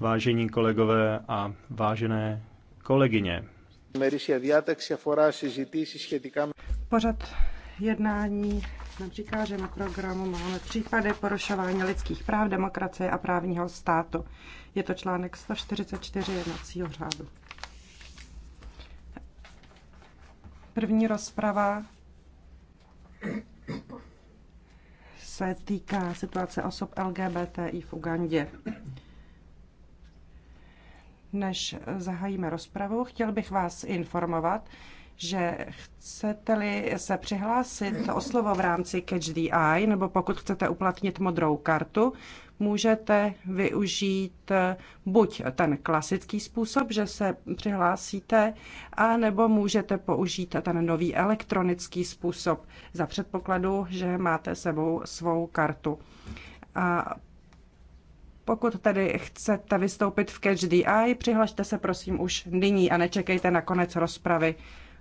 Vážení kolegové a vážené kolegyně, Pořad jednání nám říká, že na programu máme případy porušování lidských práv, demokracie a právního státu. Je to článek 144 jednacího řádu. První rozprava se týká situace osob LGBTI v Ugandě. Než zahájíme rozpravu, chtěl bych vás informovat, že chcete-li se přihlásit o slovo v rámci Catch the Eye, nebo pokud chcete uplatnit modrou kartu, můžete využít eh, buď ten klasický způsob, že se přihlásíte, a nebo můžete použít ten nový elektronický způsob za předpokladu, že máte sebou svou kartu. A pokud tedy chcete vystoupit v Catch the Eye, přihlašte se prosím už nyní a nečekejte na konec rozpravy.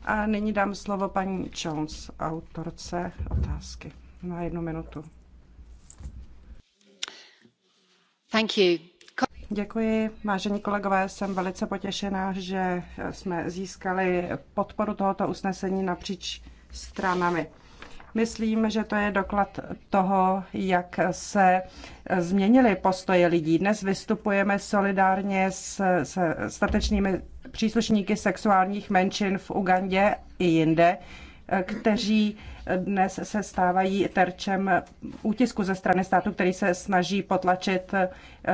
A nyní dám slovo paní Jones, autorce otázky, na jednu minutu. Děkuji, vážení kolegové, jsem velice potěšena, že jsme získali podporu tohoto usnesení napříč stranami. Myslím, že to je doklad toho, jak se změnily postoje lidí. Dnes vystupujeme solidárně s, s statečnými příslušníky sexuálních menšin v Ugandě i jinde, kteří dnes se stávají terčem útisku ze strany státu, který se snaží potlačit eh,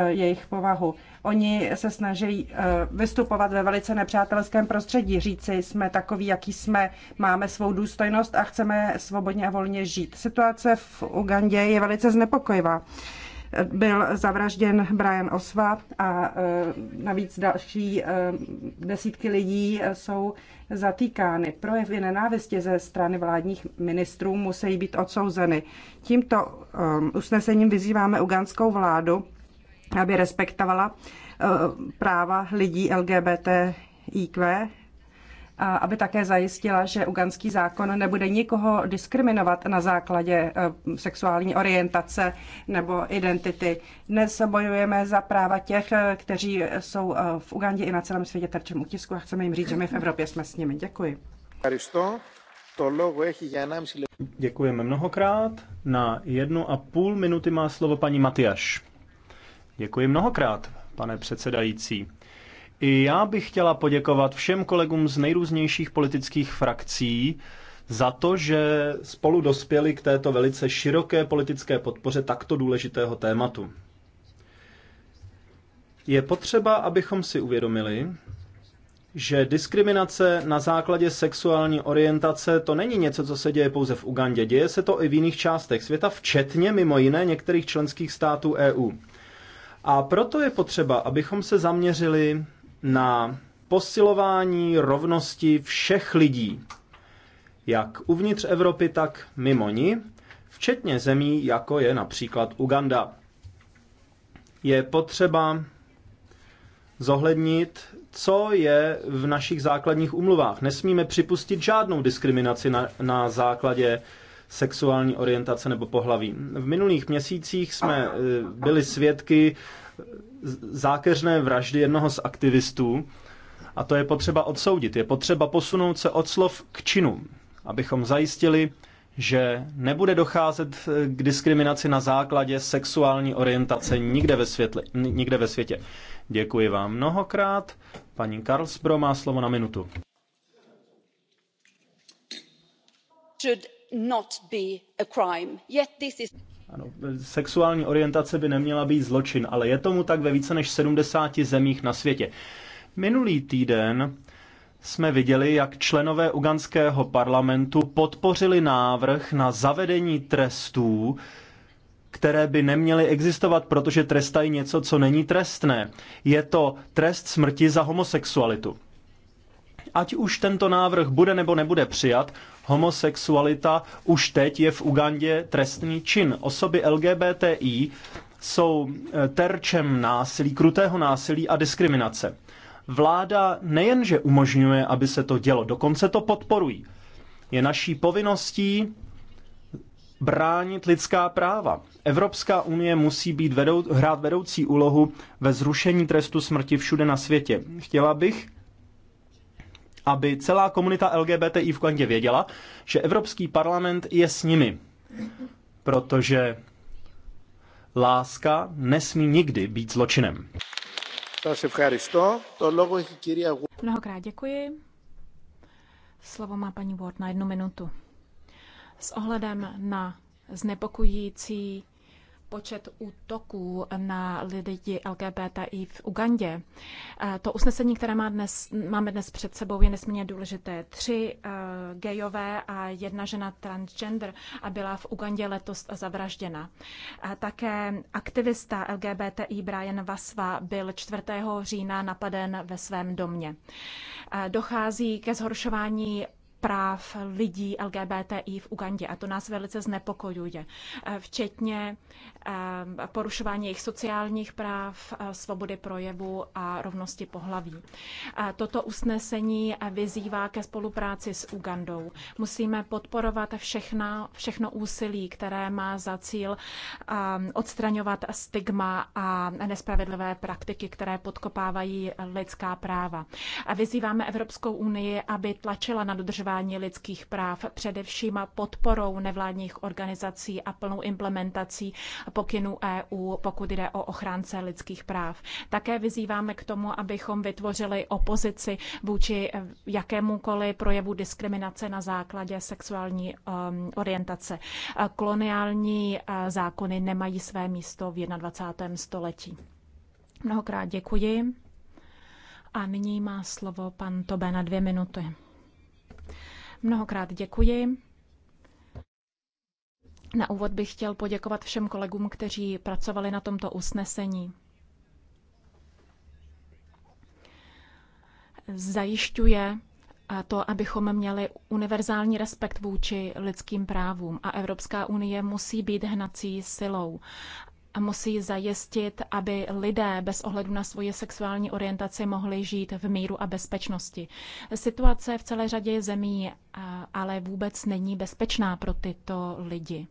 jejich povahu. Oni se snaží eh, vystupovat ve velice nepřátelském prostředí, říci, jsme takoví, jaký jsme, máme svou důstojnost a chceme svobodně a volně žít. Situace v Ugandě je velice znepokojivá byl zavražděn Brian Osva a e, navíc další e, desítky lidí jsou zatýkány. Projevy nenávisti ze strany vládních ministrů musí být odsouzeny. Tímto um, usnesením vyzýváme uganskou vládu, aby respektovala e, práva lidí LGBTIQ a aby také zajistila, že uganský zákon nebude nikoho diskriminovat na základě eh, sexuální orientace nebo identity. Dnes bojujeme za práva těch, eh, kteří jsou eh, v Ugandě i na celém světě terčem utisku a chceme jim říct, že my v Evropě jsme s nimi. Děkuji. Děkujeme mnohokrát. Na jednu a půl minuty má slovo paní Matyáš. Děkuji mnohokrát, pane předsedající. I já bych chtěla poděkovat všem kolegům z nejrůznějších politických frakcí za to, že spolu dospěli k této velice široké politické podpoře takto důležitého tématu. Je potřeba, abychom si uvědomili, že diskriminace na základě sexuální orientace to není něco, co se děje pouze v Ugandě. Děje se to i v jiných částech světa, včetně mimo jiné některých členských států EU. A proto je potřeba, abychom se zaměřili na posilování rovnosti všech lidí, jak uvnitř Evropy, tak mimo ní, včetně zemí, jako je například Uganda. Je potřeba zohlednit, co je v našich základních umluvách. Nesmíme připustit žádnou diskriminaci na, na základě sexuální orientace nebo pohlaví. V minulých měsících jsme eh, byli svědky zákeřné vraždy jednoho z aktivistů a to je potřeba odsoudit. Je potřeba posunout se od slov k činům, abychom zajistili, že nebude docházet eh, k diskriminaci na základě sexuální orientace nikde ve, světli, nikde ve světě. Děkuji vám mnohokrát. Paní Karlsbro má slovo na minutu. Should not be a crime. Yet this is... Ano, sexuální orientace by neměla být zločin, ale je tomu tak ve více než 70 zemích na světě. Minulý týden jsme viděli, jak členové uganského parlamentu podpořili návrh na zavedení trestů, které by neměly existovat, protože trestají něco, co není trestné. Je to trest smrti za homosexualitu. Ať už tento návrh bude nebo nebude přijat, homosexualita už teď je v Ugandě trestný čin. Osoby LGBTI jsou eh, terčem násilí, krutého násilí a diskriminace. Vláda nejenže umožňuje, aby se to dělo, dokonce to podporují. Je naší povinností bránit lidská práva. Evropská unie musí být vedou, hrát vedoucí úlohu ve zrušení trestu smrti všude na světě. Chtěla bych, aby celá komunita LGBTI v Kandě věděla, že Evropský parlament je s nimi. Protože láska nesmí nikdy být zločinem. Mnohokrát děkuji. Slovo má paní Ward na jednu minutu. S ohledem na znepokojící počet útoků na lidi LGBTI v Ugandě. Eh, to usnesení, které má dnes, máme dnes před sebou, je nesmírně důležité. Tři uh, eh, gejové a jedna žena transgender a byla v Ugandě letos zavražděna. A eh, také aktivista LGBTI Brian Vasva byl 4. října napaden ve svém domě. A dochází ke zhoršování práv lidí LGBTI v Ugandě a to nás velice znepokojuje, eh, včetně eh, porušování jejich sociálních práv, eh, svobody projevu a rovnosti pohlaví. Toto usnesení vyzývá ke spolupráci s Ugandou. Musíme podporovat všechna, všechno úsilí, které má za cíl odstraňovat stigma a nespravedlivé praktiky, které podkopávají lidská práva. Vyzýváme Evropskou unii, aby tlačila na dodržování dodržování lidských práv, především podporou nevládních organizací a plnou implementací pokynů EU, pokud jde o ochránce lidských práv. Také vyzýváme k tomu, abychom vytvořili opozici vůči eh, jakémukoliv projevu diskriminace na základě sexuální um, orientace. Eh, koloniální uh, zákony nemají své místo v 21. století. Mnohokrát děkuji. A nyní má slovo pan Tobe na dvě minuty. Mnohokrát děkuji. Na úvod bych chtěl poděkovat všem kolegům, kteří pracovali na tomto usnesení. Zajišťuje to, abychom měli univerzální respekt vůči lidským právům a Evropská unie musí být hnací silou musí zajistit, aby lidé bez ohledu na svoji sexuální orientaci mohli žít v míru a bezpečnosti. Situace v celé řadě zemí ale vůbec není bezpečná pro tyto lidi.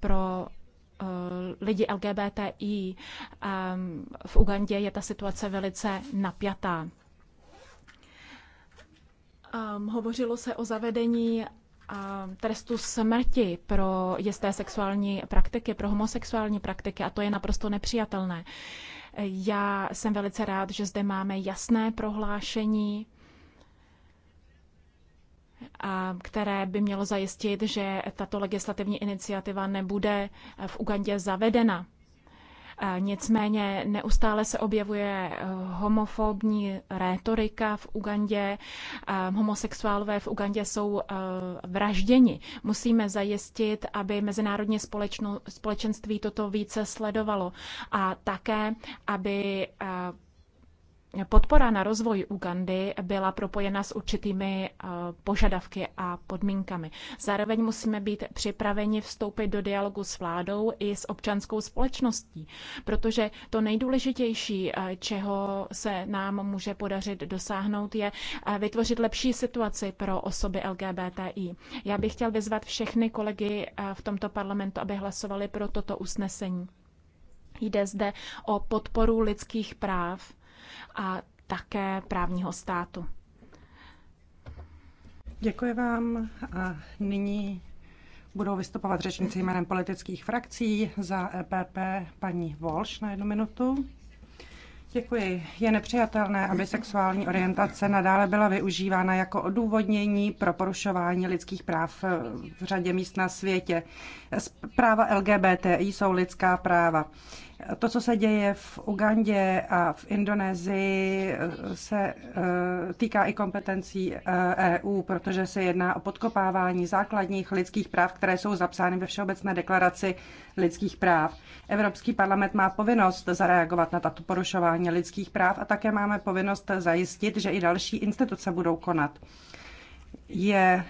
Pro e, lidi LGBTI v Ugandě je ta situace velice napjatá. Hovořilo se o zavedení trestu smrti pro jisté sexuální praktiky, pro homosexuální praktiky a to je naprosto nepřijatelné. Já jsem velice rád, že zde máme jasné prohlášení, které by mělo zajistit, že tato legislativní iniciativa nebude v Ugandě zavedena. Nicméně neustále se objevuje eh, homofobní rétorika v Ugandě. Homosexuálové v Ugandě jsou eh, vražděni. Musíme zajistit, aby mezinárodní společenství toto více sledovalo a také, aby eh, podpora na rozvoj Ugandy byla propojena s určitými eh, požadavky a podmínkami. Zároveň musíme být připraveni vstoupit do dialogu s vládou i s občanskou společností, protože to nejdůležitější, eh, čeho se nám může podařit dosáhnout, je eh, vytvořit lepší situaci pro osoby LGBTI. Já bych chtěl vyzvat všechny kolegy v tomto parlamentu, aby hlasovali pro toto usnesení. Jde zde o podporu lidských práv a také právního státu. Děkuji vám a nyní budou vystupovat řečníci jménem politických frakcí za EPP paní Volš, na jednu minutu. Děkuji. Je nepřijatelné, aby sexuální orientace nadále byla využívána jako odůvodnění pro porušování lidských práv v řadě míst na světě. Práva LGBTI jsou lidská práva. To, co se děje v Ugandě a v Indonésii, se eh, týká i kompetencí EU, eh, e protože se jedná o podkopávání základních lidských práv, které jsou zapsány ve Všeobecné deklaraci lidských práv. Evropský parlament má povinnost zareagovat na tato porušování lidských práv a také máme povinnost zajistit, že i další instituce budou konat. Je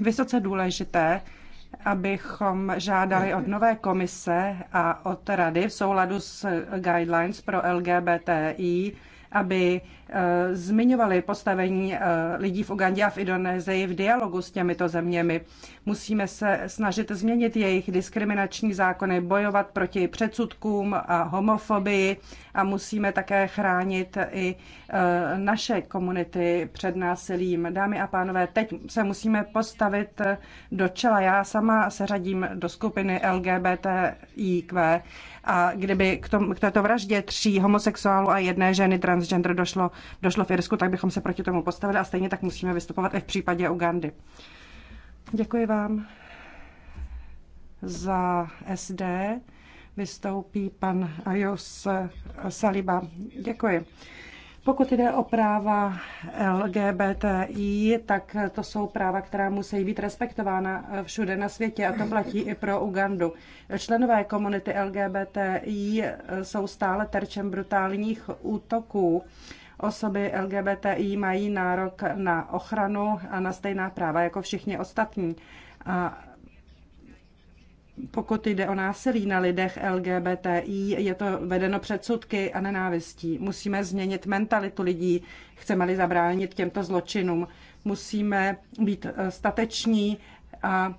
vysoce důležité, abychom žádali od nové komise a od rady v souladu s guidelines pro LGBTI aby eh, zmiňovali postavení eh, lidí v Ugandě a v Indonésii v dialogu s těmito zeměmi. Musíme se snažit změnit jejich diskriminační zákony, bojovat proti předsudkům a homofobii a musíme také chránit i eh, naše komunity před násilím. Dámy a pánové, teď se musíme postavit do čela. Já sama se řadím do skupiny LGBTIQ a kdyby k, tom, k této vraždě tří homosexuálů a jedné ženy transgender došlo, došlo v Irsku, tak bychom se proti tomu postavili a stejně tak musíme vystupovat i v případě Ugandy. Děkuji vám. Za SD vystoupí pan Ajos Saliba. Děkuji. Pokud jde o práva LGBTI, tak to jsou práva, která musí být respektována všude na světě a to platí i pro Ugandu. Členové komunity LGBTI jsou stále terčem brutálních útoků. Osoby LGBTI mají nárok na ochranu a na stejná práva jako všichni ostatní. A pokud jde o násilí na lidech LGBTI, je to vedeno předsudky a nenávistí. Musíme změnit mentalitu lidí, chceme-li zabránit těmto zločinům. Musíme být eh, stateční a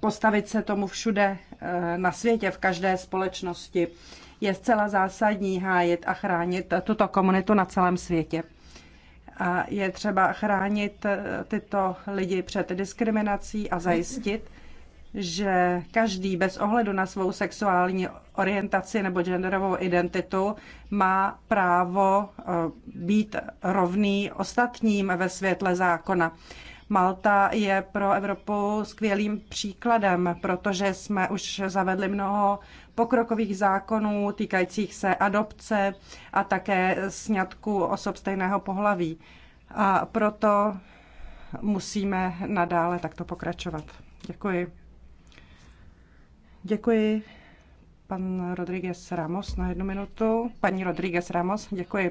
postavit se tomu všude eh, na světě, v každé společnosti. Je zcela zásadní hájit a chránit tuto komunitu na celém světě. A je třeba chránit eh, tyto lidi před diskriminací a zajistit, že každý bez ohledu na svou sexuální orientaci nebo genderovou identitu má právo eh, být rovný ostatním ve světle zákona. Malta je pro Evropu skvělým příkladem, protože jsme už zavedli mnoho pokrokových zákonů týkajících se adopce a také sňatku osob stejného pohlaví. A proto musíme nadále takto pokračovat. Děkuji. Děkuji. Pan Rodriguez Ramos na jednu minutu. Paní Rodriguez Ramos, děkuji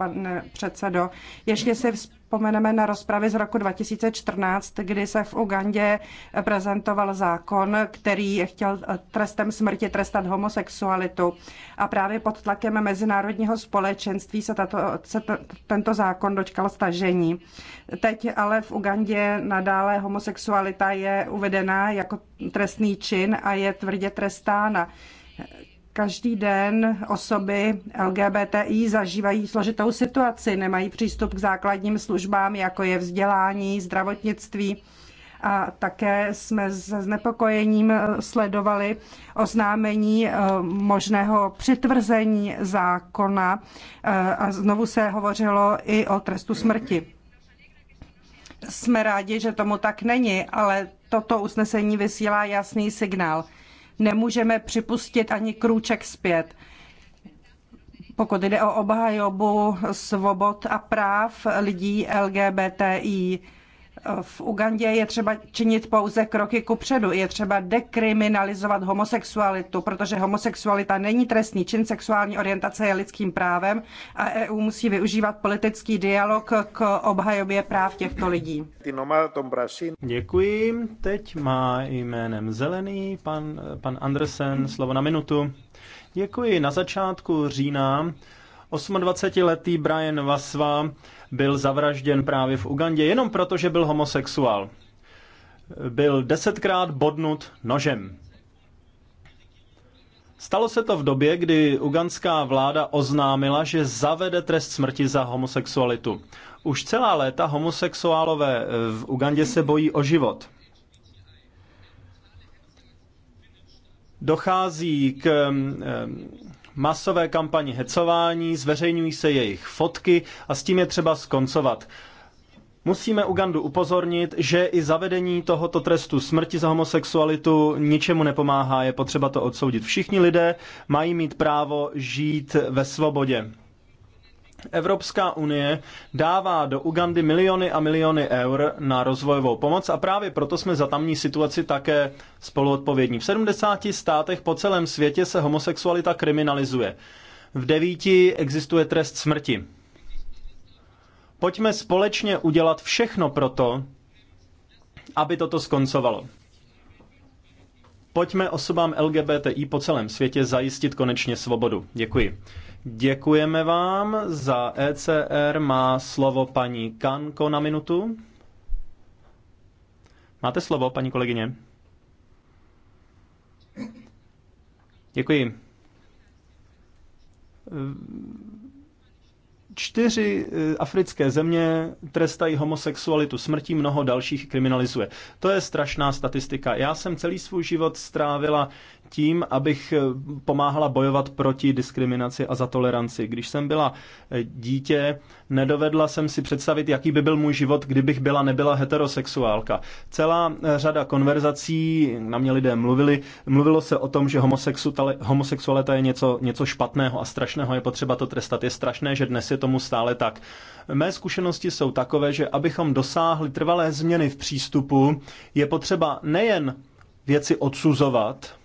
pane předsedo. Ještě si vzpomeneme na rozpravy z roku 2014, kdy se v Ugandě prezentoval zákon, který chtěl trestem smrti trestat homosexualitu. A právě pod tlakem mezinárodního společenství se, tato, se t, tento zákon dočkal stažení. Teď ale v Ugandě nadále homosexualita je uvedená jako trestný čin a je tvrdě trestána. Každý den osoby LGBTI zažívají složitou situaci, nemají přístup k základním službám, jako je vzdělání, zdravotnictví. A také jsme se znepokojením sledovali oznámení eh, možného přitvrzení zákona eh, a znovu se hovořilo i o trestu smrti. Jsme rádi, že tomu tak není, ale toto usnesení vysílá jasný signál nemůžeme připustit ani krůček zpět. Pokud jde o obhajobu svobod a práv lidí LGBTI, v Ugandě je třeba činit pouze kroky ku předu. Je třeba dekriminalizovat homosexualitu, protože homosexualita není trestný čin, sexuální orientace je lidským právem a EU musí využívat politický dialog k obhajobě práv těchto lidí. Děkuji. Teď má jménem Zelený pan, pan Andersen slovo na minutu. Děkuji. Na začátku října 28-letý Brian Vasva byl zavražděn právě v Ugandě jenom proto, že byl homosexuál. Byl desetkrát bodnut nožem. Stalo se to v době, kdy ugandská vláda oznámila, že zavede trest smrti za homosexualitu. Už celá léta homosexuálové v Ugandě se bojí o život. Dochází k masové kampaně hecování, zveřejňují se jejich fotky a s tím je třeba skoncovat. Musíme Ugandu upozornit, že i zavedení tohoto trestu smrti za homosexualitu ničemu nepomáhá, je potřeba to odsoudit. Všichni lidé mají mít právo žít ve svobodě. Evropská unie dává do Ugandy miliony a miliony eur na rozvojovou pomoc a právě proto jsme za tamní situaci také spoluodpovědní. V 70 státech po celém světě se homosexualita kriminalizuje. V devíti existuje trest smrti. Pojďme společně udělat všechno pro to, aby toto skoncovalo. Pojďme osobám LGBTI po celém světě zajistit konečně svobodu. Děkuji. Děkujeme vám. Za ECR má slovo paní Kanko na minutu. Máte slovo, paní kolegyně. Děkuji. Čtyři eh, africké země trestají homosexualitu smrtí, mnoho dalších kriminalizuje. To je strašná statistika. Já jsem celý svůj život strávila tím, abych eh, pomáhala bojovat proti diskriminaci a za toleranci. Když jsem byla eh, dítě, nedovedla jsem si představit, jaký by byl můj život, kdybych byla nebyla heterosexuálka. Celá eh, řada konverzací, na mě lidé mluvili, mluvilo se o tom, že homosexualita je něco, něco špatného a strašného, je potřeba to trestat. Je strašné, že dnes je tomu stále tak. Mé zkušenosti jsou takové, že abychom dosáhli trvalé změny v přístupu, je potřeba nejen věci odsuzovat,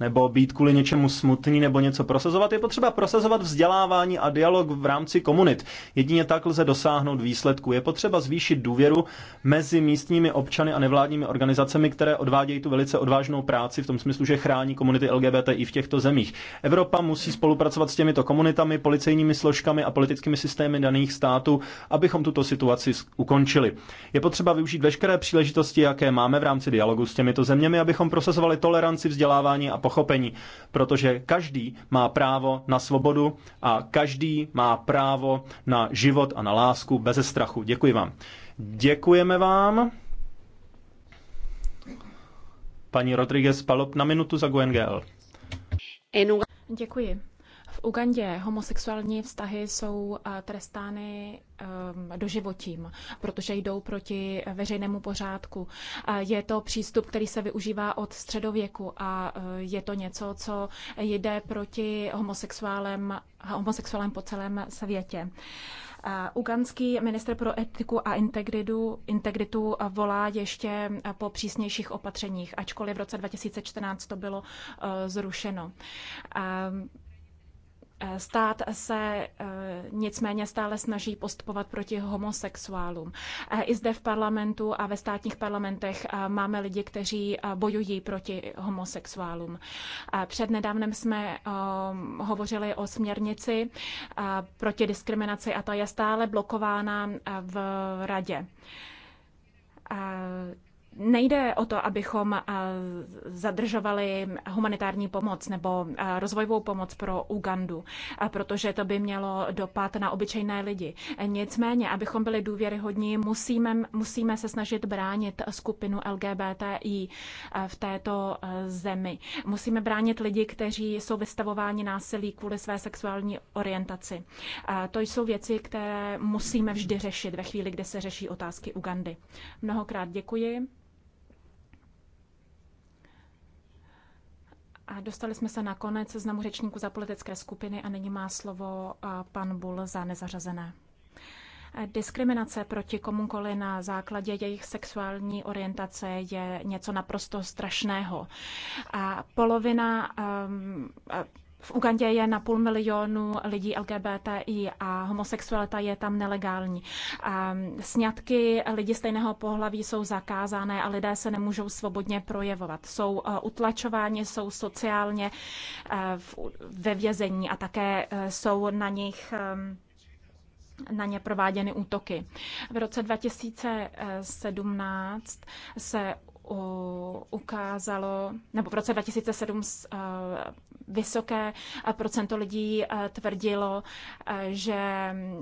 nebo být kvůli něčemu smutný nebo něco prosazovat, je potřeba prosazovat vzdělávání a dialog v rámci komunit. Jedině tak lze dosáhnout výsledku. Je potřeba zvýšit důvěru mezi místními občany a nevládními organizacemi, které odvádějí tu velice odvážnou práci v tom smyslu, že chrání komunity LGBT i v těchto zemích. Evropa musí spolupracovat s těmito komunitami, policejními složkami a politickými systémy daných států, abychom tuto situaci ukončili. Je potřeba využít veškeré příležitosti, jaké máme v rámci dialogu s těmito zeměmi, abychom prosazovali toleranci, vzdělávání a pochopení, protože každý má právo na svobodu a každý má právo na život a na lásku bez strachu. Děkuji vám. Děkujeme vám. Paní Rodriguez Palop na minutu za GUNGL. Děkuji. V Ugandě homosexuální vztahy jsou eh, trestány ehm, doživotím, protože jdou proti veřejnému pořádku. Je to přístup, který se využívá od středověku a eh, je to něco, co jde proti homosexuálem, homosexuálem po celém světě. Uganský minister pro etiku a integritu, integritu volá ještě po přísnějších opatřeních, ačkoliv v roce 2014 to bylo eh, zrušeno. Stát se eh, nicméně stále snaží postupovat proti homosexuálům. Eh, I zde v parlamentu a ve státních parlamentech eh, máme lidi, kteří bojují proti homosexuálům. Přednedávnem jsme hovořili o směrnici proti diskriminaci a ta je stále blokována v radě Nejde o to, abychom eh, zadržovali humanitární pomoc nebo eh, rozvojovou pomoc pro Ugandu, eh, protože to by mělo dopad na obyčejné lidi. Nicméně, abychom byli důvěryhodní, musíme, musíme se snažit bránit skupinu LGBTI v této zemi. Musíme bránit lidi, kteří jsou vystavováni násilí kvůli své sexuální orientaci. To jsou věci, které musíme vždy řešit ve chvíli, kdy se řeší otázky Ugandy. Mnohokrát děkuji. A dostali jsme se na konec seznamu řečníků za politické skupiny a nyní má slovo pan Bul za nezařazené. Diskriminace proti komukoli na základě jejich sexuální orientace je něco naprosto strašného. A polovina um, v Ugandě je na půl milionu lidí LGBTI a homosexualita je tam nelegální. Sňatky lidí stejného pohlaví jsou zakázané a lidé se nemůžou svobodně projevovat. Jsou eh, utlačováni, jsou sociálně eh, ve vězení a také eh, jsou na nich na ně prováděny útoky. V roce 2017 se ukázalo, nebo v roce 2007 eh, vysoké eh, procento eh, lidí tvrdilo, že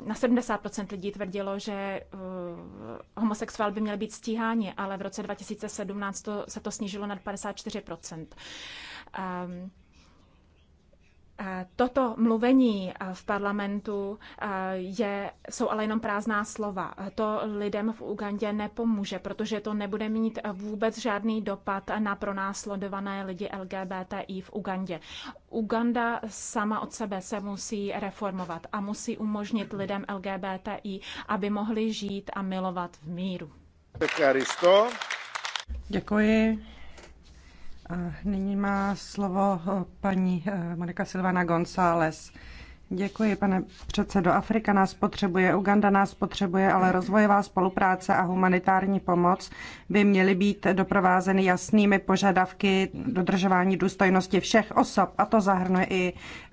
na 70% lidí tvrdilo, že homosexuál by měl být stíháni, ale v roce 2017 to, se to snížilo na 54%. Toto mluvení v parlamentu je, jsou ale jenom prázdná slova. To lidem v Ugandě nepomůže, protože to nebude mít vůbec žádný dopad na pronásledované lidi LGBTI v Ugandě. Uganda sama od sebe se musí reformovat a musí umožnit lidem LGBTI, aby mohli žít a milovat v míru. Děkuji nyní má slovo eh, paní eh, Monika Silvana González. Děkuji, pane předsedo. Afrika nás potřebuje, Uganda nás potřebuje, ale rozvojová spolupráce a humanitární pomoc by měly být doprovázeny jasnými požadavky dodržování důstojnosti všech osob, a to zahrnuje i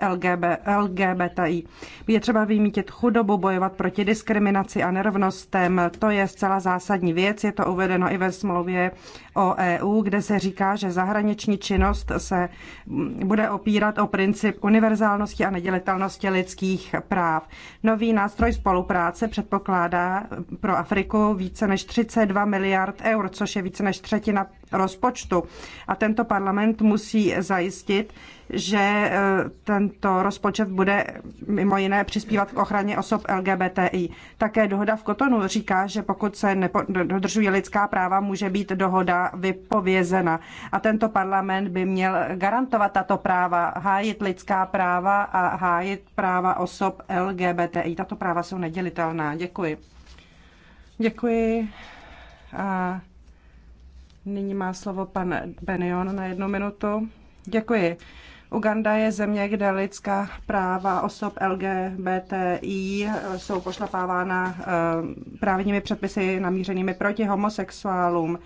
LGB, LGBTI. Je třeba vymítit chudobu, bojovat proti diskriminaci a nerovnostem. To je zcela zásadní věc, je to uvedeno i ve smlouvě o EU, kde se říká, že zahraniční činnost se bude opírat o princip univerzálnosti a nedělitelnosti oblasti lidských práv. Nový nástroj spolupráce předpokládá pro Afriku více než 32 miliard eur, což je více než třetina rozpočtu. A tento parlament musí zajistit, že eh, tento rozpočet bude mimo jiné přispívat k ochraně osob LGBTI. Také dohoda v Kotonu říká, že pokud se nedodržují lidská práva, může být dohoda vypovězena. A tento parlament by měl garantovat tato práva, hájit lidská práva a hájit práva osob LGBTI. Tato práva jsou nedělitelná. Děkuji. Děkuji. A nyní má slovo pan Benion na jednu minutu. Děkuji. Uganda je země, kde lidská práva osob LGBTI jsou pošlapávána eh, právními předpisy namířenými proti homosexuálům.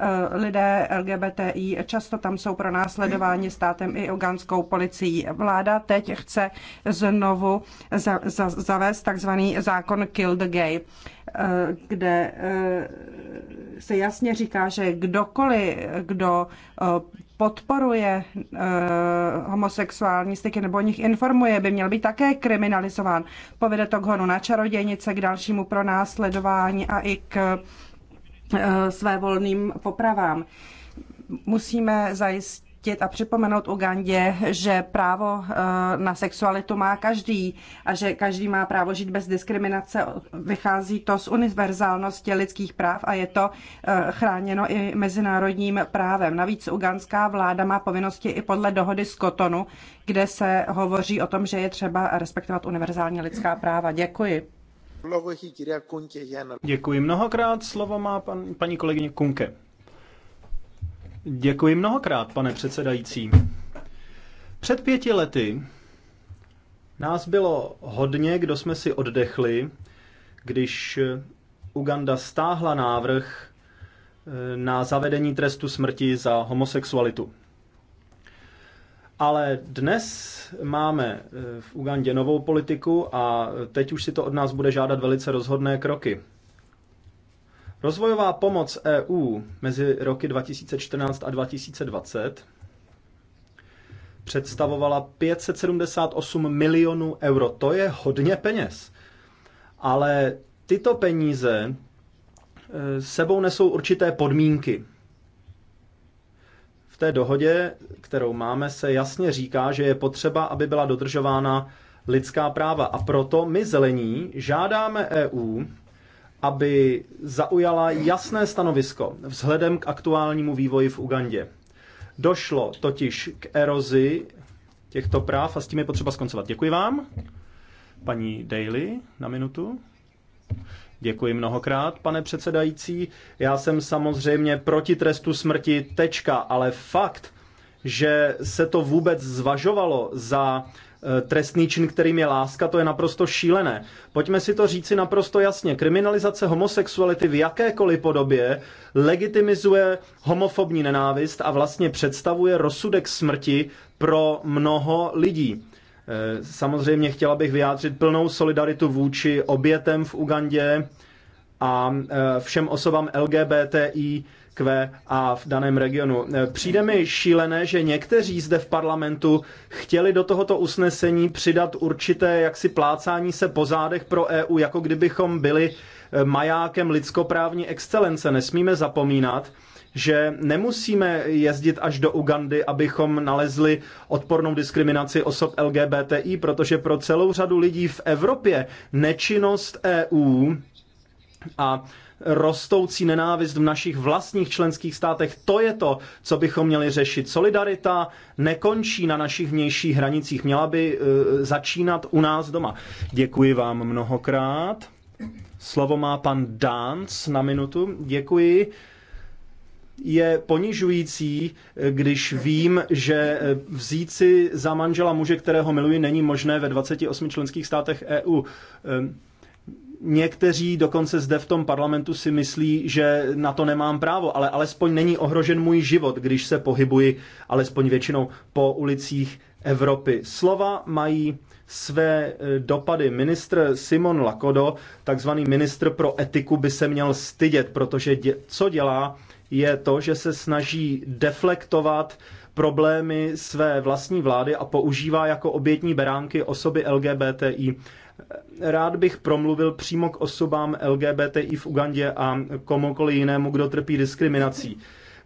Eh, lidé LGBTI často tam jsou pro následování státem i uganskou policií. Vláda teď chce znovu za, za, zavést takzvaný zákon Kill the Gay, eh, kde se jasně říká, že kdokoliv, kdo podporuje uh, homosexuální styky nebo o nich informuje, by měl být také kriminalizován. Povede to k honu na čarodějnice, k dalšímu pronásledování a i k uh, eh, volným popravám. Musíme zajistit vrátit a připomenout Ugandě, že právo eh, na sexualitu má každý a že každý má právo žít bez diskriminace. Vychází to z univerzálnosti lidských práv a je to eh, chráněno i mezinárodním právem. Navíc ugandská vláda má povinnosti i podle dohody z Kotonu, kde se hovoří o tom, že je třeba respektovat univerzální lidská práva. Děkuji. Děkuji mnohokrát. Slovo má pan, paní kolegyně Kunke. Děkuji mnohokrát, pane předsedající. Před pěti lety nás bylo hodně, kdo jsme si oddechli, když Uganda stáhla návrh eh, na zavedení trestu smrti za homosexualitu. Ale dnes máme eh, v Ugandě novou politiku a teď už si to od nás bude žádat velice rozhodné kroky. Rozvojová pomoc EU mezi roky 2014 a 2020 představovala 578 milionů euro. To je hodně peněz. Ale tyto peníze e, sebou nesou určité podmínky. V té dohodě, kterou máme, se jasně říká, že je potřeba, aby byla dodržována lidská práva. A proto my zelení žádáme EU, aby zaujala jasné stanovisko vzhledem k aktuálnímu vývoji v Ugandě. Došlo totiž k erozi těchto práv a s tím je potřeba skoncovat. Děkuji vám, paní Daly, na minutu. Děkuji mnohokrát, pane předsedající. Já jsem samozřejmě proti trestu smrti, tečka, ale fakt, že se to vůbec zvažovalo za Eh, trestný čin, kterým je láska, to je naprosto šílené. Pojďme si to říci naprosto jasně. Kriminalizace homosexuality v jakékoliv podobě legitimizuje homofobní nenávist a vlastně představuje rozsudek smrti pro mnoho lidí. Eh, samozřejmě chtěla bych vyjádřit plnou solidaritu vůči obětem v Ugandě a eh, všem osobám LGBTI a v daném regionu. Eh, přijde mi šílené, že někteří zde v parlamentu chtěli do tohoto usnesení přidat určité jaksi plácání se po zádech pro EU, jako kdybychom byli eh, majákem lidskoprávní excelence. Nesmíme zapomínat, že nemusíme jezdit až do Ugandy, abychom nalezli odpornou diskriminaci osob LGBTI, protože pro celou řadu lidí v Evropě nečinnost EU a rostoucí nenávist v našich vlastních členských státech. To je to, co bychom měli řešit. Solidarita nekončí na našich vnějších hranicích, měla by eh, začínat u nás doma. Děkuji vám mnohokrát. Slovo má pan Dánc na minutu. Děkuji je ponižující, když vím, že eh, vzít si za manžela muže, kterého miluji, není možné ve 28 členských státech EU. Ehm, Někteří dokonce zde v tom parlamentu si myslí, že na to nemám právo, ale alespoň není ohrožen můj život, když se pohybuji alespoň většinou po ulicích Evropy. Slova mají své e, dopady. Ministr Simon Lakodo, takzvaný ministr pro etiku, by se měl stydět, protože dě- co dělá, je to, že se snaží deflektovat problémy své vlastní vlády a používá jako obětní beránky osoby LGBTI Rád bych promluvil přímo k osobám LGBTI v Ugandě a komukoli jinému, kdo trpí diskriminací.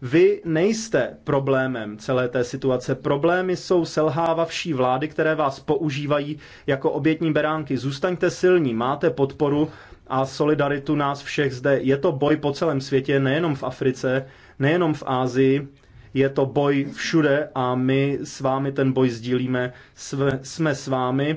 Vy nejste problémem celé té situace. Problémy jsou selhávavší vlády, které vás používají jako obětní beránky. Zůstaňte silní, máte podporu a solidaritu nás všech zde. Je to boj po celém světě, nejenom v Africe, nejenom v Ázii, je to boj všude a my s vámi ten boj sdílíme. Jsme, jsme s vámi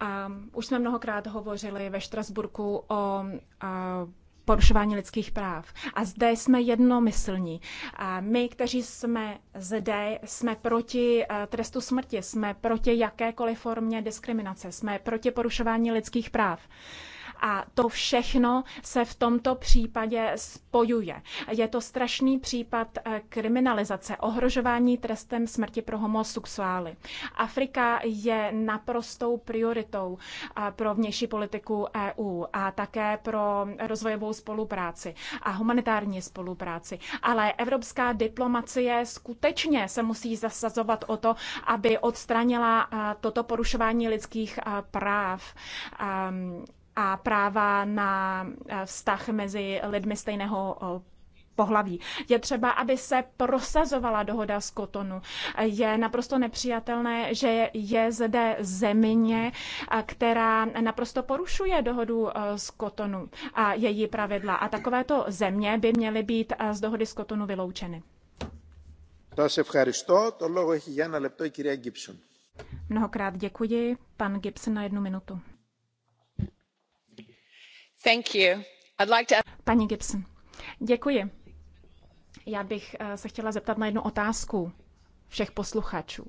a už jsme mnohokrát hovořili ve Štrasburku o porušování lidských práv. A zde jsme jednomyslní. A my, kteří jsme zde, jsme proti trestu smrti, jsme proti jakékoliv formě diskriminace, jsme proti porušování lidských práv. A to všechno se v tomto případě spojuje. Je to strašný případ eh, kriminalizace, ohrožování trestem smrti pro homosexuály. Afrika je naprostou prioritou eh, pro vnější politiku EU a také pro rozvojovou spolupráci a humanitární spolupráci. Ale evropská diplomacie skutečně se musí zasazovat o to, aby odstranila eh, toto porušování lidských práv ehm, a práva na eh, vztah mezi lidmi stejného eh, pohlaví. Je třeba, aby se prosazovala dohoda z Kotonu. Je naprosto nepřijatelné, že je zde země, eh, která naprosto porušuje dohodu z Kotonu a její pravidla. A takovéto země by měly být z dohody z Kotonu vyloučeny. Mnohokrát děkuji. Pan Gibson na jednu minutu. Paní Gibson, děkuji. Já bych eh, se chtěla zeptat na jednu otázku všech posluchačů.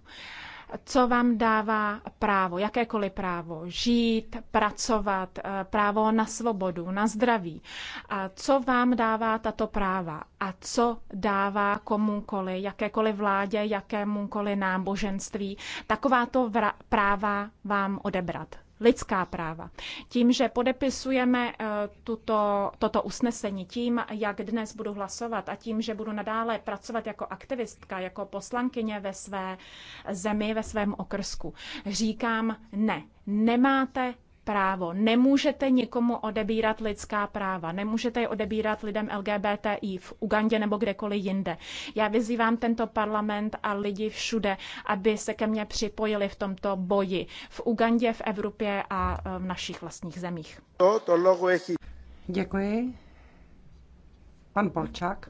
Co vám dává právo, jakékoliv právo, žít, pracovat, eh, právo na svobodu, na zdraví? A co vám dává tato práva a co dává komukoli, jakékoliv vládě, jakémukoliv náboženství, takováto práva vám odebrat? lidská práva. Tím, že podepisujeme eh, tuto, toto usnesení, tím, jak dnes budu hlasovat a tím, že budu nadále pracovat jako aktivistka, jako poslankyně ve své zemi, ve svém okrsku, říkám ne. Nemáte právo. Nemůžete nikomu odebírat lidská práva. Nemůžete je odebírat lidem LGBTI v Ugandě nebo kdekoliv jinde. Já vyzývám tento parlament a lidi všude, aby se ke mně připojili v tomto boji. V Ugandě, v Evropě a e, v našich vlastních zemích. Děkuji. Pan Polčák.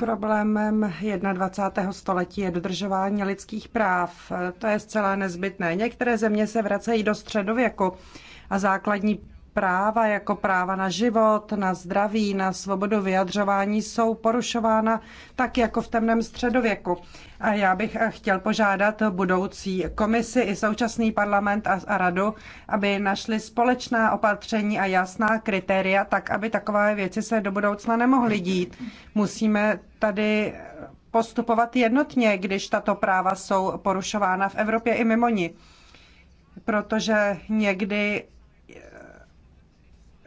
Problémem 21. století je dodržování lidských práv. To je zcela nezbytné. Některé země se vracejí do středověku a základní práva jako práva na život, na zdraví, na svobodu vyjadřování jsou porušována tak jako v temném středověku. A já bych chtěl požádat budoucí komisi i současný parlament a, a radu, aby našli společná opatření a jasná kritéria, tak aby takové věci se do budoucna nemohly dít. Musíme tady postupovat jednotně, když tato práva jsou porušována v Evropě i mimo ní protože někdy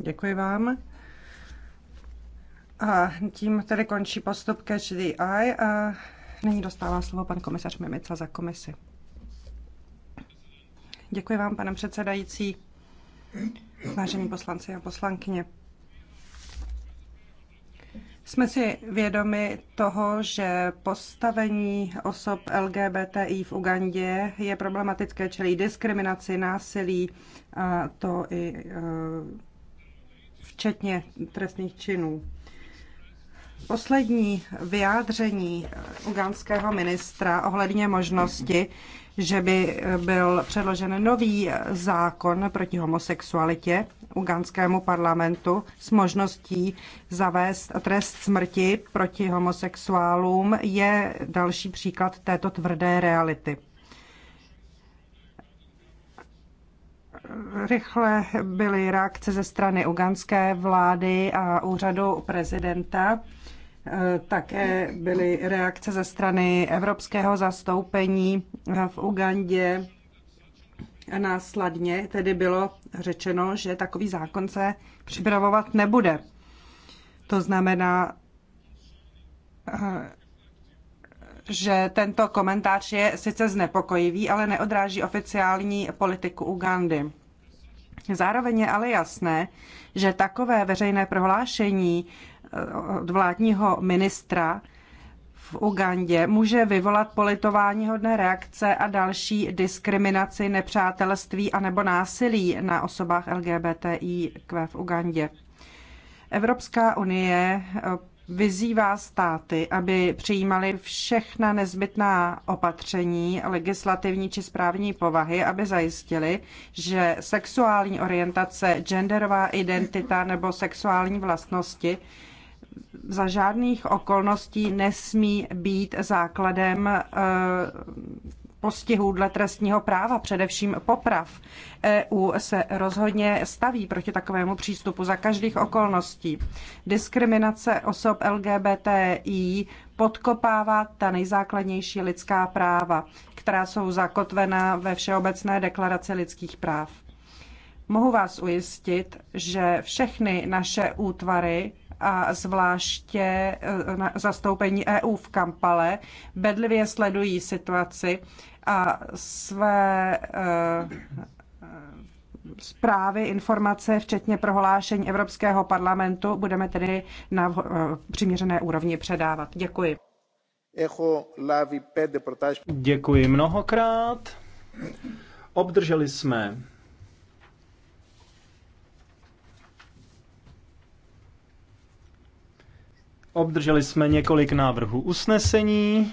Děkuji vám. A tím tedy končí postup Catch the Eye a nyní dostává slovo pan komisař Mimica za komisi. Děkuji vám, pane předsedající, vážení poslanci a poslankyně. Jsme si vědomi toho, že postavení osob LGBTI v Ugandě je problematické, čelí diskriminaci, násilí, a to i eh, včetně trestných činů. Poslední vyjádření ugánského ministra ohledně možnosti, že by byl předložen nový zákon proti homosexualitě ugánskému parlamentu s možností zavést trest smrti proti homosexuálům, je další příklad této tvrdé reality. Rychle byly reakce ze strany uganské vlády a úřadu prezidenta. Eh, také byly reakce ze strany evropského zastoupení eh, v Ugandě. Následně tedy bylo řečeno, že takový zákon se připravovat nebude. To znamená, eh, že tento komentář je sice znepokojivý, ale neodráží oficiální politiku Ugandy. Zároveň je ale jasné, že takové veřejné prohlášení eh, od vládního ministra v Ugandě může vyvolat politování hodné reakce a další diskriminaci, nepřátelství a nebo násilí na osobách LGBTIQ v Ugandě. Evropská unie eh, vyzývá státy, aby přijímali všechna nezbytná opatření legislativní či správní povahy, aby zajistili, že sexuální orientace, genderová identita nebo sexuální vlastnosti za žádných okolností nesmí být základem eh, postihů dle trestního práva, především poprav. EU se rozhodně staví proti takovému přístupu za každých okolností. Diskriminace osob LGBTI podkopává ta nejzákladnější lidská práva, která jsou zakotvena ve Všeobecné deklaraci lidských práv. Mohu vás ujistit, že všechny naše útvary a zvláště eh, na zastoupení EU v Kampale bedlivě sledují situaci a své eh, zprávy, informace, včetně prohlášení Evropského parlamentu, budeme tedy na eh, přiměřené úrovni předávat. Děkuji. Děkuji mnohokrát. Obdrželi jsme Obdrželi jsme několik návrhů usnesení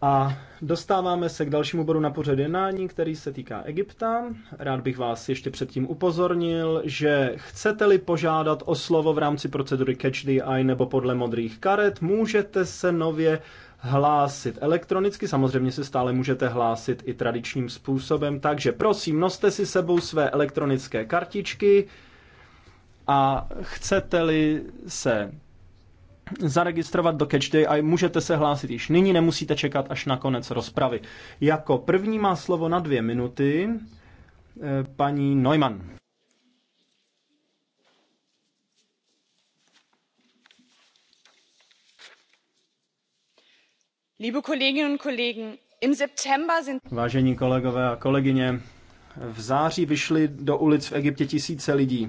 a dostáváme se k dalšímu bodu na pořad jednání, který se týká Egypta. Rád bych vás ještě předtím upozornil, že chcete-li požádat o slovo v rámci procedury Catch the Eye nebo podle modrých karet, můžete se nově hlásit elektronicky, samozřejmě se stále můžete hlásit i tradičním způsobem, takže prosím, noste si sebou své elektronické kartičky, a chcete-li se zaregistrovat do Catch Day a můžete se hlásit již nyní, nemusíte čekat až na konec rozpravy. Jako první má slovo na dvě minuty eh, paní Neumann. Liebe Kolleginnen und Kollegen, im September sind... Vážení kolegové a kolegyně, v září vyšli do ulic v Egyptě tisíce lidí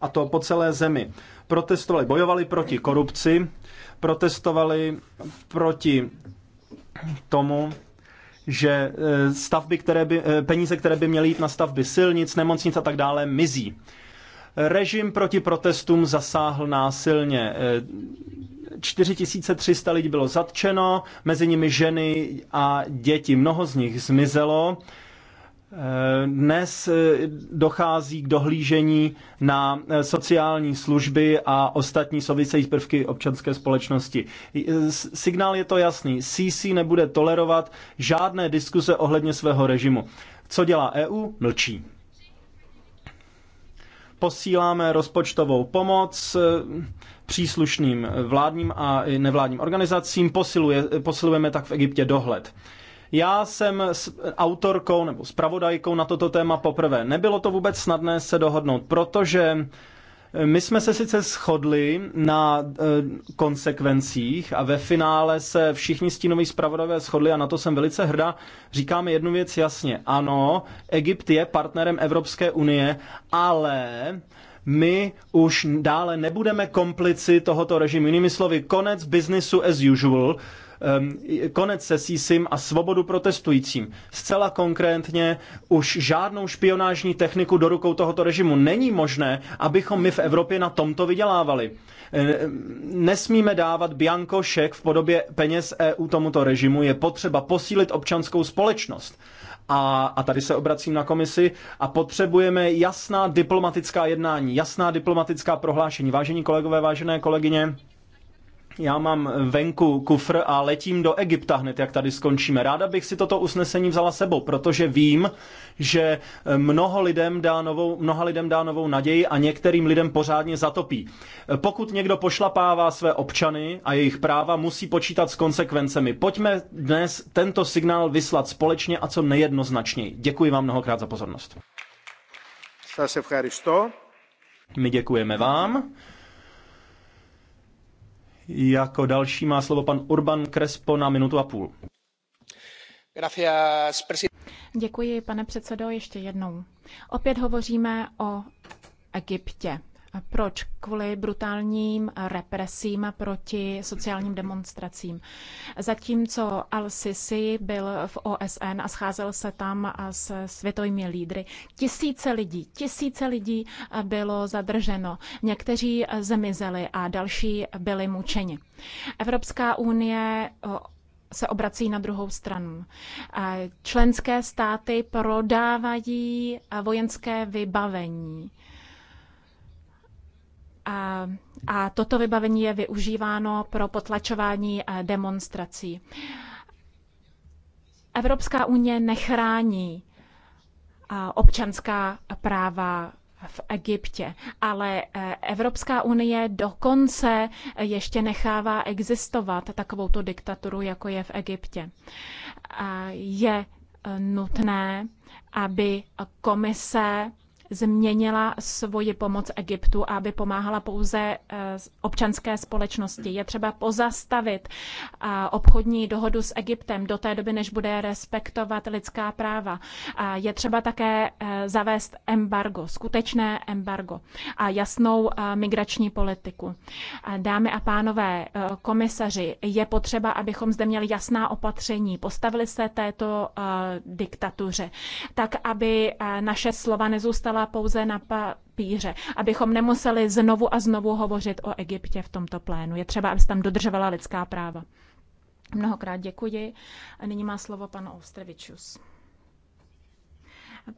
a to po celé zemi. Protestovali, bojovali proti korupci, protestovali proti tomu, že eh, stavby, které by, eh, peníze, které by měly jít na stavby silnic, nemocnic a tak dále, mizí. Režim proti protestům zasáhl násilně. 4300 eh, lidí bylo zatčeno, mezi nimi ženy a děti. Mnoho z nich zmizelo. Dnes eh, dochází k dohlížení na eh, sociální služby a ostatní související prvky občanské společnosti. Eh, signál je to jasný. CC nebude tolerovat žádné diskuse ohledně svého režimu. Co dělá EU? Mlčí. Posíláme rozpočtovou pomoc příslušným vládním a nevládním organizacím, Posiluje, posilujeme tak v Egyptě dohled já jsem s autorkou nebo spravodajkou na toto téma poprvé. Nebylo to vůbec snadné se dohodnout, protože eh, my jsme se sice shodli na e, konsekvencích a ve finále se všichni stínoví zpravodajové shodli a na to jsem velice hrdá. Říkáme jednu věc jasně. Ano, Egypt je partnerem Evropské unie, ale my už dále nebudeme komplici tohoto režimu. Jinými slovy, konec businessu as usual. Ehm, konec se sísim a svobodu protestujícím. Zcela konkrétně už žádnou špionážní techniku do rukou tohoto režimu není možné, abychom my v Evropě na tomto vydělávali. Ehm, nesmíme dávat bianko šek v podobě peněz EU tomuto režimu. Je potřeba posílit občanskou společnost a, a tady se obracím na komisi, a potřebujeme jasná diplomatická jednání, jasná diplomatická prohlášení. Vážení kolegové, vážené kolegyně, já mám venku kufr a letím do Egypta hned, jak tady skončíme. Ráda bych si toto usnesení vzala sebou, protože vím, že eh, mnoho lidem dá novou, mnoha lidem dá novou naději a některým lidem pořádně zatopí. Eh, pokud někdo pošlapává své občany a jejich práva, musí počítat s konsekvencemi. Pojďme dnes tento signál vyslat společně a co nejednoznačněji. Děkuji vám mnohokrát za pozornost. My děkujeme vám. Jako další má slovo pan Urban Crespo na minutu a půl. Děkuji, pane předsedo, ještě jednou. Opět hovoříme o Egyptě. Proč? Kvůli brutálním represím proti sociálním demonstracím. Zatímco Al-Sisi byl v OSN a scházel se tam s světovými lídry, tisíce lidí, tisíce lidí bylo zadrženo. Někteří zemizeli a další byli mučeni. Evropská unie se obrací na druhou stranu. Členské státy prodávají vojenské vybavení a, a toto vybavení je využíváno pro potlačování eh, demonstrací. Evropská unie nechrání eh, občanská práva v Egyptě, ale eh, Evropská unie dokonce ještě nechává existovat takovouto diktaturu, jako je v Egyptě. Je nutné, aby komise změnila svoji pomoc Egyptu, aby pomáhala pouze eh, občanské společnosti. Je třeba pozastavit eh, obchodní dohodu s Egyptem do té doby, než bude respektovat lidská práva. Je třeba také eh, zavést embargo, skutečné embargo a jasnou migrační politiku. Dámy a pánové, komisaři, je potřeba, abychom zde měli jasná opatření, postavili se této diktatuře, tak aby naše slova nezůstala zůstala pouze na papíře, abychom nemuseli znovu a znovu hovořit o Egyptě v tomto plénu. Je třeba, aby se tam dodržovala lidská práva. Mnohokrát děkuji. A nyní má slovo pan Ostrevičus.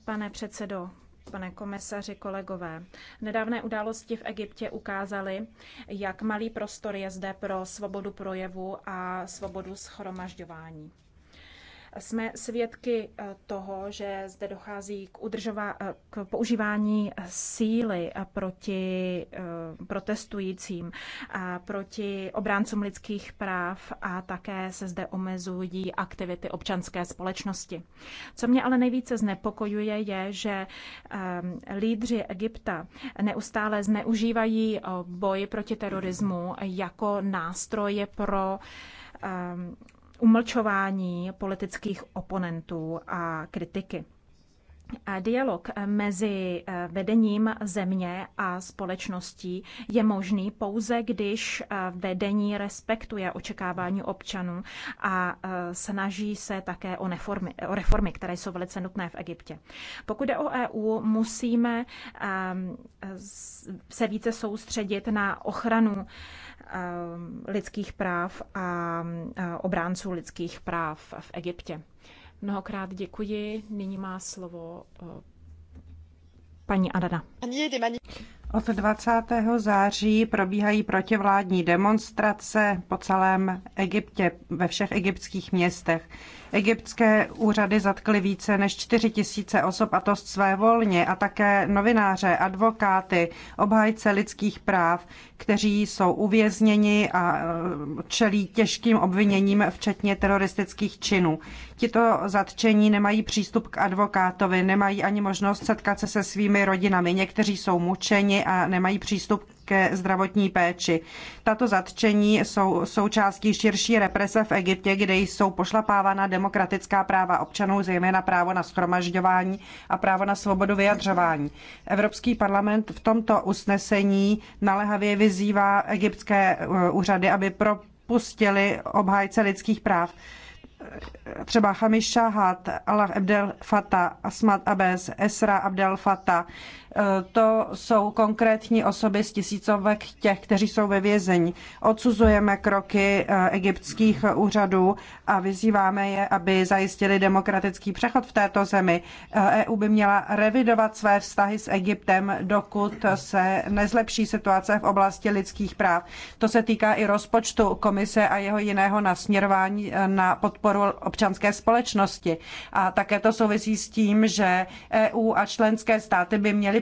Pane předsedo, pane komisaři, kolegové. Nedávné události v Egyptě ukázaly, jak malý prostor je zde pro svobodu projevu a svobodu schromažďování. Jsme svědky eh, toho, že zde dochází k, udržová, eh, k používání síly eh, proti protestujícím, proti obráncům lidských práv a také se zde omezují aktivity občanské společnosti. Co mě ale nejvíce znepokojuje, je, že lídři Egypta neustále zneužívají boj proti terorismu jako nástroje pro umlčování politických oponentů a kritiky. Dialog mezi eh, vedením země a společností je možný pouze, když eh, vedení respektuje očekávání občanů a eh, snaží se také o, neformy, o reformy, které jsou velice nutné v Egyptě. Pokud jde o EU, musíme ehm, se více soustředit na ochranu Eh, lidských práv a eh, obránců lidských práv v Egyptě. Mnohokrát děkuji. Nyní má slovo eh, paní Adana. Od 20. září probíhají protivládní demonstrace po celém Egyptě, ve všech egyptských městech. Egyptské úřady zatkly více než 4 tisíce osob a to své volně a také novináře, advokáty, obhájce lidských práv, kteří jsou uvězněni a e, čelí těžkým obviněním, včetně teroristických činů. Tito zatčení nemají přístup k advokátovi, nemají ani možnost setkat se se svými rodinami. Někteří jsou mučeni a nemají přístup také zdravotní péči. Tato zatčení jsou součástí širší represe v Egyptě, kde jsou pošlapávána demokratická práva občanů, zejména právo na schromažďování a právo na svobodu vyjadřování. Evropský parlament v tomto usnesení naléhavě vyzývá egyptské eh, úřady, aby propustili obhájce lidských práv třeba Hamish Shahat, Allah Abdel Fattah, Asmat Abes, Esra Abdel Fattah, Eh, to jsou konkrétní osoby z tisícovek těch, kteří jsou ve vězení. Odsuzujeme kroky eh, egyptských úřadů a vyzýváme je, aby zajistili demokratický přechod v této zemi. EU eh, e by měla revidovat své vztahy s Egyptem, dokud se nezlepší situace v oblasti lidských práv. To se týká i rozpočtu komise a jeho jiného nasměrování na podporu občanské společnosti. A také to souvisí s tím, že EU a členské státy by měly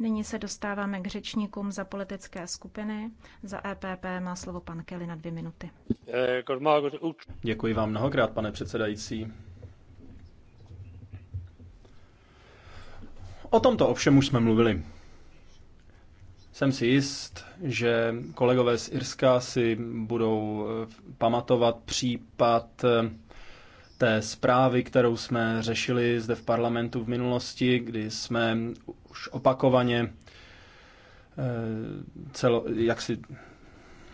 Nyní se dostáváme k řečníkům za politické skupiny. Za EPP má slovo pan Kelly na dvě minuty. Děkuji vám mnohokrát, pane předsedající. O tomto ovšem už jsme mluvili. Jsem si jist, že kolegové z Irska si budou eh, pamatovat případ eh, té zprávy, kterou jsme řešili zde v parlamentu v minulosti, kdy jsme už opakovaně eh, celo, jak si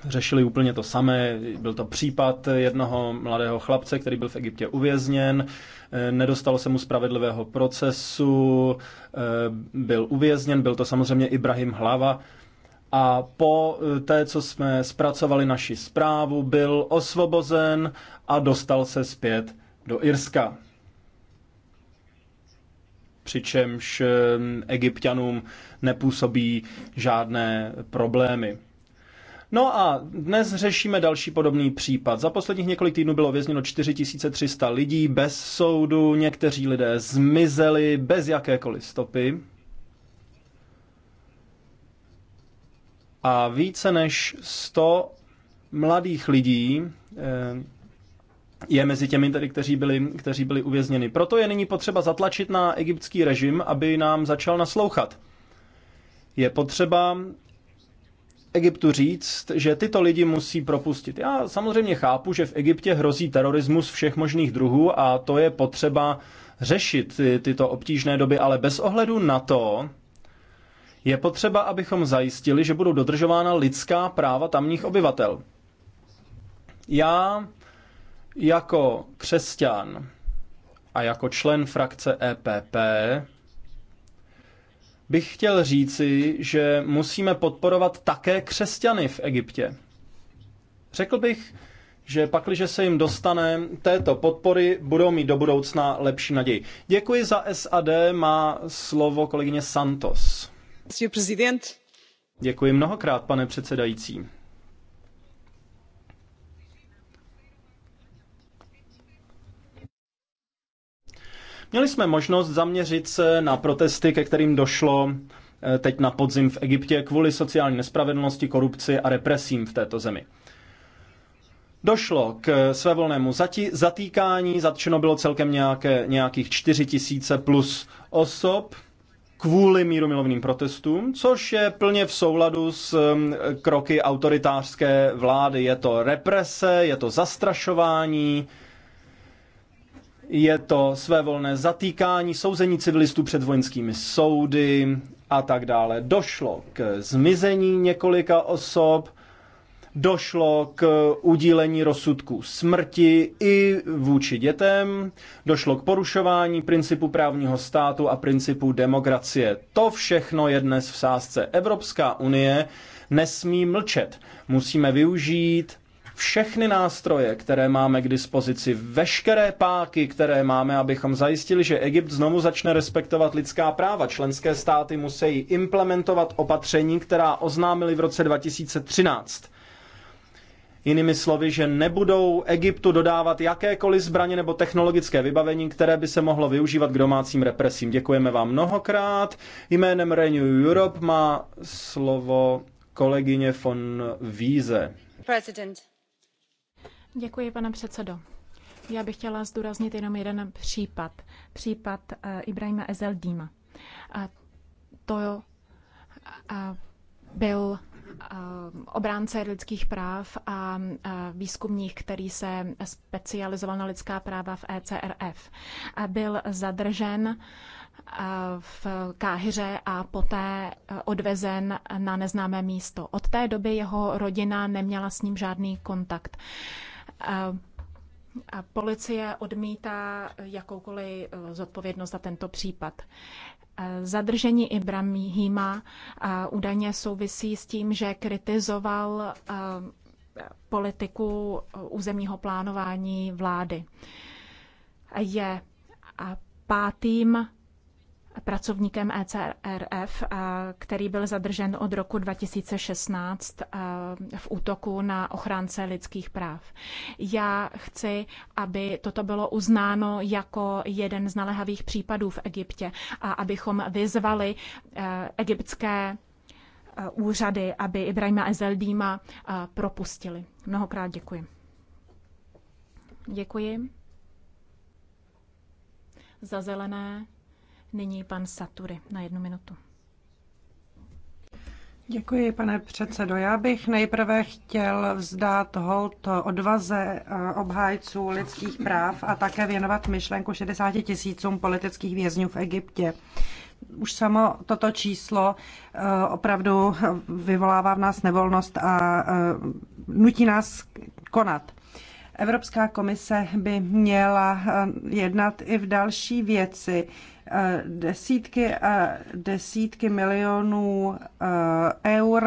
řešili úplně to samé. Byl to případ jednoho mladého chlapce, který byl v Egyptě uvězněn, eh, nedostalo se mu spravedlivého procesu, eh, byl uvězněn, byl to samozřejmě Ibrahim Hlava. A po té, co jsme zpracovali naši zprávu, byl osvobozen a dostal se zpět do Irska přičemž ehm, egyptianům nepůsobí žádné problémy. No a dnes řešíme další podobný případ. Za posledních několik týdnů bylo vězněno 4300 lidí bez soudu, někteří lidé zmizeli bez jakékoliv stopy. A více než 100 mladých lidí ehm, je mezi těmi, tedy, kteří, byli, kteří byli uvězněni. Proto je nyní potřeba zatlačit na egyptský režim, aby nám začal naslouchat. Je potřeba Egyptu říct, že tyto lidi musí propustit. Já samozřejmě chápu, že v Egyptě hrozí terorismus všech možných druhů a to je potřeba řešit ty, tyto obtížné doby, ale bez ohledu na to je potřeba, abychom zajistili, že budou dodržována lidská práva tamních obyvatel. Já jako křesťan a jako člen frakce EPP bych chtěl říci, že musíme podporovat také křesťany v Egyptě. Řekl bych, že pakliže se jim dostane této podpory, budou mít do budoucna lepší naději. Děkuji za SAD, má slovo kolegyně Santos. Děkuji mnohokrát, pane předsedající. Měli jsme možnost zaměřit se na protesty, ke kterým došlo eh, teď na podzim v Egyptě kvůli sociální nespravedlnosti, korupci a represím v této zemi. Došlo k svévolnému zati- zatýkání, zatčeno bylo celkem nějaké, nějakých 4 tisíce plus osob kvůli mírumilovným protestům, což je plně v souladu s mm, kroky autoritářské vlády. Je to represe, je to zastrašování, je to své volné zatýkání, souzení civilistů před vojenskými soudy a tak dále. Došlo k zmizení několika osob, došlo k udílení rozsudku smrti i vůči dětem, došlo k porušování principu právního státu a principu demokracie. To všechno je dnes v sázce. Evropská unie nesmí mlčet. Musíme využít všechny nástroje, které máme k dispozici, veškeré páky, které máme, abychom zajistili, že Egypt znovu začne respektovat lidská práva. Členské státy musí implementovat opatření, která oznámili v roce 2013. Jinými slovy, že nebudou Egyptu dodávat jakékoliv zbraně nebo technologické vybavení, které by se mohlo využívat k domácím represím. Děkujeme vám mnohokrát. Jménem Renew Europe má slovo kolegyně von Wiese. President. Děkuji, pane předsedo. Já bych chtěla zdůraznit jenom jeden případ. Případ uh, Ibrahima Ezeldíma. Uh, to uh, byl eh, obránce lidských práv a eh, výzkumník, který se specializoval na lidská práva v ECRF. Byl zadržen v Káhyře a poté odvezen na neznámé místo. Od té doby jeho rodina neměla s ním žádný kontakt. A policie odmítá jakoukoliv eh, zodpovědnost za tento případ. Eh, zadržení Ibrahima eh, údajně souvisí s tím, že kritizoval politiku územního plánování vlády. Je pátým pracovníkem ECRF, který byl zadržen od roku 2016 v útoku na ochránce lidských práv. Já chci, aby toto bylo uznáno jako jeden z naléhavých případů v Egyptě a abychom vyzvali e, egyptské e, úřady, aby Ibrahima Ezeldýma e, propustili. Mnohokrát děkuji. Děkuji. Za zelené Nyní pan Satury na jednu minutu. Děkuji, pane předsedo. Já bych nejprve chtěl vzdát hold odvaze eh, obhájců lidských práv a také věnovat myšlenku 60 tisícům politických vězňů v Egyptě. Už samo toto číslo eh, opravdu vyvolává v nás nevolnost a eh, nutí nás konat. Evropská komise by měla eh, jednat i v další věci. Eh, desítky a eh, desítky milionů eur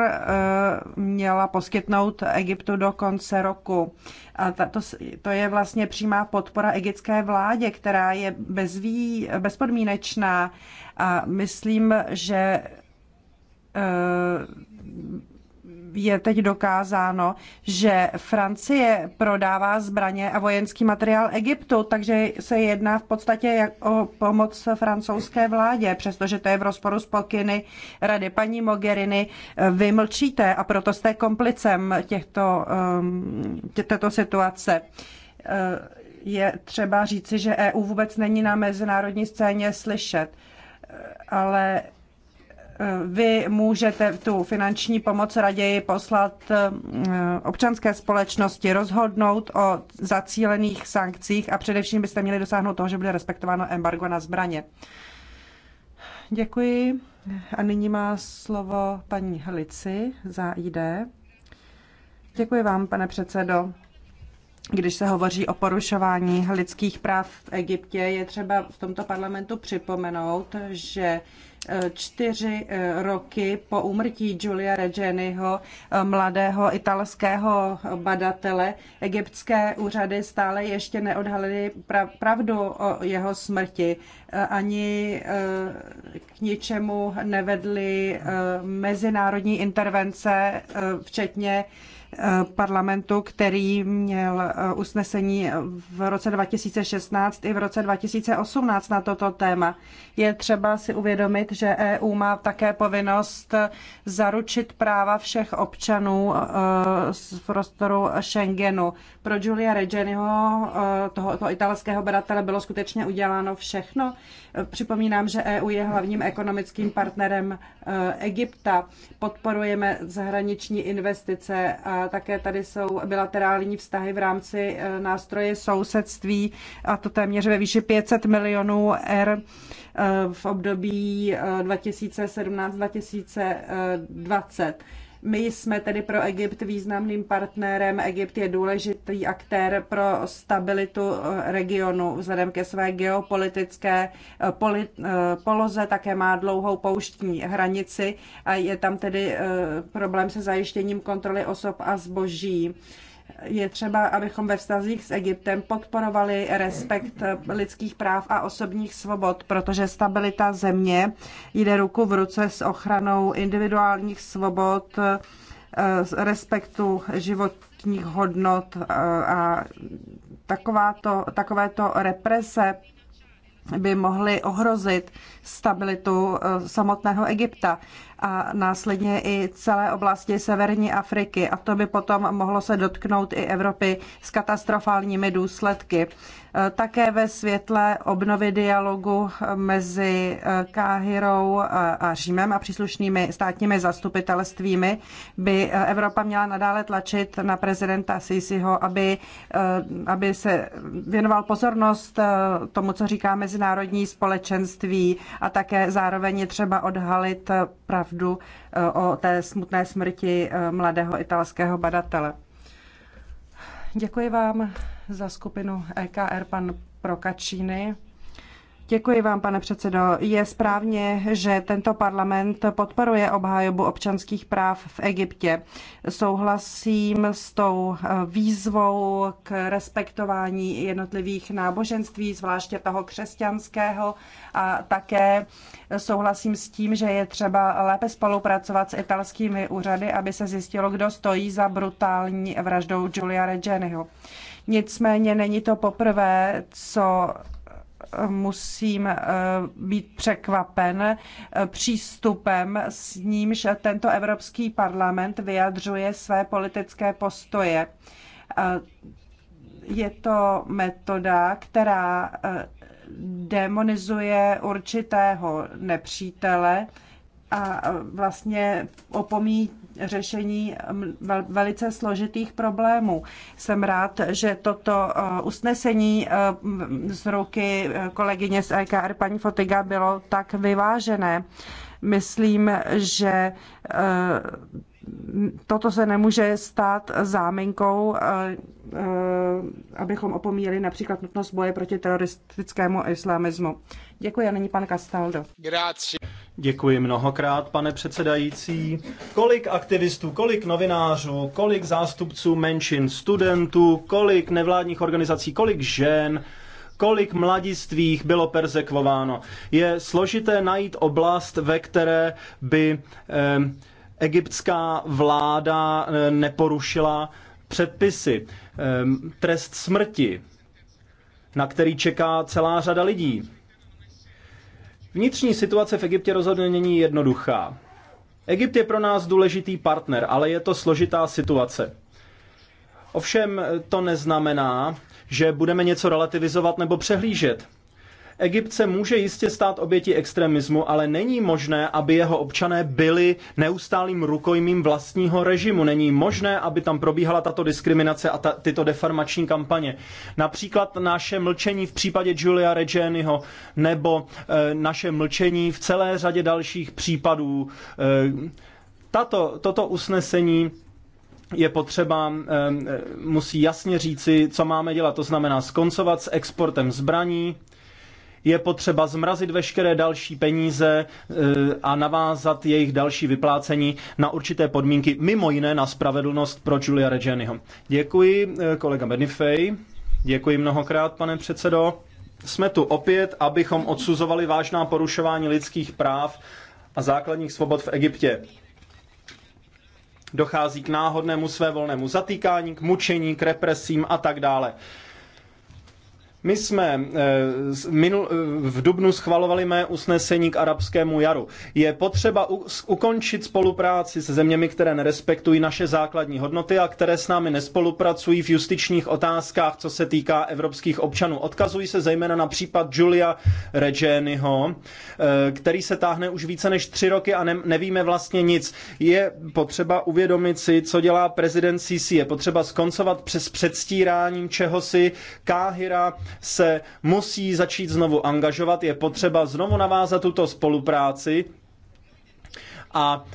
měla poskytnout Egyptu do konce roku. A to, to je vlastně přímá podpora egyptské vládě, která je bezví, bezpodmínečná. A myslím, že je teď dokázáno, že Francie prodává zbraně a vojenský materiál Egyptu, takže se jedná v podstatě o pomoc francouzské vládě, přestože to je v rozporu s pokyny rady paní Mogherini. Vy mlčíte a proto jste komplicem těchto, um, této situace uh, je třeba říci, že EU vůbec není na mezinárodní scéně slyšet. Uh, ale vy můžete tu finanční pomoc raději poslat eh, občanské společnosti, rozhodnout o zacílených sankcích a především byste měli dosáhnout toho, že bude respektováno embargo na zbraně. Děkuji. A nyní má slovo paní Hlici za ID. Děkuji vám, pane předsedo. Když se hovoří o porušování lidských práv v Egyptě, je třeba v tomto parlamentu připomenout, že čtyři eh, roky po úmrtí Giulia Regeniho, eh, mladého italského badatele, egyptské úřady stále ještě neodhalily pravdu o jeho smrti. Eh, ani k ničemu nevedly mezinárodní intervence, včetně parlamentu, který měl eh, usnesení v roce 2016 i v roce 2018 na toto téma. Je třeba si uvědomit, že EU má také povinnost zaručit práva všech občanů eh, z prostoru Schengenu. Pro Giulia eh, toho toho italského badatele, bylo skutečně uděláno všechno. Připomínám, že EU je hlavním ekonomickým partnerem e, Egypta. Podporujeme zahraniční investice a také tady jsou bilaterální vztahy v rámci e, nástroje sousedství a to téměř ve výši 500 milionů R er, e, v období 2017-2020. My jsme tedy pro Egypt významným partnerem. Egypt je důležitý aktér pro stabilitu eh, regionu vzhledem ke své geopolitické eh, eh, poloze. Také má dlouhou pouštní hranici a je tam tedy problém se zajištěním kontroly osob a zboží je třeba, abychom ve vztazích s Egyptem podporovali respekt lidských práv a osobních svobod, protože stabilita země jde ruku v ruce s ochranou individuálních svobod, eh, respektu životních hodnot eh, a takováto, takovéto represe by mohly ohrozit stabilitu eh, samotného Egypta a následně i celé oblasti severní Afriky. A to by potom mohlo se dotknout i Evropy s katastrofálními důsledky také ve světle obnovy dialogu mezi Káhirou a Římem a příslušnými státními zastupitelstvími by Evropa měla nadále tlačit na prezidenta Sisiho, aby, aby se věnoval pozornost tomu, co říká mezinárodní společenství a také zároveň je třeba odhalit pravdu o té smutné smrti mladého italského badatele. Děkuji vám za skupinu EKR pan Prokačíny. Děkuji vám, pane předsedo. Je správně, že tento parlament podporuje obhájobu občanských práv v Egyptě. Souhlasím s tou eh, výzvou k respektování jednotlivých náboženství, zvláště toho křesťanského a také souhlasím s tím, že je třeba lépe spolupracovat s italskými úřady, aby se zjistilo, kdo stojí za brutální vraždou Giulia Reggianiho. Nicméně není to poprvé, co eh, musím eh, být překvapen eh, přístupem, s nímž tento Evropský parlament vyjadřuje své politické postoje. Je to metoda, která demonizuje určitého nepřítele a vlastně opomíjí řešení velice složitých problémů. Jsem rád, že toto eh, usnesení eh, z ruky eh, kolegyně z EKR paní Fotiga bylo tak vyvážené. Myslím, že toto se nemůže stát záminkou, eh, eh, abychom opomíjeli například nutnost boje proti teroristickému islamismu. Děkuji a není pan Castaldo. Grazie. Děkuji mnohokrát, pane předsedající. Kolik aktivistů, kolik novinářů, kolik zástupců menšin, studentů, kolik nevládních organizací, kolik žen, kolik mladistvých bylo persekvováno. Je složité najít oblast, ve které by. Eh, egyptská vláda eh, neporušila předpisy. Ehm, trest smrti, na který čeká celá řada lidí. Vnitřní situace v Egyptě rozhodně není jednoduchá. Egypt je pro nás důležitý partner, ale je to složitá situace. Ovšem eh, to neznamená, že budeme něco relativizovat nebo přehlížet. Egypt se může jistě stát obětí extremismu, ale není možné, aby jeho občané byli neustálým rukojmím vlastního režimu. Není možné, aby tam probíhala tato diskriminace a ta, tyto deformační kampaně. Například naše mlčení v případě Julia Regeniho nebo e, naše mlčení v celé řadě dalších případů. E, tato, toto usnesení je potřeba, eh, musí jasně říci, co máme dělat. To znamená skoncovat s exportem zbraní, je potřeba zmrazit veškeré další peníze eh, a navázat jejich další vyplácení na určité podmínky, mimo jiné na spravedlnost pro Julia Regeniho. Děkuji, eh, kolega Benifej. Děkuji mnohokrát, pane předsedo. Jsme tu opět, abychom odsuzovali vážná porušování lidských práv a základních svobod v Egyptě. Dochází k náhodnému svévolnému zatýkání, k mučení, k represím a tak dále. My jsme eh, eh, v Dubnu schvalovali mé usnesení k arabskému jaru. Je potřeba ukončit spolupráci se zeměmi, které nerespektují naše základní hodnoty a které s námi nespolupracují v justičních otázkách, co se týká evropských občanů. Odkazují se zejména na případ Julia Regeniho, eh, který se táhne už více než tři roky a nevíme vlastně nic. Je potřeba uvědomit si, co dělá prezident Sisi. Je potřeba skoncovat přes předstíráním čehosi. Káhira se musí začít znovu angažovat, je potřeba znovu navázat tuto spolupráci a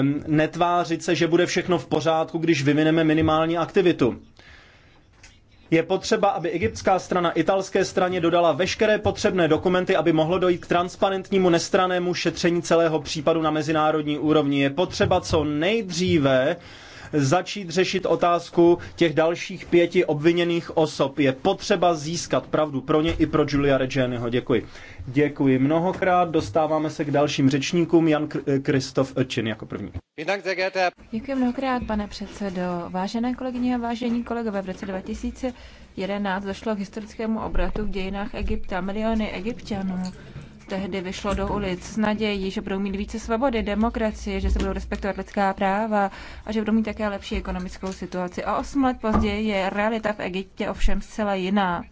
um, netvářit se, že bude všechno v pořádku, když vyvineme minimální aktivitu. Je potřeba, aby egyptská strana italské straně dodala veškeré potřebné dokumenty, aby mohlo dojít k transparentnímu nestranému šetření celého případu na mezinárodní úrovni. Je potřeba co nejdříve uh, začít řešit otázku těch dalších pěti obviněných osob. Je potřeba získat pravdu pro ně i pro Julia Regeneho. Děkuji. Děkuji mnohokrát. Dostáváme se k dalším řečníkům. Jan Kristof Čin jako první. Děkuji mnohokrát, pane předsedo. Vážené kolegyně a vážení kolegové, v roce 2011 došlo k historickému obratu v dějinách Egypta. Miliony egyptianů tehdy vyšlo do ulic s nadějí, že budou mít více svobody, demokracie, že se budou respektovat lidská práva a že budou mít také lepší ekonomickou situaci. A osm let později je realita v Egyptě ovšem zcela jiná.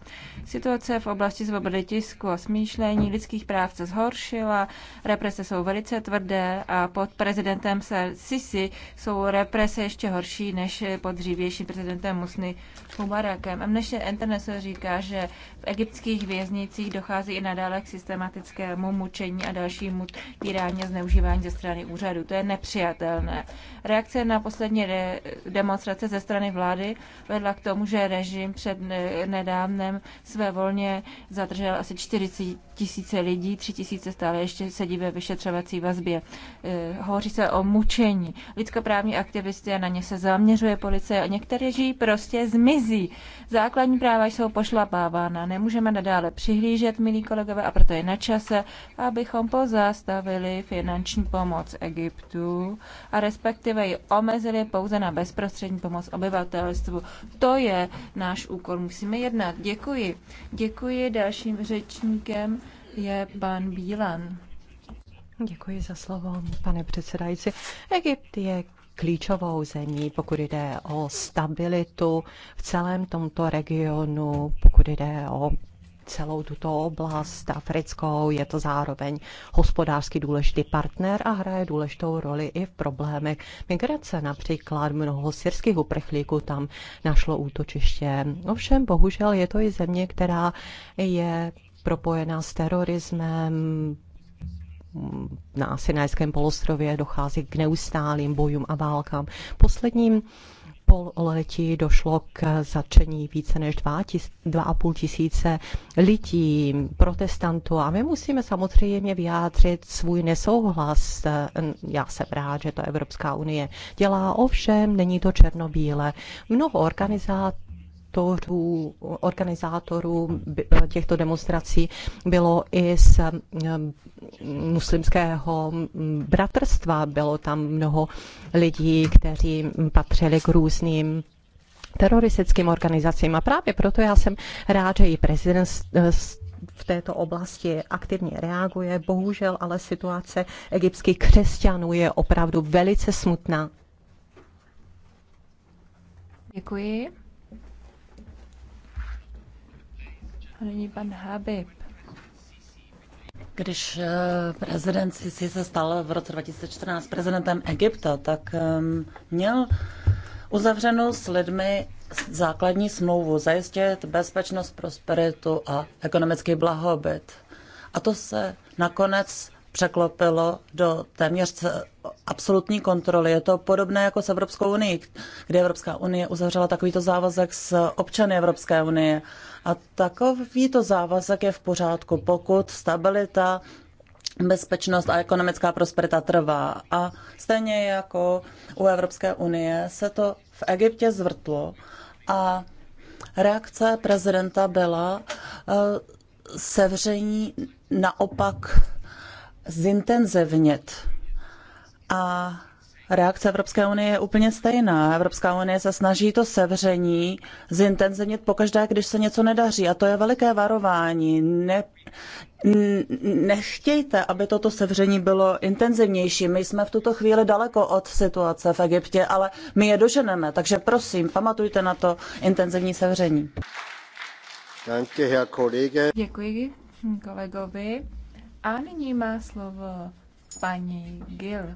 Situace v oblasti svobody tisku a smýšlení lidských práv se zhoršila, represe jsou velice tvrdé a pod prezidentem Sisi jsou represe ještě horší než pod dřívějším prezidentem Musny Mubarakem. A dnešní internet se říká, že v egyptských věznicích dochází i nadále k systematické nějakému mučení a dalšímu týrání a zneužívání ze strany úřadu. To je nepřijatelné. Reakce na poslední de- demonstrace ze strany vlády vedla k tomu, že režim před ne- nedávnem své volně zadržel asi 40 tisíce lidí, 3 tisíce stále ještě sedí ve vyšetřovací vazbě. E, hovoří se o mučení. Lidskoprávní aktivisty a na ně se zaměřuje policie a některé žijí prostě zmizí. Základní práva jsou pošlapávána. Nemůžeme nadále přihlížet, milí kolegové, a proto je na čase, komise, abychom pozastavili finanční pomoc Egyptu a respektive ji omezili pouze na bezprostřední pomoc obyvatelstvu. To je náš úkol, musíme jednat. Děkuji. Děkuji. Dalším řečníkem je pan Bílan. Děkuji za slovo, pane předsedající. Egypt je klíčovou zemí, pokud jde o stabilitu v celém tomto regionu, pokud jde o celou tuto oblast africkou, je to zároveň hospodářsky důležitý partner a hraje důležitou roli i v problémech migrace. Například mnoho syrských uprchlíků tam našlo útočiště. Ovšem, bohužel je to i země, která je propojená s terorismem, na Sinajském polostrově dochází k neustálým bojům a válkám. Posledním pololetí došlo k zatčení více než 2,5 tisíce lidí, protestantů a my musíme samozřejmě vyjádřit svůj nesouhlas. Já jsem rád, že to Evropská unie dělá, ovšem není to černobíle. Mnoho organizátorů autorů, organizátorů těchto demonstrací bylo i z muslimského bratrstva. Bylo tam mnoho lidí, kteří patřili k různým teroristickým organizacím. A právě proto já jsem rád, že i prezident v této oblasti aktivně reaguje. Bohužel ale situace egyptských křesťanů je opravdu velice smutná. Děkuji. A nyní pan Habib. Když eh, prezident Sisi se stal v roce 2014 prezidentem Egypta, tak ehm, měl uzavřenou s lidmi základní smlouvu zajistit bezpečnost, prosperitu a ekonomický blahobyt. A to se nakonec překlopilo do téměř eh, absolutní kontroly. Je to podobné jako s Evropskou unii, kde Evropská unie uzavřela takovýto závazek s občany Evropské unie. A takovýto závazek je v pořádku, pokud stabilita bezpečnost a ekonomická prosperita trvá. A stejně jako u Evropské unie se to v Egyptě zvrtlo a reakce prezidenta byla eh, sevření naopak zintenzivnit. A Reakce Evropské unie je úplně stejná. Evropská unie se snaží to sevření zintenzivnit pokaždé, když se něco nedaří. A to je veliké varování. Ne, nechtějte, aby toto sevření bylo intenzivnější. My jsme v tuto chvíli daleko od situace v Egyptě, ale my je doženeme. Takže prosím, pamatujte na to intenzivní sevření. Děkuji kolegovi. A nyní má slovo paní Gill.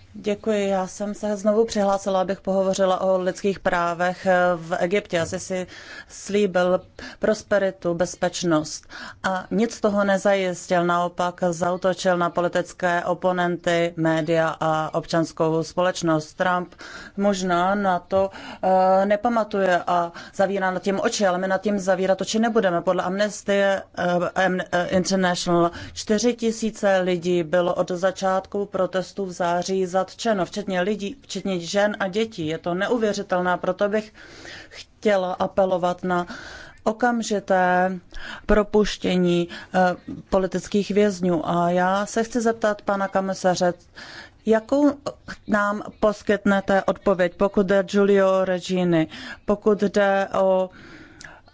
Děkuji. Já jsem se znovu přihlásila, abych pohovořila o lidských právech v Egyptě. Asi si slíbil prosperitu, bezpečnost. A nic z toho nezajistil, naopak zautočil na politické oponenty, média a občanskou společnost. Trump možná na to eh, nepamatuje a zavírá nad tím oči, ale my nad tím zavírat oči nebudeme. Podle Amnesty eh, eh, International 4 tisíce lidí bylo od začátku protestů v září za zatčeno, včetně lidí, včetně žen a dětí. Je to neuvěřitelné, proto bych chtěla apelovat na okamžité propuštění eh, politických vězňů. A já se chci zeptat pana komisaře, Jakou nám poskytnete odpověď, pokud jde Giulio Regini, pokud jde o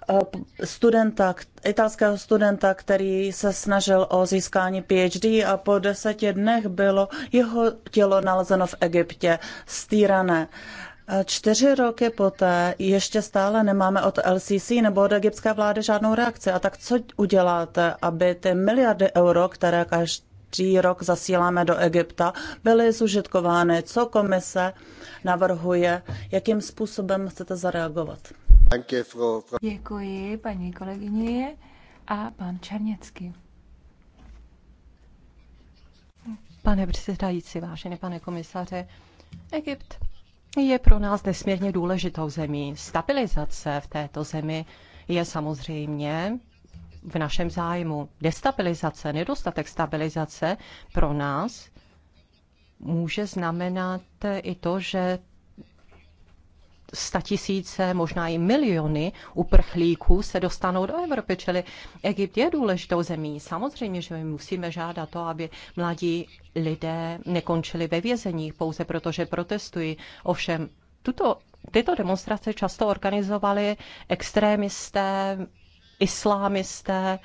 Eh, studenta, italského studenta, který se snažil o získání PhD a po deseti dnech bylo jeho tělo nalezeno v Egyptě, stýrané. Eh, čtyři roky poté ještě stále nemáme od LCC nebo od egyptské vlády žádnou reakci. A tak co uděláte, aby ty miliardy euro, které každý rok zasíláme do Egypta, byly zužitkovány? Co komise navrhuje? Jakým způsobem chcete zareagovat? Děkuji paní kolegyni a pan černěcký. Pane předsedající, vážený pane komisaře, Egypt je pro nás nesmírně důležitou zemí. Stabilizace v této zemi je samozřejmě v našem zájmu. Destabilizace, nedostatek stabilizace pro nás může znamenat i to, že statisíce, možná i miliony uprchlíků se dostanou do Evropy, čili Egypt je důležitou zemí. Samozřejmě, že my musíme žádat to, aby mladí lidé nekončili ve vězeních pouze proto, že protestují. Ovšem, tuto, tyto demonstrace často organizovali extrémisté, islámisté,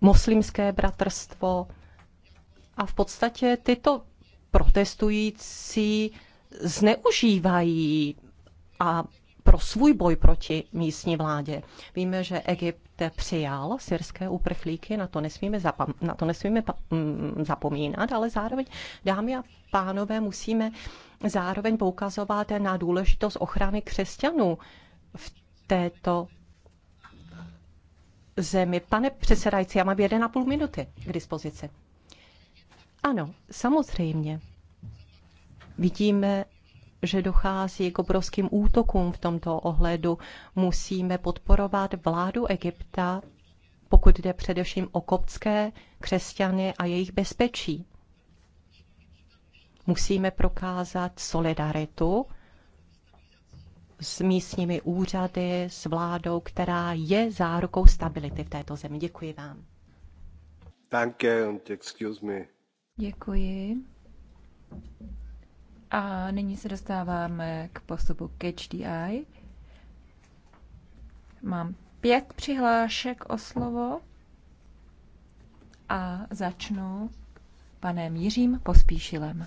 muslimské bratrstvo a v podstatě tyto protestující zneužívají a pro svůj boj proti místní vládě. Víme, že Egypt přijal syrské uprchlíky, na to nesmíme, zapam- na to nesmíme mm, zapomínat, ale zároveň, dámy a pánové, musíme zároveň poukazovat na důležitost ochrany křesťanů v této zemi. Pane předsedající, já mám 1,5 minuty k dispozici. Ano, samozřejmě. Vidíme že dochází k obrovským útokům v tomto ohledu. Musíme podporovat vládu Egypta, pokud jde především o koptské křesťany a jejich bezpečí. Musíme prokázat solidaritu s místními úřady, s vládou, která je zárukou stability v této zemi. Děkuji vám. Danke and excuse me. Děkuji. A nyní se dostáváme k postupu Catch the Eye. Mám pět přihlášek o slovo a začnu panem Jiřím Pospíšilem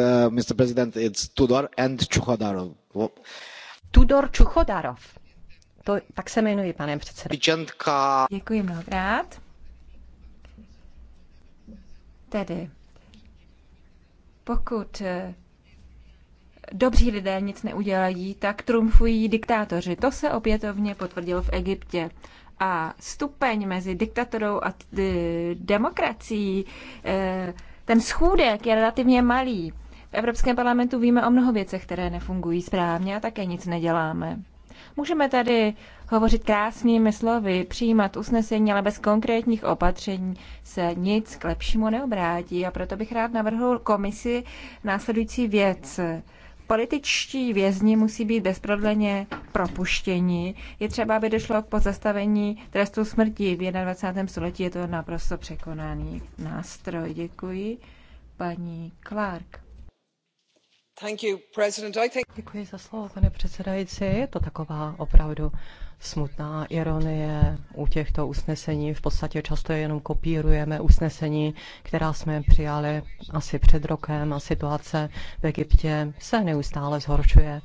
Uh, Mr. President, it's Tudor and Čuchodarov. Tudor Čuchodarov. To, tak se jmenuji, pane předsedo. Vičentka. Děkuji mnohokrát. Tedy, pokud eh, dobří lidé nic neudělají, tak trumfují diktátoři. To se opětovně potvrdilo v Egyptě. A stupeň mezi diktatorou a eh, demokracií, eh, ten schůdek je relativně malý. V Evropském parlamentu víme o mnoho věcech, které nefungují správně a také nic neděláme. Můžeme tady hovořit krásnými slovy, přijímat usnesení, ale bez konkrétních opatření se nic k lepšímu neobrátí. A proto bych rád navrhl komisi následující věc. Političtí vězni musí být bezprodleně propuštěni. Je třeba, aby došlo k pozastavení trestu smrti. V 21. století je to naprosto překonaný nástroj. Děkuji. Paní Clark. Děkuji za slovo, pane předsedající. Je to taková opravdu smutná ironie u těchto usnesení. V podstatě často jenom kopírujeme usnesení, která jsme přijali asi před rokem a situace v Egyptě se neustále zhoršuje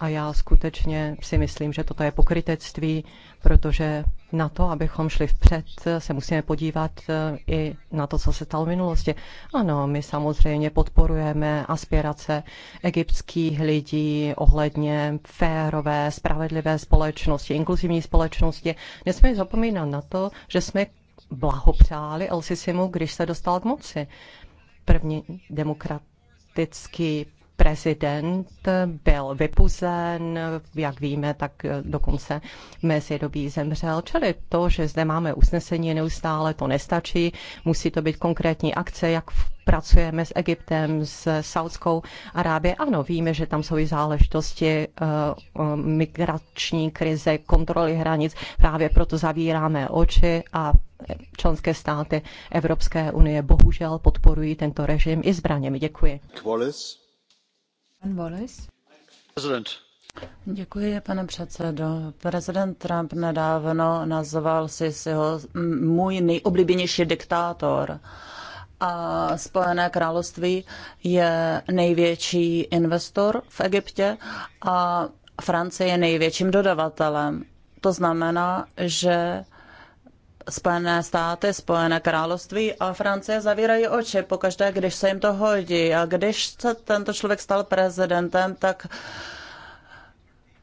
a já skutečně si myslím, že toto je pokrytectví, protože na to, abychom šli vpřed, se musíme podívat eh, i na to, co se stalo v minulosti. Ano, my samozřejmě podporujeme aspirace egyptských lidí ohledně férové, spravedlivé společnosti, inkluzivní společnosti. Nesmíme zapomínat na to, že jsme blahopřáli El Sisimu, když se dostal k moci. První demokrat prezident byl vypuzen, jak víme, tak dokonce mezi dobí zemřel. Čili to, že zde máme usnesení neustále, to nestačí. Musí to být konkrétní akce, jak pracujeme s Egyptem, s Saudskou Arábie. Ano, víme, že tam jsou i záležitosti uh, migrační krize, kontroly hranic. Právě proto zavíráme oči a členské státy Evropské unie bohužel podporují tento režim i zbraněmi. Děkuji. Kvalis. Děkuji, pane předsedo. Prezident Trump nedávno nazval si ho můj nejoblíbenější diktátor. A Spojené království je největší investor v Egyptě a Francie je největším dodavatelem. To znamená, že Spojené státy, Spojené království a Francie zavírají oči pokaždé, když se jim to hodí. A když se tento člověk stal prezidentem, tak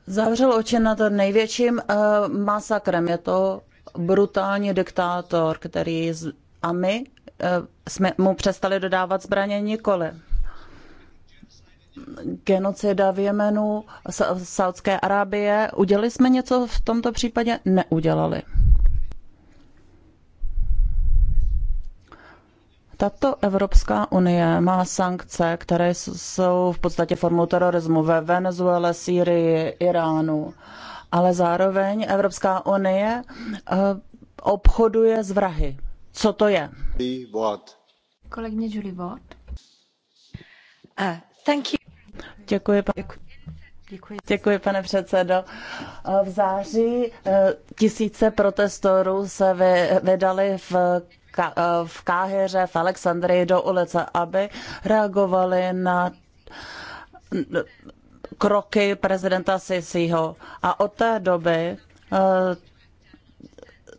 zavřel oči nad největším uh, masakrem. Je to brutální diktátor, který z... a my uh, jsme mu přestali dodávat zbraně nikoli genocida v Jemenu, Saudské Arábie. Udělali jsme něco v tomto případě? Neudělali. Tato Evropská unie má sankce, které jsou v podstatě formou terorismu ve Venezuele, Sýrii, Iránu, ale zároveň Evropská unie eh, obchoduje s vrahy. Co to je? Kolegyně Julie Ward. Eh, thank you. Děkuji, Děkuji. Děkuji, pane předsedo. Eh, v září tisíce protestorů se vydali v Eh, v Káhyře, v Alexandrii do ulice, aby reagovali na kroky prezidenta Sisiho. A od té doby eh,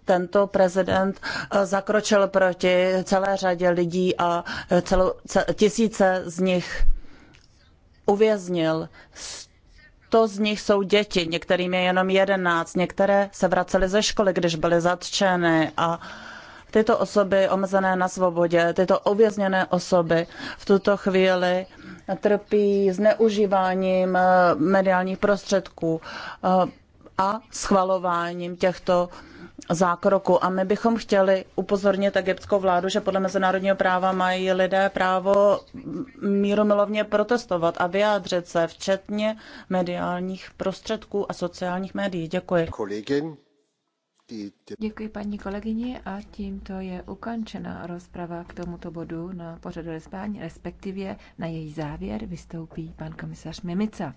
tento prezident eh, zakročil proti celé řadě lidí a celou, tisíce z nich uvěznil. To z nich jsou děti, některým je jenom jedenáct, některé se vracely ze školy, když byly zatčeny a uh, tyto osoby omezené na svobodě, tyto ovězněné osoby v tuto chvíli trpí zneužíváním eh, mediálních prostředků eh, a schvalováním těchto zákroku. A my bychom chtěli upozornit egyptskou vládu, že podle mezinárodního práva mají lidé právo míromilovně protestovat a vyjádřit se, včetně mediálních prostředků a sociálních médií. Děkuji. Kolegin. Děkuji paní kolegyni a tímto je ukončena rozprava k tomuto bodu na pořadu respání, respektive na její závěr vystoupí pan komisař Mimica.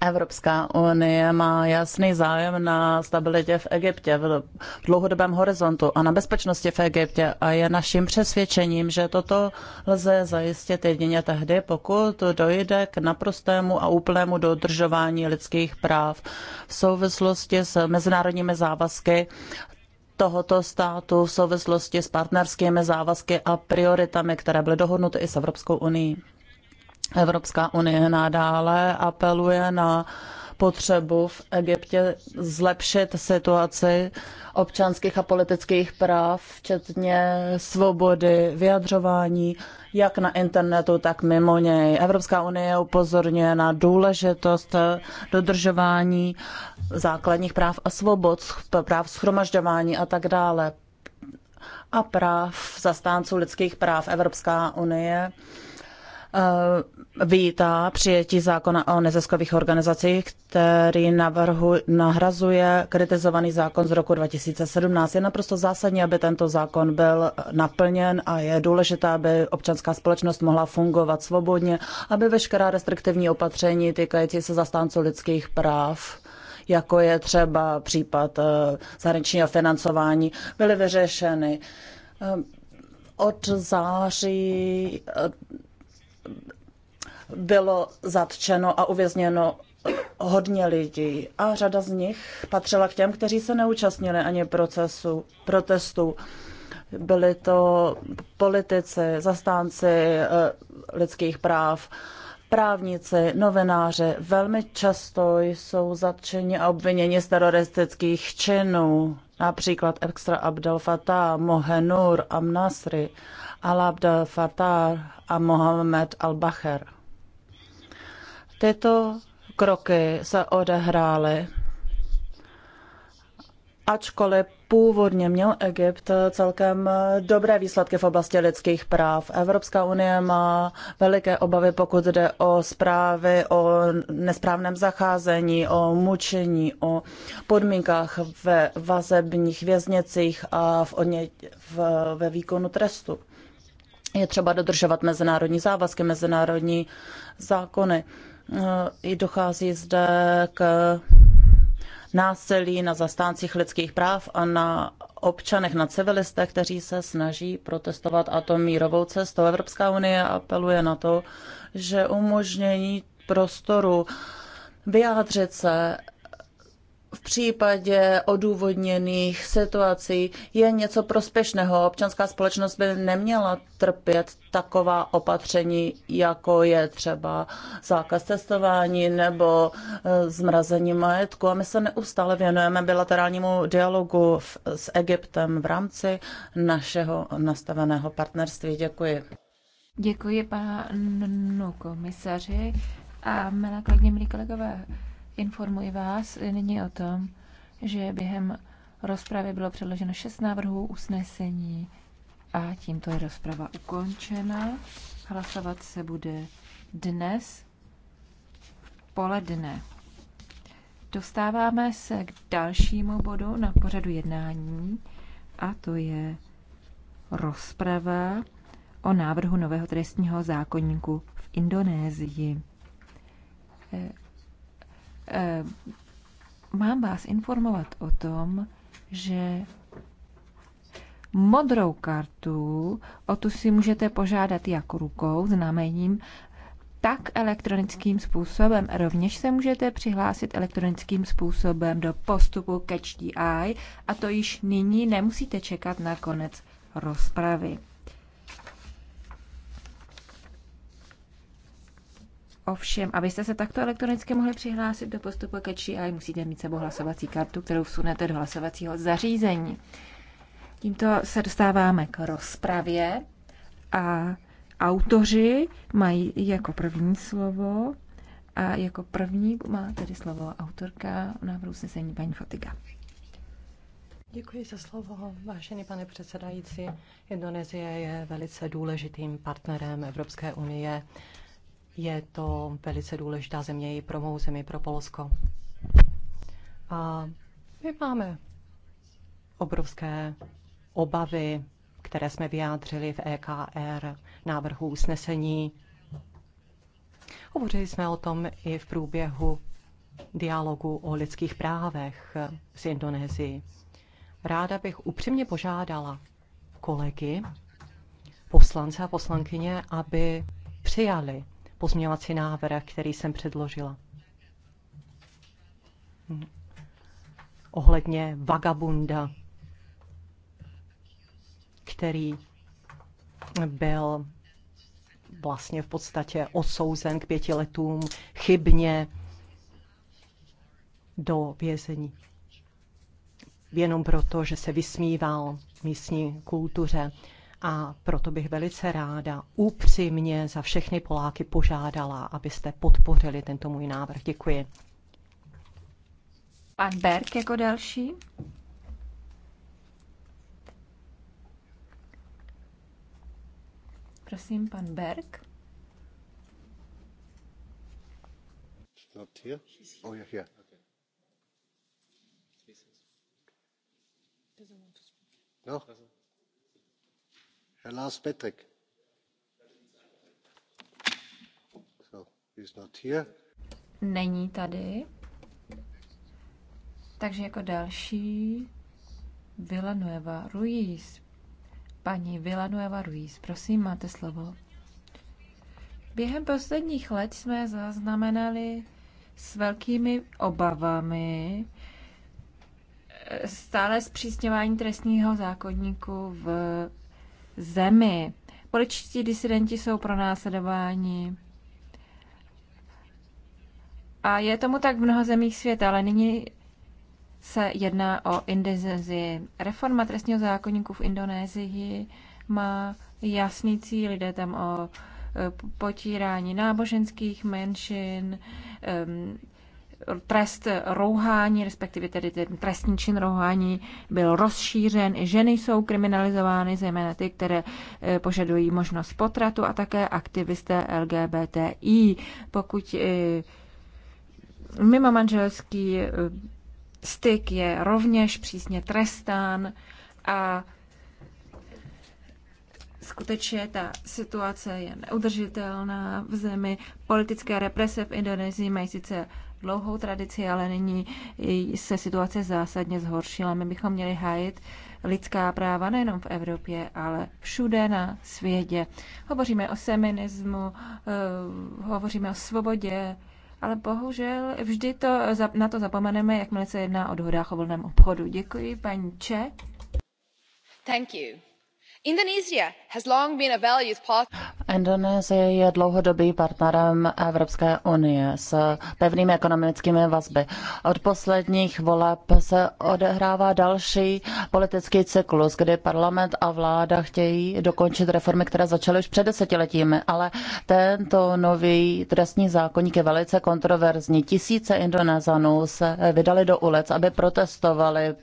Evropská unie má jasný zájem na stabilitě v Egyptě v dlouhodobém horizontu a na bezpečnosti v Egyptě a je naším přesvědčením, že toto lze zajistit jedině tehdy, pokud dojde k naprostému a úplnému dodržování lidských práv v souvislosti s mezinárodními závazky tohoto státu v souvislosti s partnerskými závazky a prioritami, které byly dohodnuty i s Evropskou unii. Evropská unie nadále apeluje na potřebu v Egyptě zlepšit situaci občanských a politických práv, včetně svobody vyjadřování, jak na internetu, tak mimo něj. Evropská unie upozorňuje na důležitost dodržování základních práv a svobod, práv schromažďování a tak dále a práv zastánců lidských práv Evropská unie eh, vítá přijetí zákona o neziskových organizacích, který navrhu, nahrazuje kritizovaný zákon z roku 2017. Je naprosto zásadní, aby tento zákon byl naplněn a je důležité, aby občanská společnost mohla fungovat svobodně, aby veškerá restriktivní opatření týkající se zastánců lidských práv jako je třeba případ eh, zahraničního financování, byly vyřešeny. Ehm, od září eh, bylo zatčeno a uvězněno hodně lidí a řada z nich patřila k těm, kteří se neúčastnili ani procesu, protestu. Byli to politici, zastánci eh, lidských práv, právníci, novináři. Velmi často jsou zatčeni a obviněni z teroristických činů, například Extra Abdel Fattah, Mohenur Amnasri, Al Abdel Fattah a Mohamed Al-Bacher. Tyto kroky se odehrály. Ačkoliv původně měl Egypt celkem dobré výsledky v oblasti lidských práv. Evropská unie má veliké obavy, pokud jde o zprávy o nesprávném zacházení, o mučení, o podmínkách ve vazebních věznicích a v odně, v, ve výkonu trestu. Je třeba dodržovat mezinárodní závazky, mezinárodní zákony. Eh, i dochází zde k násilí na zastáncích lidských práv a na občanech, na civilistech, kteří se snaží protestovat a to mírovou cestou. Evropská unie apeluje na to, že umožnění prostoru vyjádřit se v případě odůvodněných situací je něco prospěšného. Občanská společnost by neměla trpět taková opatření, jako je třeba zákaz cestování nebo eh, zmrazení majetku. A my se neustále věnujeme bilaterálnímu dialogu s Egyptem v rámci našeho nastaveného partnerství. Děkuji. Děkuji panu komisaři a milé kolegyně, milí kolegové. Informuji vás nyní o tom, že během rozpravy bylo předloženo šest návrhů usnesení a tímto je rozprava ukončena. Hlasovat se bude dnes poledne. Dostáváme se k dalšímu bodu na pořadu jednání a to je rozprava o návrhu nového trestního zákonníku v Indonésii. Eh, mám vás informovat o tom, že modrou kartu, o tu si můžete požádat jak rukou, znamením, tak elektronickým způsobem. Rovněž se můžete přihlásit elektronickým způsobem do postupu Catch the Eye a to již nyní nemusíte čekat na konec rozpravy. Ovšem, abyste se takto elektronicky mohli přihlásit do postupu ke a musíte mít sebou hlasovací kartu, kterou vsunete do hlasovacího zařízení. Tímto se dostáváme k rozpravě a autoři mají jako první slovo a jako první má tedy slovo autorka návrhu usnesení paní Fotiga. Děkuji za slovo, vážený pane předsedající. Indonésie je velice důležitým partnerem Evropské unie je to velice důležitá země i pro mou zemi, pro Polsko. A my máme obrovské obavy, které jsme vyjádřili v EKR návrhu usnesení. Hovořili jsme o tom i v průběhu dialogu o lidských právech s Indonésií. Ráda bych upřímně požádala kolegy, poslance a poslankyně, aby přijali pozměňovací návrh, který jsem předložila. Mhm. Ohledně vagabunda, který byl vlastně v podstatě osouzen k pěti letům chybně do vězení. Jenom proto, že se vysmíval místní kultuře a proto bych velice ráda upřímně za všechny Poláky požádala, abyste podpořili tento můj návrh. Děkuji. Pan Berg jako další. Prosím, pan Berg. Not here? Oh, yeah, here. No. Není tady. Takže jako další Villanueva Ruiz. Paní Villanueva Ruiz, prosím, máte slovo. Během posledních let jsme zaznamenali s velkými obavami eh, stále zpřísňování trestního zákonníku v zemi. Političtí disidenti jsou pronásledováni. A je tomu tak v mnoha zemích světa, ale nyní se jedná o Indonésii. Reforma trestního zákonníku v Indonésii má jasný cíl, jde tam o e, potírání náboženských menšin, trest rouhání, respektive tedy ten trestní čin rouhání byl rozšířen. I ženy jsou kriminalizovány, zejména ty, které eh, požadují možnost potratu a také aktivisté LGBTI. Pokud eh, mimo manželský eh, styk je rovněž přísně trestán a skutečně ta situace je neudržitelná v zemi. Politické represe v Indonésii mají sice dlouhou tradici, ale nyní se situace zásadně zhoršila. My bychom měli hájit lidská práva nejenom v Evropě, ale všude na světě. Hovoříme o feminismu, eh, hovoříme o svobodě, ale bohužel vždy to, na to zapomeneme, jakmile se jedná o dohodách o volném obchodu. Děkuji, paní Če. Thank you. Indonésie je dlouhodobým partnerem Evropské unie s pevnými ekonomickými vazby. Od posledních voleb se odehrává další politický cyklus, kdy parlament a vláda chtějí dokončit reformy, které začaly už před desetiletími, ale tento nový trestní zákonník je velice kontroverzní. Tisíce Indonezanů se vydali do ulic, aby protestovali,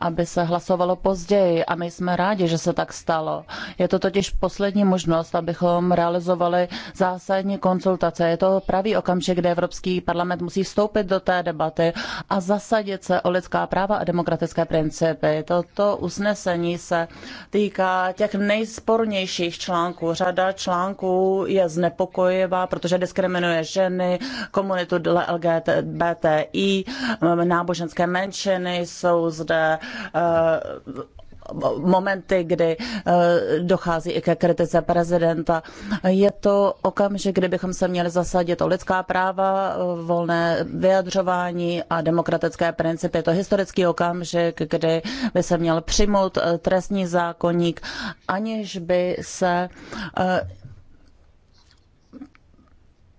aby se hlasovalo později a my jsme rádi, že se tak stalo stalo. Je to totiž poslední možnost, abychom realizovali zásadní konsultace. Je to pravý okamžik, kde Evropský parlament musí vstoupit do té debaty a zasadit se o lidská práva a demokratické principy. Toto usnesení se týká těch nejspornějších článků. Řada článků je znepokojivá, protože diskriminuje ženy, komunitu LGBTI, náboženské menšiny, jsou zde eh, momenty, kdy eh, dochází i ke kritice prezidenta. Je to okamžik, kdy bychom se měli zasadit o lidská práva, eh, volné vyjadřování a demokratické principy. Je to historický okamžik, kdy by se měl přijmout eh, trestní zákoník, aniž by se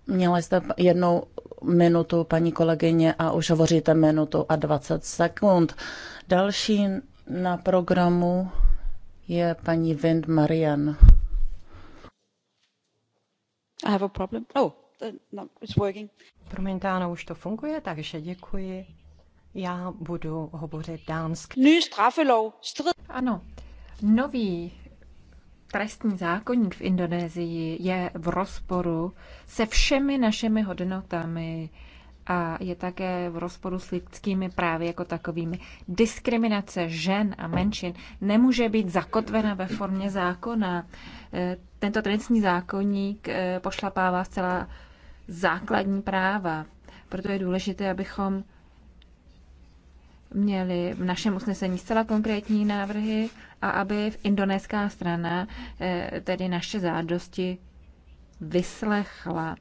Měla jste jednou minutu, paní kolegyně, a už hovoříte minutu a 20 sekund. Další na programu je paní Vind Marian. I have a problem. Oh, uh, no, it's working. Promiňte, ano, už to funguje, takže děkuji. Já budu hovořit dánsky. Ny Strid. Ano, nový trestní zákonník v Indonésii je v rozporu se všemi našimi hodnotami, a je také v rozporu s lidskými právy jako takovými. Diskriminace žen a menšin nemůže být zakotvena ve formě zákona. E, tento trestní zákonník e, pošlapává zcela základní práva. Proto je důležité, abychom měli v našem usnesení zcela konkrétní návrhy a aby v indonéská strana e, tedy naše zádosti vyslechla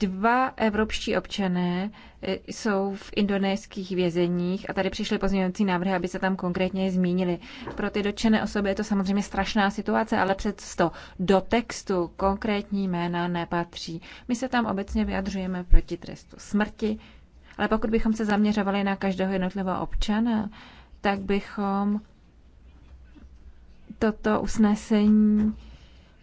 dva evropští občané eh, jsou v indonéských vězeních a tady přišly pozměňovací návrhy, aby se tam konkrétně zmínili. Pro ty dotčené osoby je to samozřejmě strašná situace, ale přesto do textu konkrétní jména nepatří. My se tam obecně vyjadřujeme proti trestu smrti, ale pokud bychom se zaměřovali na každého jednotlivého občana, tak bychom toto usnesení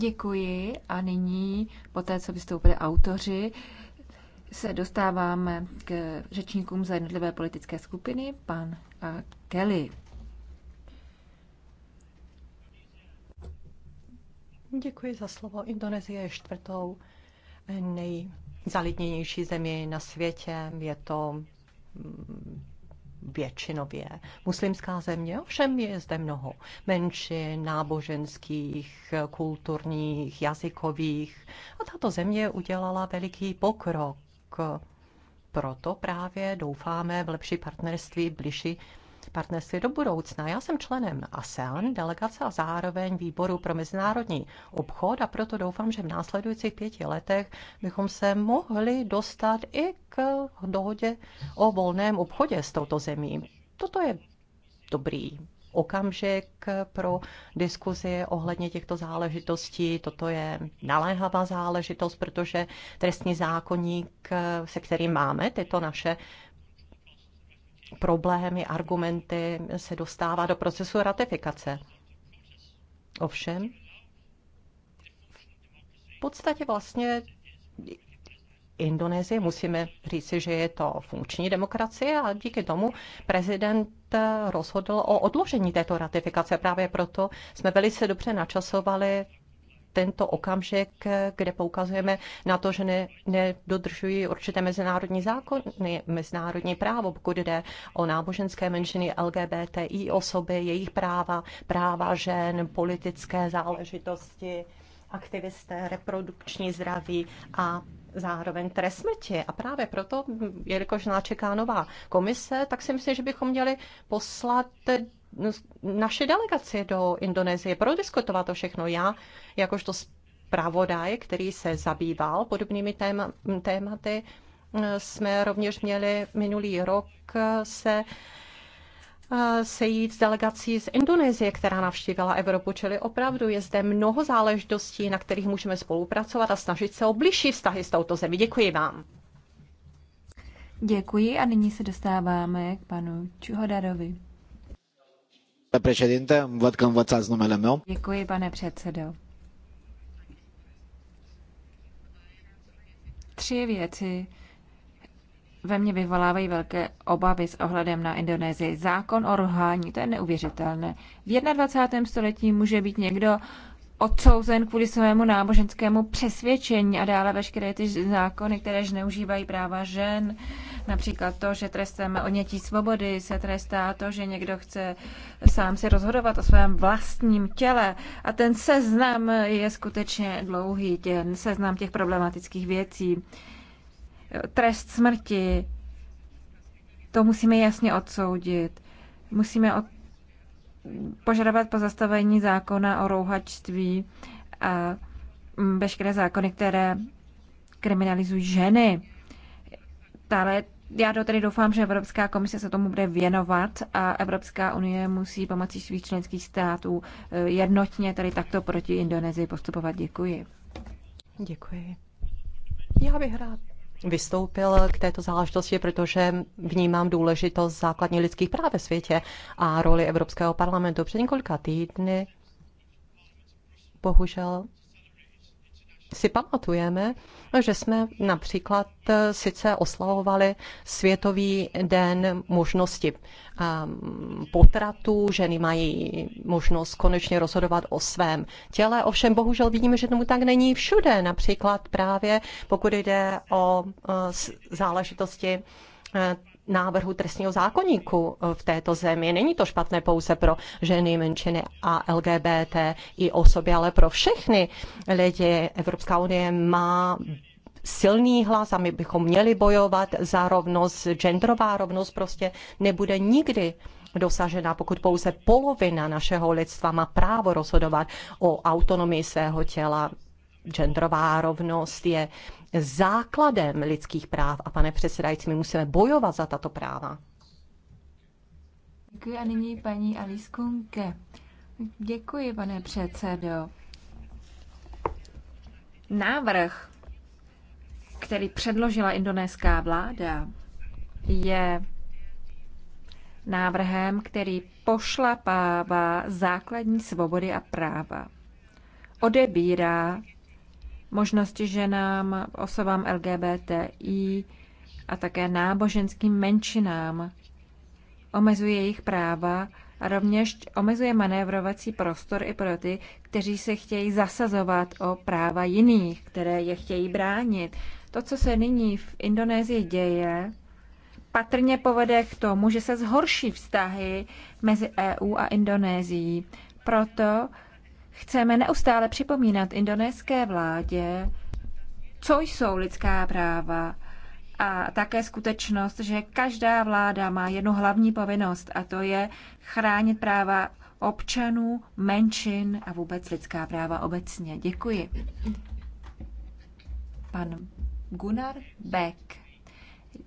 Děkuji a nyní, po té, co vystoupili autoři, se dostáváme k řečníkům za jednotlivé politické skupiny, pan a Kelly. Děkuji za slovo. Indonésie je čtvrtou nejzalidněnější zemi na světě. Je to mm, většinově muslimská země, ovšem je zde mnoho menšin, náboženských, kulturních, jazykových. A tato země udělala veliký pokrok. Proto právě doufáme v lepší partnerství, bližší partnerství do budoucna. Já jsem členem ASEAN delegace a zároveň výboru pro mezinárodní obchod a proto doufám, že v následujících pěti letech bychom se mohli dostat i k dohodě o volném obchodě s touto zemí. Toto je dobrý okamžik pro diskuzi ohledně těchto záležitostí. Toto je naléhavá záležitost, protože trestní zákonník, se kterým máme tyto naše problémy, argumenty se dostává do procesu ratifikace. Ovšem, v podstatě vlastně Indonésie, musíme říci, že je to funkční demokracie a díky tomu prezident rozhodl o odložení této ratifikace. Právě proto jsme velice dobře načasovali tento okamžik, kde poukazujeme na to, že ne, nedodržují určité mezinárodní zákony, mezinárodní právo, pokud jde o náboženské menšiny, LGBTI osoby, jejich práva, práva žen, politické záležitosti, aktivisté, reprodukční zdraví a zároveň trest smrti. A právě proto, jelikož nás čeká nová komise, tak si myslím, že bychom měli poslat naše delegace do Indonésie prodiskutovat to všechno. Já, jakožto zpravodaj, který se zabýval podobnými téma, tématy, jsme rovněž měli minulý rok se eh, sejít s delegací z Indonésie, která navštívila Evropu, čili opravdu je zde mnoho záležitostí, na kterých můžeme spolupracovat a snažit se o blížší vztahy s touto zemí. Děkuji vám. Děkuji a nyní se dostáváme k panu Čuhodarovi. Doamnă președinte, văd că învățați numele meu. Děkuji, pane předsedo. Tři věci ve mně vyvolávají velké obavy s ohledem na Indonésii. Zákon o rohání, to je neuvěřitelné. V 21. století může být někdo uh, odsouzen kvůli svému náboženskému přesvědčení a dále veškeré ty zákony, které zneužívají práva žen, například to, že trestem odnětí svobody se trestá to, že někdo chce sám si rozhodovat o svém vlastním těle. A ten seznam je skutečně dlouhý, ten seznam těch problematických věcí. Trest smrti, to musíme jasně odsoudit. Musíme od požadovat pozastavení zákona o rouhačství a veškeré zákony, které kriminalizují ženy. Ale já do tedy doufám, že Evropská komise se tomu bude věnovat a Evropská unie musí pomocí svých členských států eh, jednotně tady takto proti Indonésii postupovat. Děkuji. Děkuji. Já bych rád vystoupil k této záležitosti, protože vnímám důležitost základní lidských práv ve světě a roli Evropského parlamentu. Před několika týdny bohužel si pamatujeme že jsme například eh, sice oslavovali Světový den možnosti ehm, potratů, ženy mají možnost konečně rozhodovat o svém těle, ovšem bohužel vidíme, že tomu tak není všude, například právě pokud jde o eh, záležitosti eh, návrhu trestního zákonníku eh, v této zemi. Není to špatné pouze pro ženy, menšiny a LGBT i osoby, ale pro všechny lidi. Evropská unie má silný hlas a my bychom měli bojovat za rovnost. Genderová rovnost prostě nebude nikdy dosažena, pokud pouze polovina našeho lidstva má právo rozhodovat o autonomii svého těla genderová rovnost je základem lidských práv a pane předsedající, my musíme bojovat za tato práva. Děkuji a nyní paní Alice Kunke. Děkuji, pane předsedo. Návrh, který předložila indonéská vláda, je návrhem, který pošlapává základní svobody a práva. Odebírá možnosti ženám, osobám LGBTI a také náboženským menšinám. Omezuje jejich práva a rovněž omezuje manévrovací prostor i pro ty, kteří se chtějí zasazovat o práva jiných, které je chtějí bránit. To, co se nyní v Indonésii děje, patrně povede k tomu, že se zhorší vztahy mezi EU a Indonésií. Proto chceme neustále připomínat indonéské vládě, co jsou lidská práva a také skutečnost, že každá vláda má jednu hlavní povinnost a to je chránit práva občanů, menšin a vůbec lidská práva obecně. Děkuji. Pan Gunnar Beck.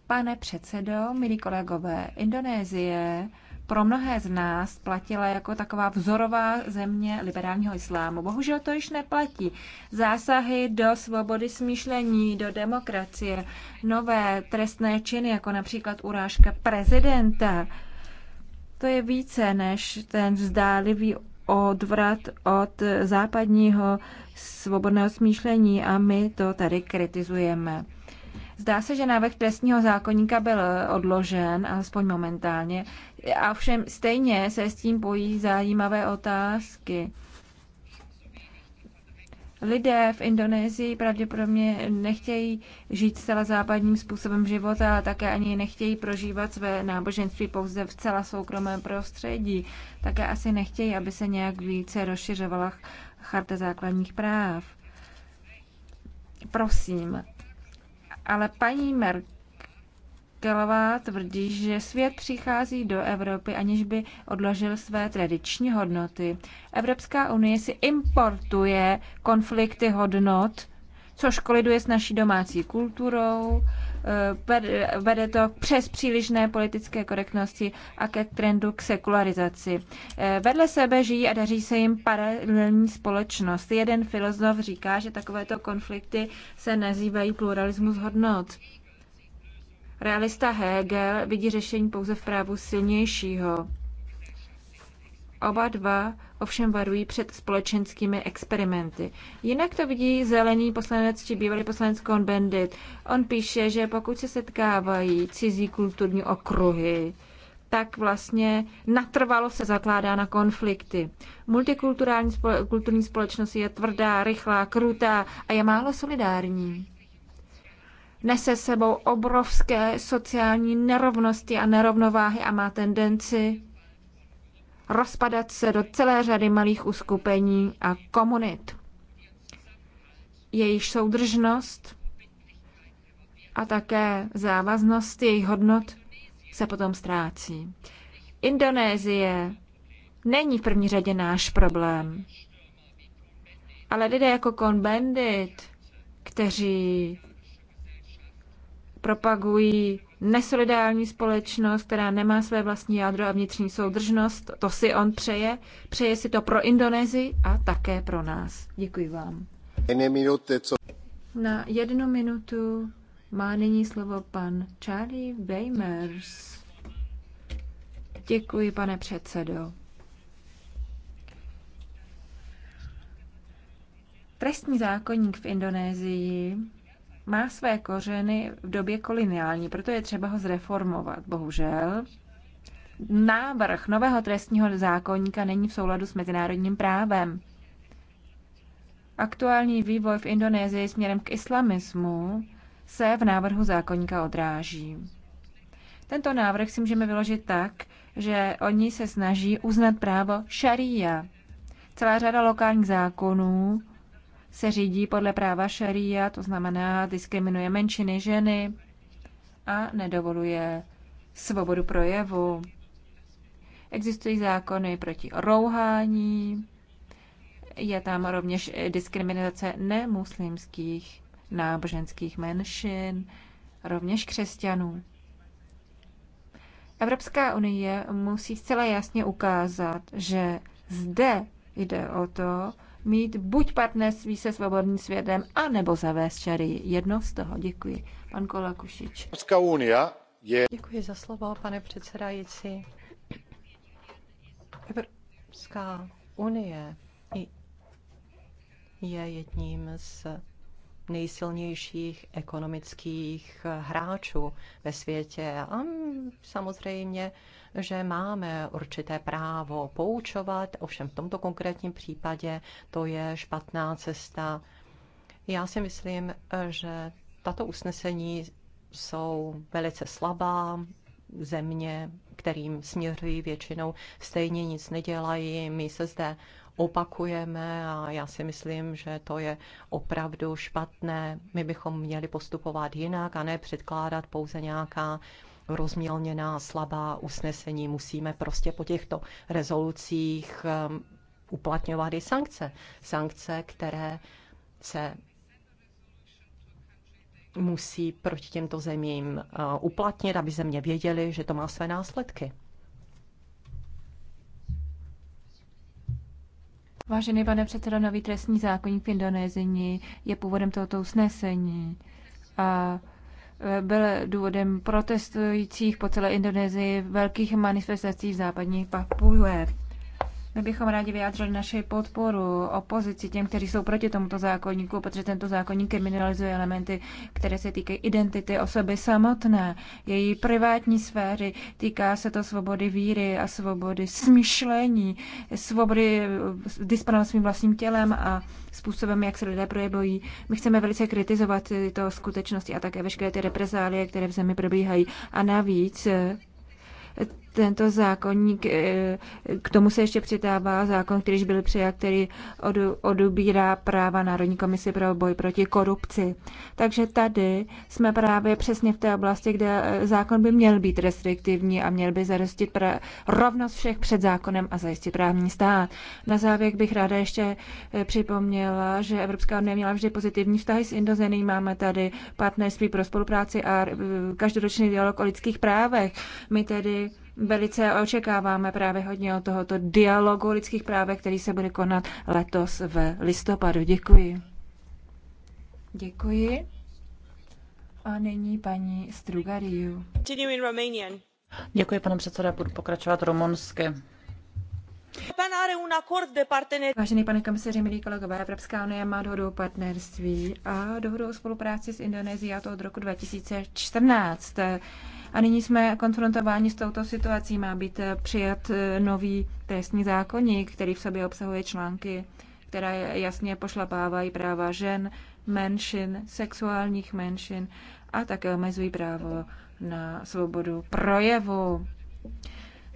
Pane předsedo, milí kolegové, Indonésie pro mnohé z nás platila jako taková vzorová země liberálního islámu. Bohužel to již neplatí. Zásahy do svobody smýšlení, do demokracie, nové trestné činy, jako například urážka prezidenta, to je více než ten vzdálivý odvrat od západního svobodného smýšlení a my to tady kritizujeme. Zdá se, že návrh trestního zákonníka byl eh, odložen, alespoň momentálně, a všem stejně se s tím pojí zajímavé otázky. Lidé v Indonésii pravděpodobně nechtějí žít zcela západním způsobem života, ale také ani nechtějí prožívat své náboženství pouze v celá soukromém prostředí. Také asi nechtějí, aby se nějak více rozšiřovala charta základních práv. Prosím, ale paní Merkelová tvrdí, že svět přichází do Evropy, aniž by odložil své tradiční hodnoty. Evropská unie si importuje konflikty hodnot, což koliduje s naší domácí kulturou, Eh, vede to přes přílišné politické korektnosti a ke trendu k sekularizaci. Eh, vedle sebe žijí a daří se jim paralelní společnost. Jeden filozof říká, že takovéto konflikty se nazývají pluralismus hodnot. Realista Hegel vidí řešení pouze v právu silnějšího. Oba dva ovšem varují před společenskými experimenty. Jinak to vidí zelený poslanec či bývalý poslanec Kon Bendit. On píše, že pokud se setkávají cizí kulturní okruhy, tak vlastně natrvalo se zakládá na konflikty. Multikulturální spole- kulturní společnost je tvrdá, rychlá, krutá a je málo solidární. Nese sebou obrovské sociální nerovnosti a nerovnováhy a má tendenci rozpadat se do celé řady malých uskupení a komunit. Jejich soudržnost a také závaznost jejich hodnot se potom ztrácí. Indonésie není v první řadě náš problém, ale lidé jako Kon Bandit, kteří propagují nesolidární společnost, která nemá své vlastní jádro a vnitřní soudržnost. To si on přeje. Přeje si to pro Indonésii a také pro nás. Děkuji vám. Na jednu minutu má nyní slovo pan Charlie Weimers. Děkuji, pane předsedo. Trestní zákonník v Indonésii má své kořeny v době koloniální, proto je třeba ho zreformovat. Bohužel, návrh nového trestního zákonníka není v souladu s mezinárodním právem. Aktuální vývoj v Indonésii směrem k islamismu se v návrhu zákonníka odráží. Tento návrh si můžeme vyložit tak, že oni se snaží uznat právo šaria. Celá řada lokálních zákonů se řídí podle práva šaria, to znamená diskriminuje menšiny, ženy a nedovoluje svobodu projevu. Existují zákony proti rouhání, je tam rovněž diskriminace nemuslimských náboženských menšin, rovněž křesťanů. Evropská unie musí zcela jasně ukázat, že zde jde o to, mít buď partnerství se svobodným světem, anebo zavést čary. Jedno z toho. Děkuji. Pan Kola Kušič. Je... Děkuji za slovo, pane předsedající. Evropská unie je jedním z nejsilnějších ekonomických hráčů ve světě. A samozřejmě že máme určité právo poučovat, ovšem v tomto konkrétním případě to je špatná cesta. Já si myslím, že tato usnesení jsou velice slabá, země, kterým směřují většinou, stejně nic nedělají. My se zde opakujeme a já si myslím, že to je opravdu špatné. My bychom měli postupovat jinak a ne předkládat pouze nějaká uh, rozmělněná, slabá usnesení. Musíme prostě po těchto rezolucích um, uplatňovat i sankce. Sankce, které se musí proti těmto zemím uh, uplatnit, aby země věděly, že to má své následky. Vážený pane předsedo, nový trestní zákonník v Indonésii je původem tohoto usnesení. A byl důvodem protestujících po celé Indonésii velkých manifestací v západní Papuje. My bychom rádi vyjádřili naši podporu opozici těm, kteří jsou proti tomuto zákonníku, protože tento zákonník kriminalizuje elementy, které se týkají identity osoby samotné, její privátní sféry. Týká se to svobody víry a svobody smyšlení, svobody eh, disponovat svým vlastním tělem a způsobem, jak se lidé projevují. My chceme velice kritizovat tyto skutečnosti a také veškeré ty reprezálie, které v zemi probíhají. A navíc eh, tento zákonník, eh, k tomu se ještě přitává zákon, který byl přijat, který odubírá práva Národní komisi pro boj proti korupci. Takže tady jsme právě přesně v té oblasti, kde eh, zákon by měl být restriktivní a měl by zarostit pra- rovnost všech před zákonem a zajistit právní stát. Na závěr bych ráda ještě eh, připomněla, že Evropská unie měla vždy pozitivní vztahy s Indozený. Máme tady partnerství pro spolupráci a každoroční dialog o lidských právech. My tedy velice očekáváme právě hodně od tohoto dialogu o lidských právech, který se bude konat letos v listopadu. Děkuji. Děkuji. A nyní paní Strugariu. Děkuji, pane předseda, budu pokračovat romonsky. Vážený pane komisaři, milí kolegové, Evropská unie má dohodu o partnerství a dohodu o spolupráci s Indonésií a to od roku 2014. A nyní jsme konfrontováni s touto situací. Má být přijat eh, nový trestní zákonník, který v sobě obsahuje články, které jasně pošlapávají práva žen, menšin, sexuálních menšin a také omezují právo na svobodu projevu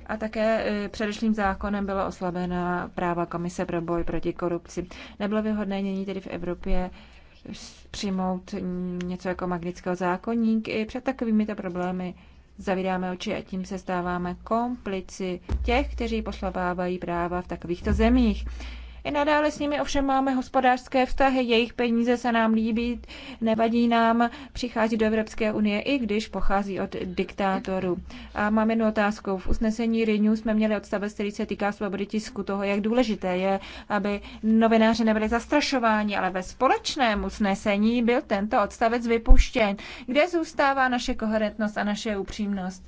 a také e, předešlým zákonem byla oslabena práva Komise pro boj proti korupci. Nebylo vyhodné nyní tedy v Evropě přijmout něco jako magnického zákonník. I před takovými to problémy zavíráme oči a tím se stáváme komplici těch, kteří poslabávají práva v takovýchto zemích. I nadále s nimi ovšem máme hospodářské vztahy, jejich peníze se nám líbí, nevadí nám, přichází do Evropské unie, i když pochází od diktátorů. A máme jednu otázku. V usnesení Renew jsme měli odstavec, který se týká svobody tisku, toho, jak důležité je, aby novináři nebyli zastrašováni, ale ve společném usnesení byl tento odstavec vypuštěn. Kde zůstává naše koherentnost a naše upřímnost?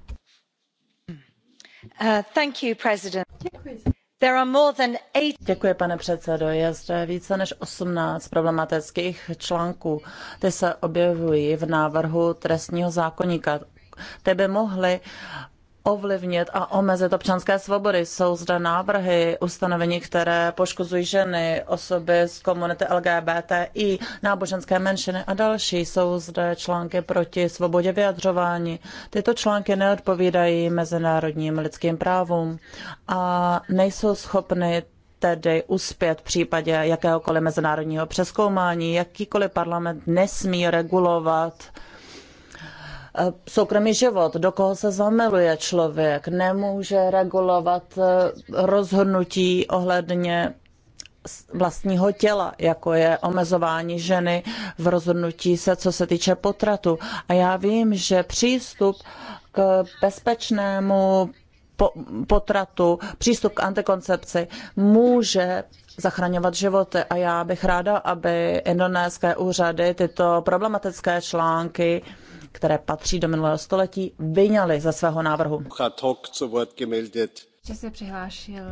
Uh, Děkuji. There are more than pane předsedo. Je zde více než 18 problematických článků. Ty se objevují v návrhu trestního zákoníku Ty by mohly ovlivnit a omezit občanské svobody. Jsou zde návrhy, ustanovení, které poškozují ženy, osoby z komunity LGBTI, náboženské menšiny a další. Jsou zde články proti svobodě vyjadřování. Tyto články neodpovídají mezinárodním lidským právům a nejsou schopny tedy uspět v případě jakéhokoliv mezinárodního přeskoumání. Jakýkoliv parlament nesmí regulovat Eh, soukromý život, do koho se zamiluje člověk, nemůže regulovat eh, rozhodnutí ohledně vlastního těla, jako je omezování ženy v rozhodnutí se, co se týče potratu. A já vím, že přístup k bezpečnému potratu, přístup k antikoncepci může zachraňovat životy. A já bych ráda, aby indonéské úřady tyto problematické články které patří do minulého století, vyňali ze svého návrhu. Že se přihlášil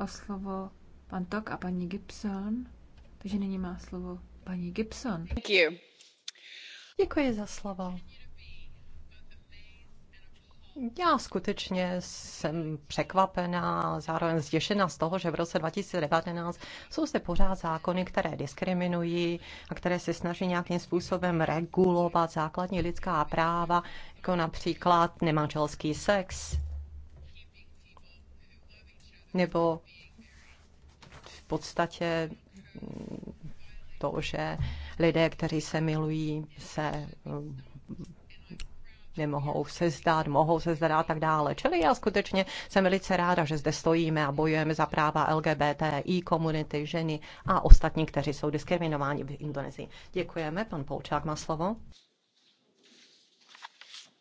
o slovo pan Tok a paní Gibson, takže nyní má slovo paní Gibson. Thank Děkuji za slovo. Já skutečně jsem překvapená, zároveň zděšena z toho, že v roce 2019 jsou zde pořád zákony, které diskriminují a které se snaží nějakým způsobem regulovat základní lidská práva, jako například nemanželský sex nebo v podstatě to, že lidé, kteří se milují, se nemohou se zdát, mohou se zdát a tak dále. Čili já skutečně jsem velice ráda, že zde stojíme a bojujeme za práva LGBTI komunity, ženy a ostatní, kteří jsou diskriminováni v Indonésii. Děkujeme, pan Poučák má slovo.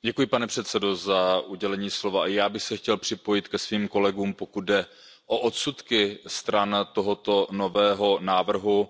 Děkuji, pane za slova. já bych se chtěl připojit ke svým kolegům pokud jde o odsudky stran tohoto nového návrhu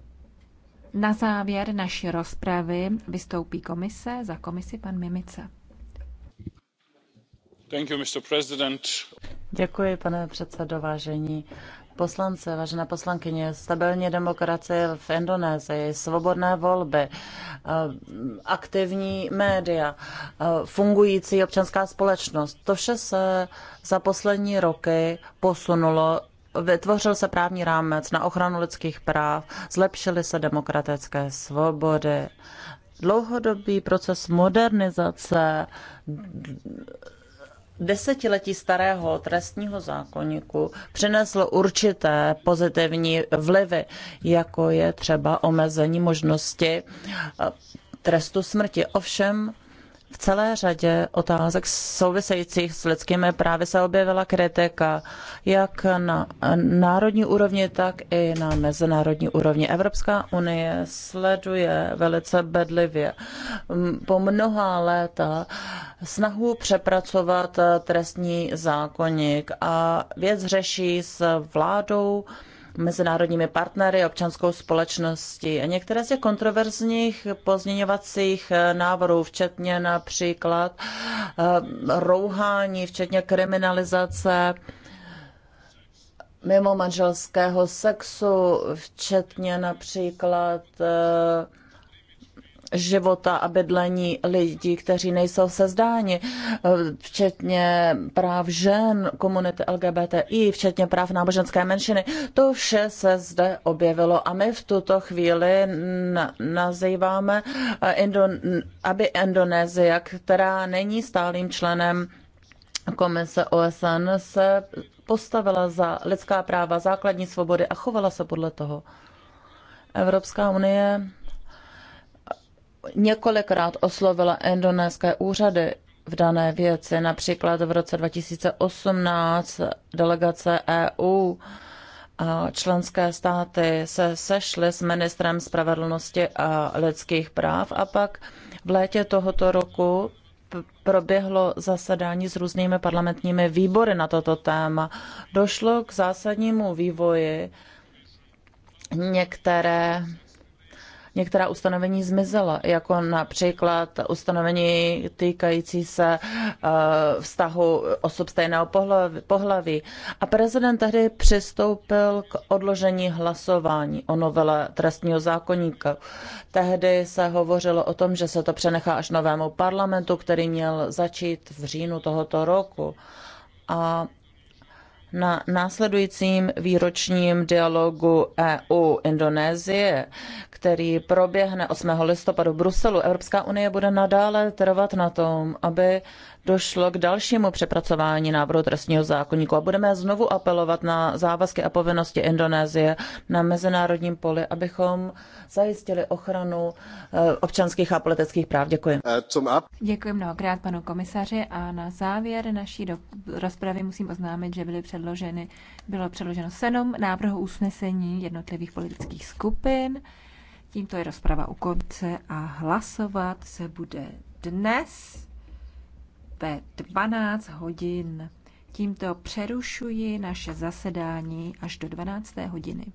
na závěr naší rozpravy vystoupí komise, za komisi pan Mimica. You, Děkuji, pane předsedo, vážení poslance, vážená poslankyně, stabilní demokracie v Indonésii, svobodné volby, eh, aktivní média, eh, fungující občanská společnost. To vše se za poslední roky posunulo vytvořil se právní rámec na ochranu lidských práv, zlepšily se demokratické svobody, dlouhodobý proces modernizace desetiletí starého trestního zákonníku přinesl určité pozitivní vlivy, jako je třeba omezení možnosti trestu smrti. Ovšem v celé řadě otázek souvisejících s lidskými právy se objevila kritika jak na národní úrovni, tak i na mezinárodní úrovni. Evropská unie sleduje velice bedlivě mm, po mnoha léta snahu přepracovat trestní zákonník a věc řeší s vládou mezinárodními partnery, občanskou společností. Některé z těch kontroverzních pozměňovacích eh, návrhů, včetně například eh, rouhání, včetně kriminalizace mimo manželského sexu, včetně například eh, života a bydlení lidí, kteří nejsou sezdáni, včetně práv žen, komunity LGBTI, včetně práv náboženské menšiny. To vše se zde objevilo a my v tuto chvíli nazýváme, eh, aby Indonésia, která není stálým členem Komise OSN se postavila za lidská práva, základní svobody a chovala se podle toho. Evropská unie několikrát oslovila indonéské úřady v dané věci. Například v roce 2018 delegace EU a členské státy se sešly s ministrem spravedlnosti a lidských práv a pak v létě tohoto roku proběhlo zasedání s různými parlamentními výbory na toto téma. Došlo k zásadnímu vývoji. Některé některá ustanovení zmizela, jako například ustanovení týkající se eh, vztahu osob stejného pohlaví. A prezident tehdy přistoupil k odložení hlasování o novele trestního zákonníka. Tehdy se hovořilo o tom, že se to přenechá až novému parlamentu, který měl začít v říjnu tohoto roku. A na následujícím výročním dialogu EU-Indonésie, který proběhne 8. listopadu v Bruselu. Evropská unie bude nadále trvat na tom, aby došlo k dalšímu přepracování návrhu trestního zákonníku a budeme znovu apelovat na závazky a povinnosti Indonésie na mezinárodním poli, abychom zajistili ochranu eh, občanských a politických práv. Děkuji. Eh, Děkuji mnohokrát panu komisaři a na závěr naší do... rozpravy musím oznámit, že byly předloženy, bylo předloženo senom návrhu usnesení jednotlivých politických skupin. Tímto je rozprava u konce a hlasovat se bude dnes ve 12 hodin. Tímto přerušuji naše zasedání až do 12. hodiny.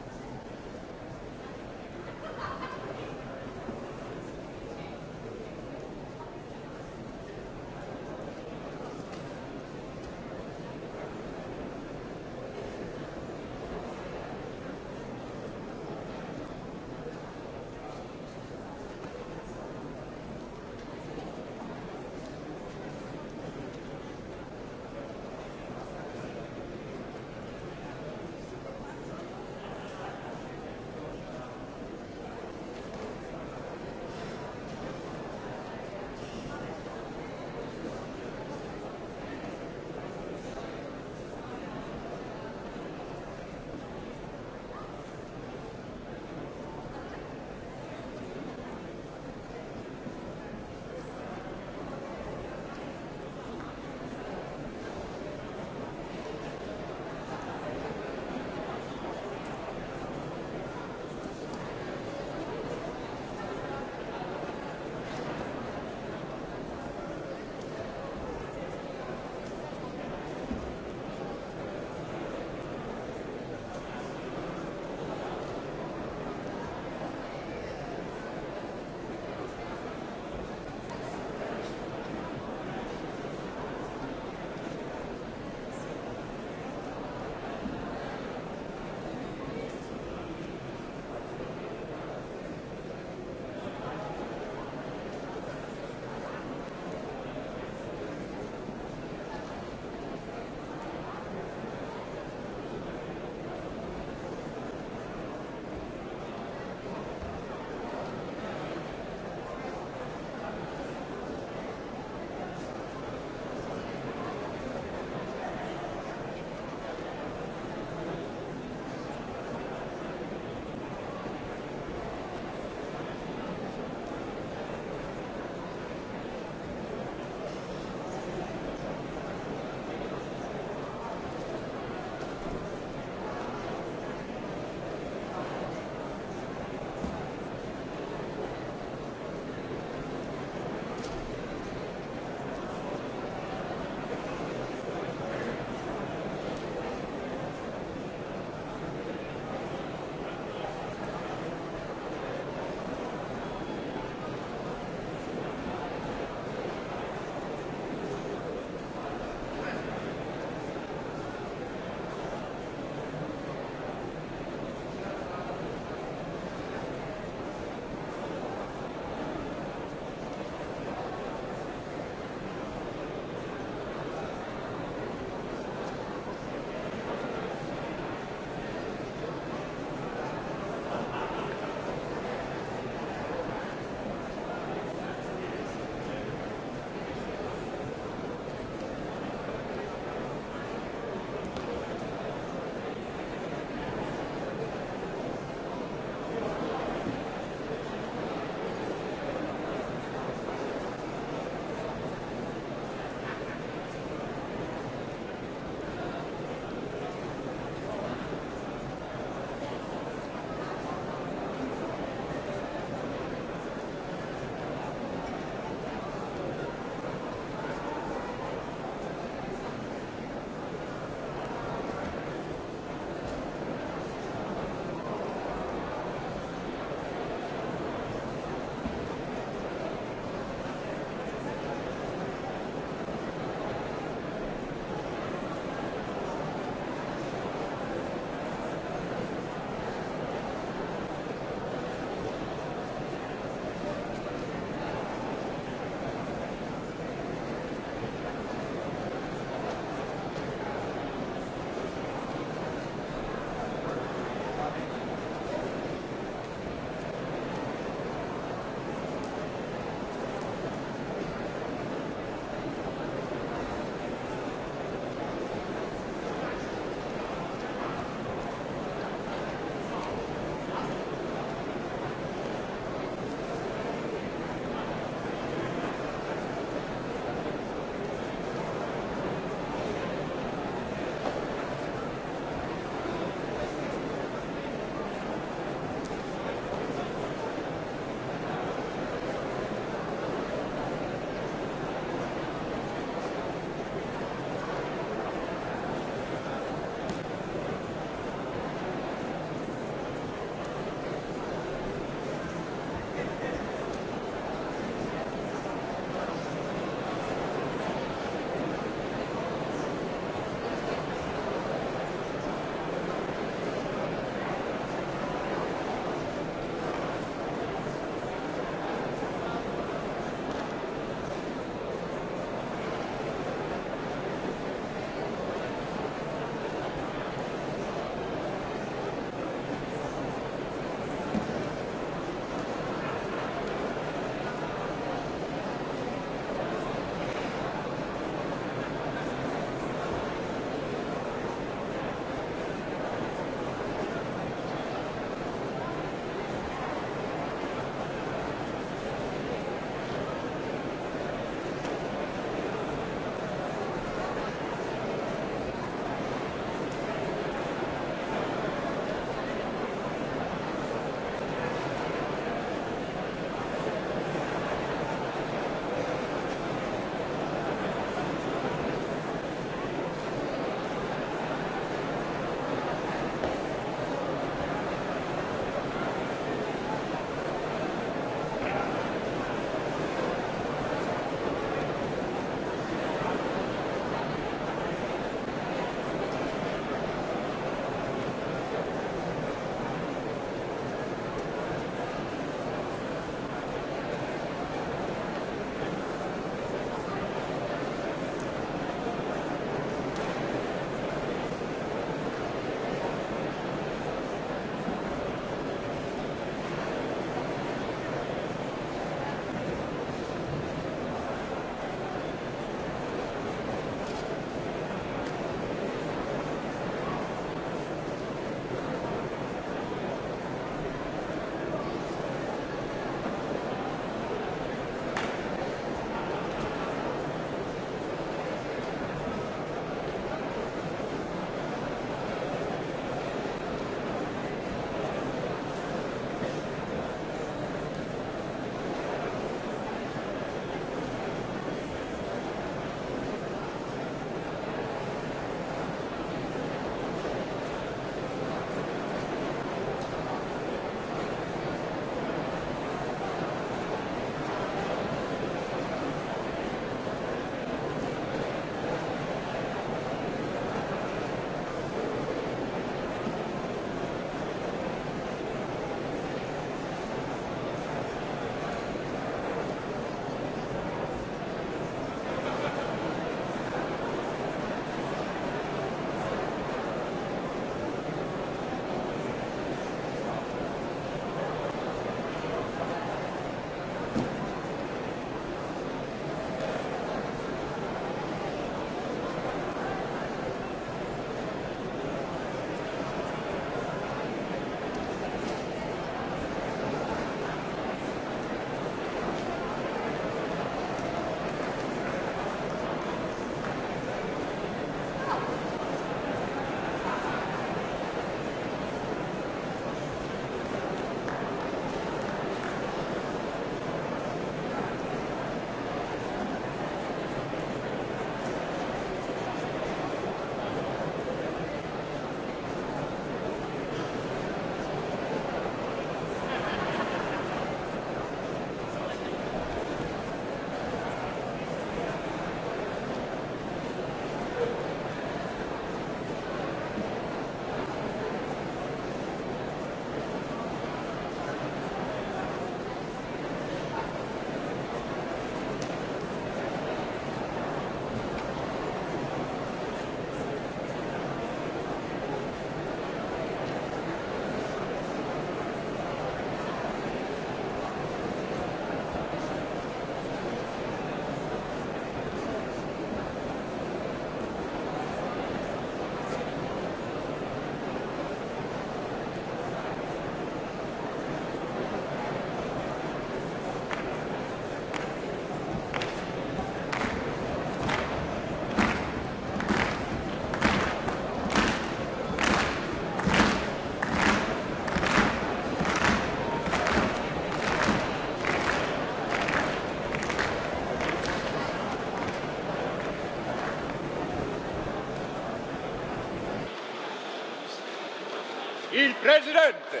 Presidente!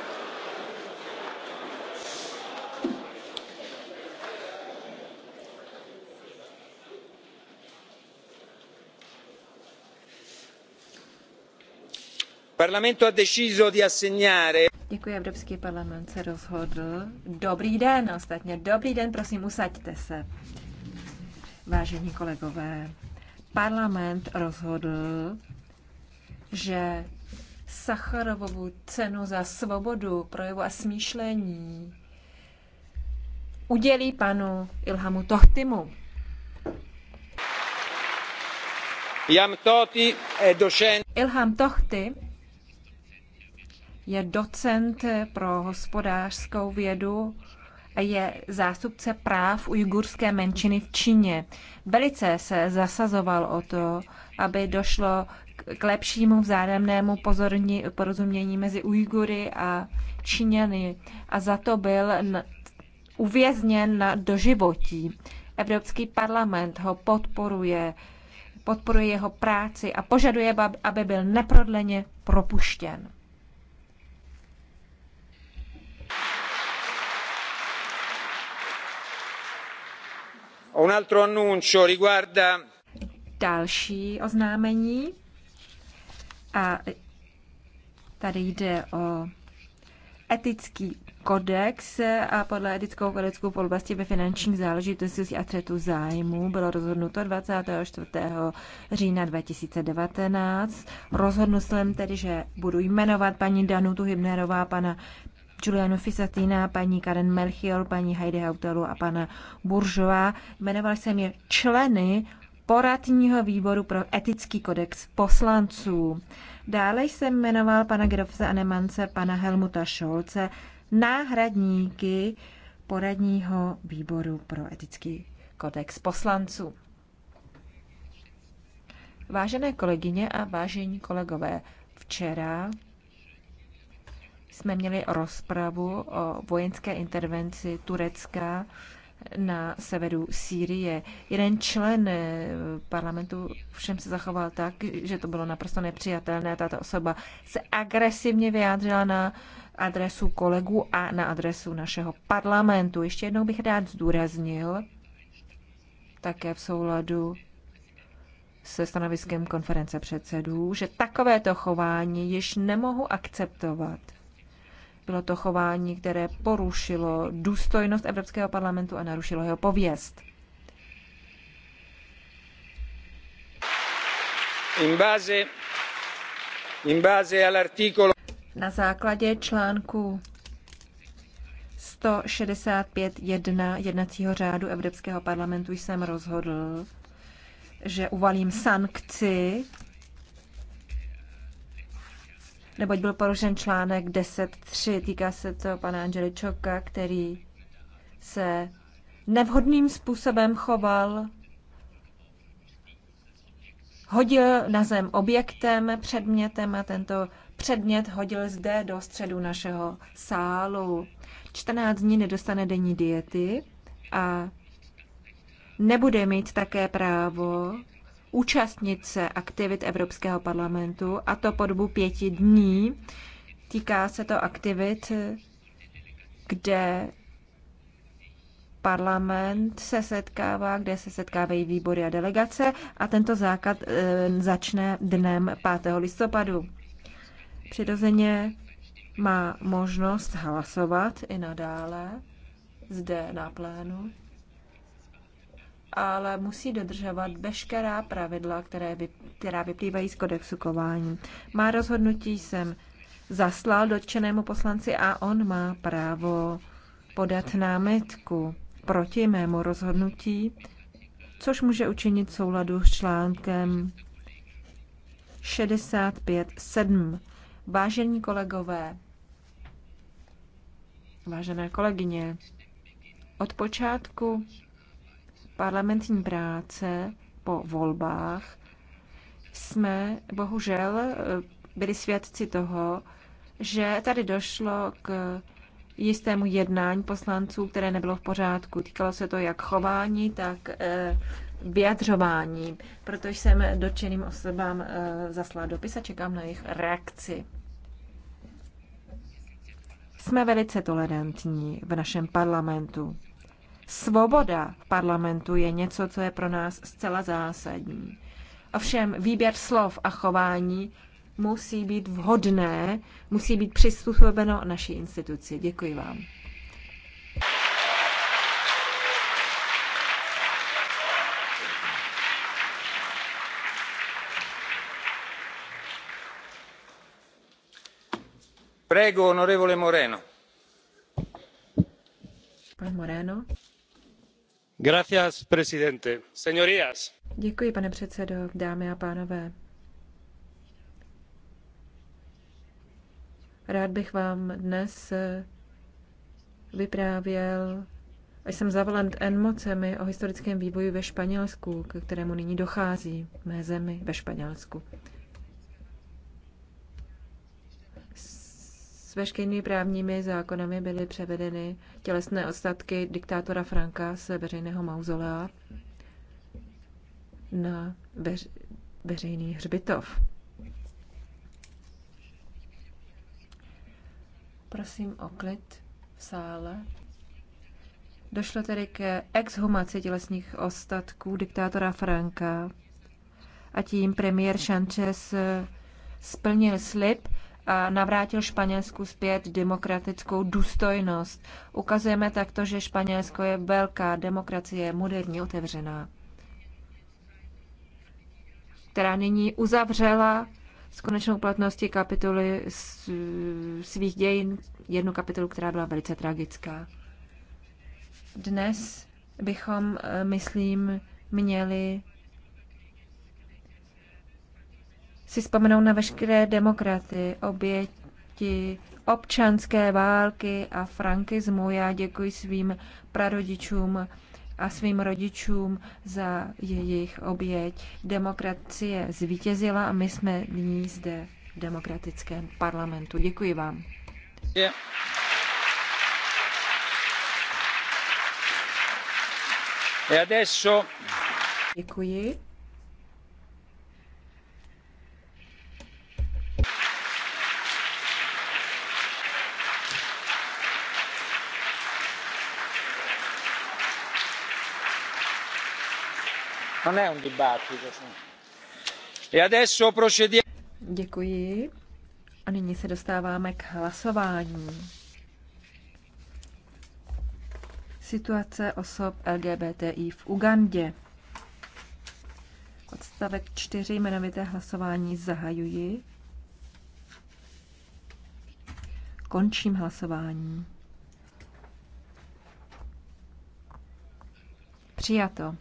Parlamento ha deciso di assegnare Děkuji, Evropský parlament se rozhodl. Dobrý den, ostatně. Dobrý den, prosím, usaďte se. Vážení kolegové, parlament rozhodl, že Sacharovovu cenu za svobodu projevu a smýšlení udělí panu Ilhamu Tohtimu. Ilham Tohty je docent pro hospodářskou vědu a je zástupce práv ujgurské menšiny v Číně. Velice se zasazoval o to, aby došlo k lepšímu vzájemnému pozorní, porozumění mezi Ujgury a Číňany a za to byl uvězněn na doživotí. Evropský parlament ho podporuje, podporuje jeho práci a požaduje, aby byl neprodleně propuštěn. Un altro annuncio riguarda Další oznámení a tady jde o etický kodex a podle etického kodexu v oblasti ve finančních záležitostech a třetu zájmu bylo rozhodnuto 24. října 2019. Rozhodnu jsem tedy, že budu jmenovat paní Danu Tuhybnerová, pana Juliano Fisatina, paní Karen Melchior, paní Heidi Hautelu a pana Buržová. Jmenoval jsem je členy poradního výboru pro etický kodex poslanců. Dále jsem jmenoval pana Grofse Anemance, pana Helmuta Šolce náhradníky poradního výboru pro etický kodex poslanců. Vážené kolegyně a vážení kolegové, včera jsme měli rozpravu o vojenské intervenci Turecka na severu Sýrie. Jeden člen eh, parlamentu všem se zachoval tak, že to bylo naprosto nepřijatelné. Tato osoba se agresivně vyjádřila na adresu kolegů a na adresu našeho parlamentu. Ještě jednou bych rád zdůraznil, také v souladu se stanoviskem konference předsedů, že takovéto chování již nemohu akceptovat bylo to chování, které porušilo důstojnost Evropského parlamentu a narušilo jeho pověst. In base, in base all'articolo... Na základě článku 165.1 jednacího řádu Evropského parlamentu jsem rozhodl, že uvalím sankci neboť byl porušen článek 10.3. Týká se to pana Angeličoka, který se nevhodným způsobem choval, hodil na zem objektem, předmětem a tento předmět hodil zde do středu našeho sálu. 14 dní nedostane denní diety a nebude mít také právo účastnit se aktivit Evropského parlamentu, a to po dobu pěti dní. Týká se to aktivit, kde parlament se setkává, kde se setkávají výbory a delegace a tento základ e, začne dnem 5. listopadu. Přirozeně má možnost hlasovat i nadále zde na plénu ale musí dodržovat veškerá pravidla, které vy, která vyplývají z kodexu kování. Má rozhodnutí jsem zaslal dotčenému poslanci a on má právo podat námitku proti mému rozhodnutí, což může učinit souladu s článkem 65.7. Vážení kolegové, vážené kolegyně, od počátku parlamentní práce po volbách jsme bohužel eh, byli svědci toho, že tady došlo k jistému jednání poslanců, které nebylo v pořádku. Týkalo se to jak chování, tak eh, vyjadřování, protože jsem dotčeným osobám eh, zaslala dopis a čekám na jejich reakci. Jsme velice tolerantní v našem parlamentu. Svoboda v parlamentu je něco, co je pro nás zcela zásadní. Ovšem výběr slov a chování musí být vhodné, musí být přizpůsobeno naší instituci. Děkuji vám. Prego, onorevole Moreno. Pan Moreno. Gracias, pane předsedo, dámy a pánové. Rád bych vám dnes vyprávěl a jsem zavalen emocemi o historickém vývoji ve Španělsku, k kterému nyní dochází v mé zemi ve Španělsku. veškerými právními zákonami byly převedeny tělesné ostatky diktátora Franka z veřejného mauzolea na veř- veřejný hřbitov. Prosím o klid v sále. Došlo tedy ke exhumaci tělesných ostatků diktátora Franka a tím premiér Sanchez splnil slib, a navrátil Španělsku zpět demokratickou důstojnost. Ukazujeme takto, že Španělsko je velká demokracie, moderně otevřená, která nyní uzavřela s konečnou platností kapitoly svých dějin, jednu kapitolu, která byla velice tragická. Dnes bychom, eh, myslím, měli si vzpomenou na veškeré demokraty, oběti občanské války a frankismu. Já děkuji svým prarodičům a svým rodičům za jejich oběť. Demokracie zvítězila a my jsme nyní zde v demokratickém parlamentu. Děkuji vám. Yeah. E děkuji. E Děkuji. A nyní se dostáváme k hlasování. Situace osob LGBTI v Ugandě. Odstavek 4 jmenovité hlasování zahajuji. Končím hlasování. Přijato.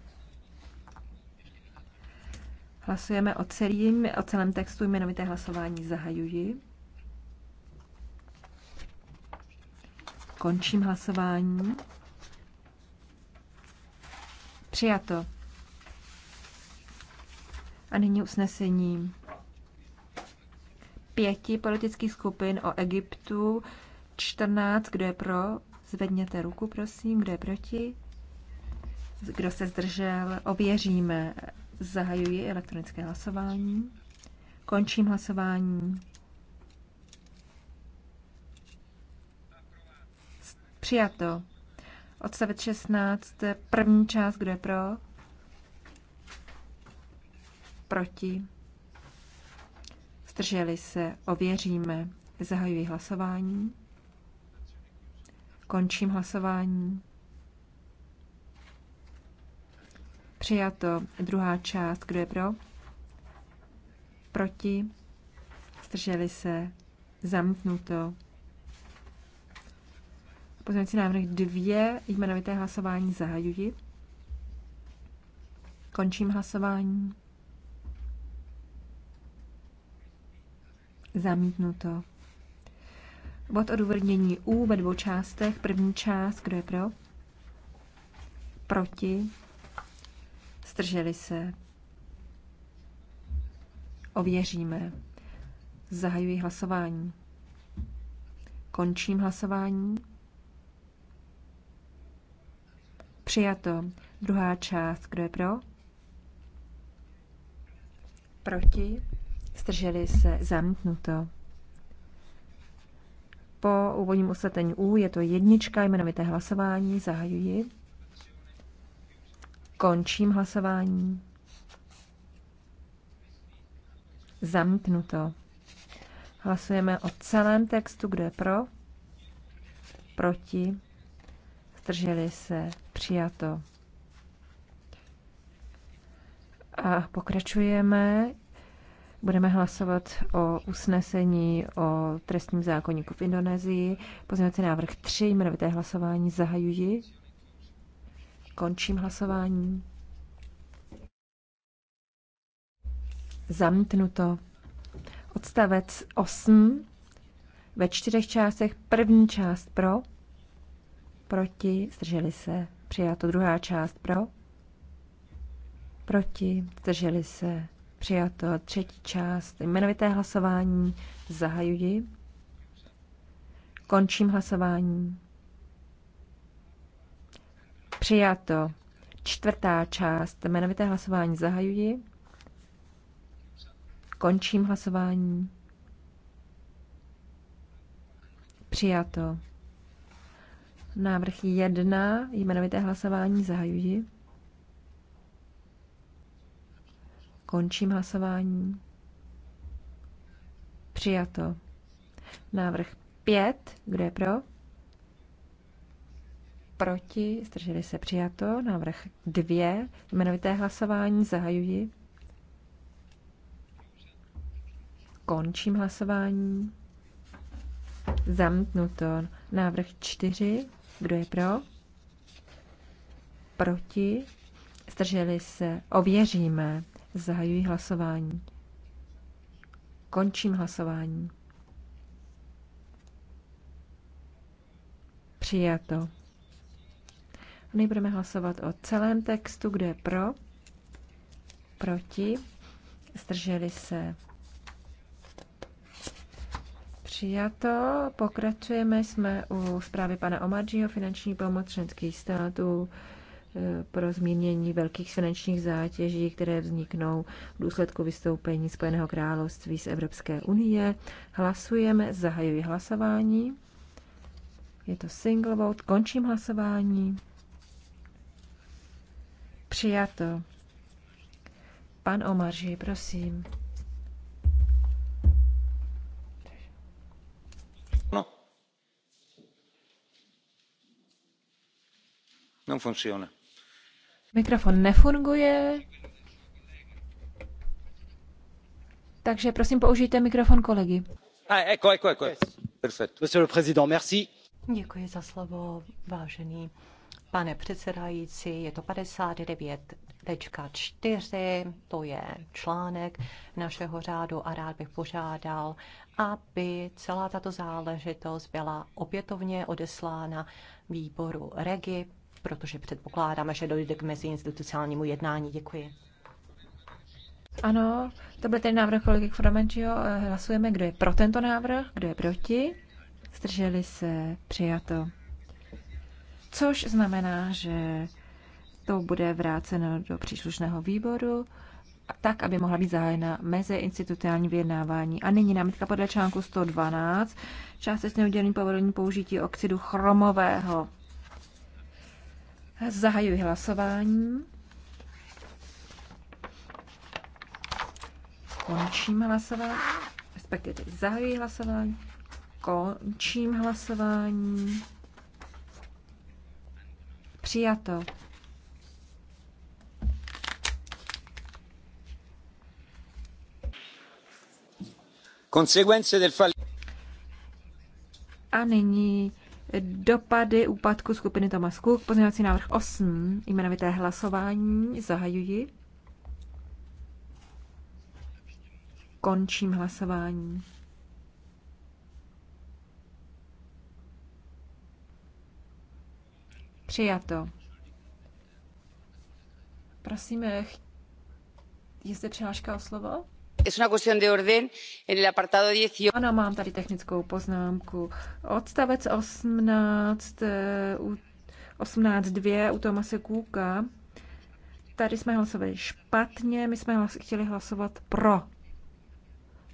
Hlasujeme o, celým, o celém textu jmenovité hlasování. Zahajuji. Končím hlasování. Přijato. A nyní usnesení pěti politických skupin o Egyptu. 14. Kdo je pro? Zvedněte ruku, prosím. Kdo je proti? Kdo se zdržel? Ověříme Zahajuji elektronické hlasování. Končím hlasování. Přijato. Odstavec 16, první část, kdo je pro? Proti. Zdrželi se, ověříme. Zahajuji hlasování. Končím hlasování. Přijato. Druhá část. Kdo je pro? Proti? Zdrželi se? Zamknuto. Pozměňovací návrh dvě jmenovité hlasování zahajuji. Končím hlasování. Zamítnuto. Bod odůvodnění U ve dvou částech. První část, kdo je pro? Proti? Zdrželi se? Ověříme. Zahajuji hlasování. Končím hlasování. Přijato. Druhá část. Kdo je pro? Proti? Zdrželi se? Zamítnuto. Po úvodním ustanovení U je to jednička, jmenovité hlasování, zahajuji. Končím hlasování. Zamítnuto. Hlasujeme o celém textu, kdo je pro, proti, zdrželi se, přijato. A pokračujeme. Budeme hlasovat o usnesení o trestním zákonníku v Indonésii. Pozměňovací návrh 3, jmenovité hlasování zahajuji. Končím hlasování. Zamítnuto. Odstavec 8 ve čtyřech částech. První část pro, proti, zdrželi se. Přijato druhá část pro, proti, zdrželi se. Přijato třetí část. Jmenovité hlasování zahajuji. Končím hlasování. Přijato. Čtvrtá část. Jmenovité hlasování zahajuji. Končím hlasování. Přijato. Návrh jedna. Jmenovité hlasování zahajuji. Končím hlasování. Přijato. Návrh pět. Kdo je pro? proti, zdrželi se přijato. Návrh dvě. jmenovité hlasování, zahajuji. Končím hlasování. Zamítnuto. Návrh 4, kdo je pro? Proti, zdrželi se, ověříme. Zahajuji hlasování. Končím hlasování. Přijato. My hlasovat o celém textu, kdo je pro, proti, zdrželi se. Přijato. Pokračujeme, jsme u zprávy pana Omadžího, finanční pomoc členských států eh, pro zmínění velkých finančních zátěží, které vzniknou v důsledku vystoupení Spojeného království z Evropské unie. Hlasujeme, zahajuji hlasování. Je to single vote, končím hlasování. Přijato. Pan Omarži, prosím. No. Non funziona. Mikrofon nefunguje. Takže prosím použijte mikrofon kolegy. A ah, eko, eko, eko. Yes. Perfect. Monsieur le Président, merci. Děkuji za slovo, vážený pane předsedající, je to 59.4, to je článek našeho řádu a rád bych požádal, aby celá tato záležitost byla opětovně odeslána výboru REGI, protože předpokládáme, že dojde k meziinstitucionálnímu jednání. Děkuji. Ano, to byl ten návrh kolegy Foramenčího. Hlasujeme, kdo je pro tento návrh, kdo je proti. Zdrželi se, přijato což znamená, že to bude vráceno do příslušného výboru, tak, aby mohla být zahájena meziinstitucionální vyjednávání. A nyní námitka podle článku 112, částečně udělení povolení použití oxidu chromového. Zahajuji hlasování. Končím hlasování, respektive zahajuji hlasování, končím hlasování. Přijato. A nyní dopady úpadku skupiny Thomas Cook, pozměňovací návrh 8, jmenovité hlasování, zahajuji. Končím hlasování. Přijato. Prosíme, eh, je zde přihláška o slovo? Es una cuestión de orden en el apartado 18. Ano, mám tady technickou poznámku. Odstavec 18, 18 2 u Tomase Kůka. Tady jsme hlasovali špatně, my jsme chtěli hlasovat pro.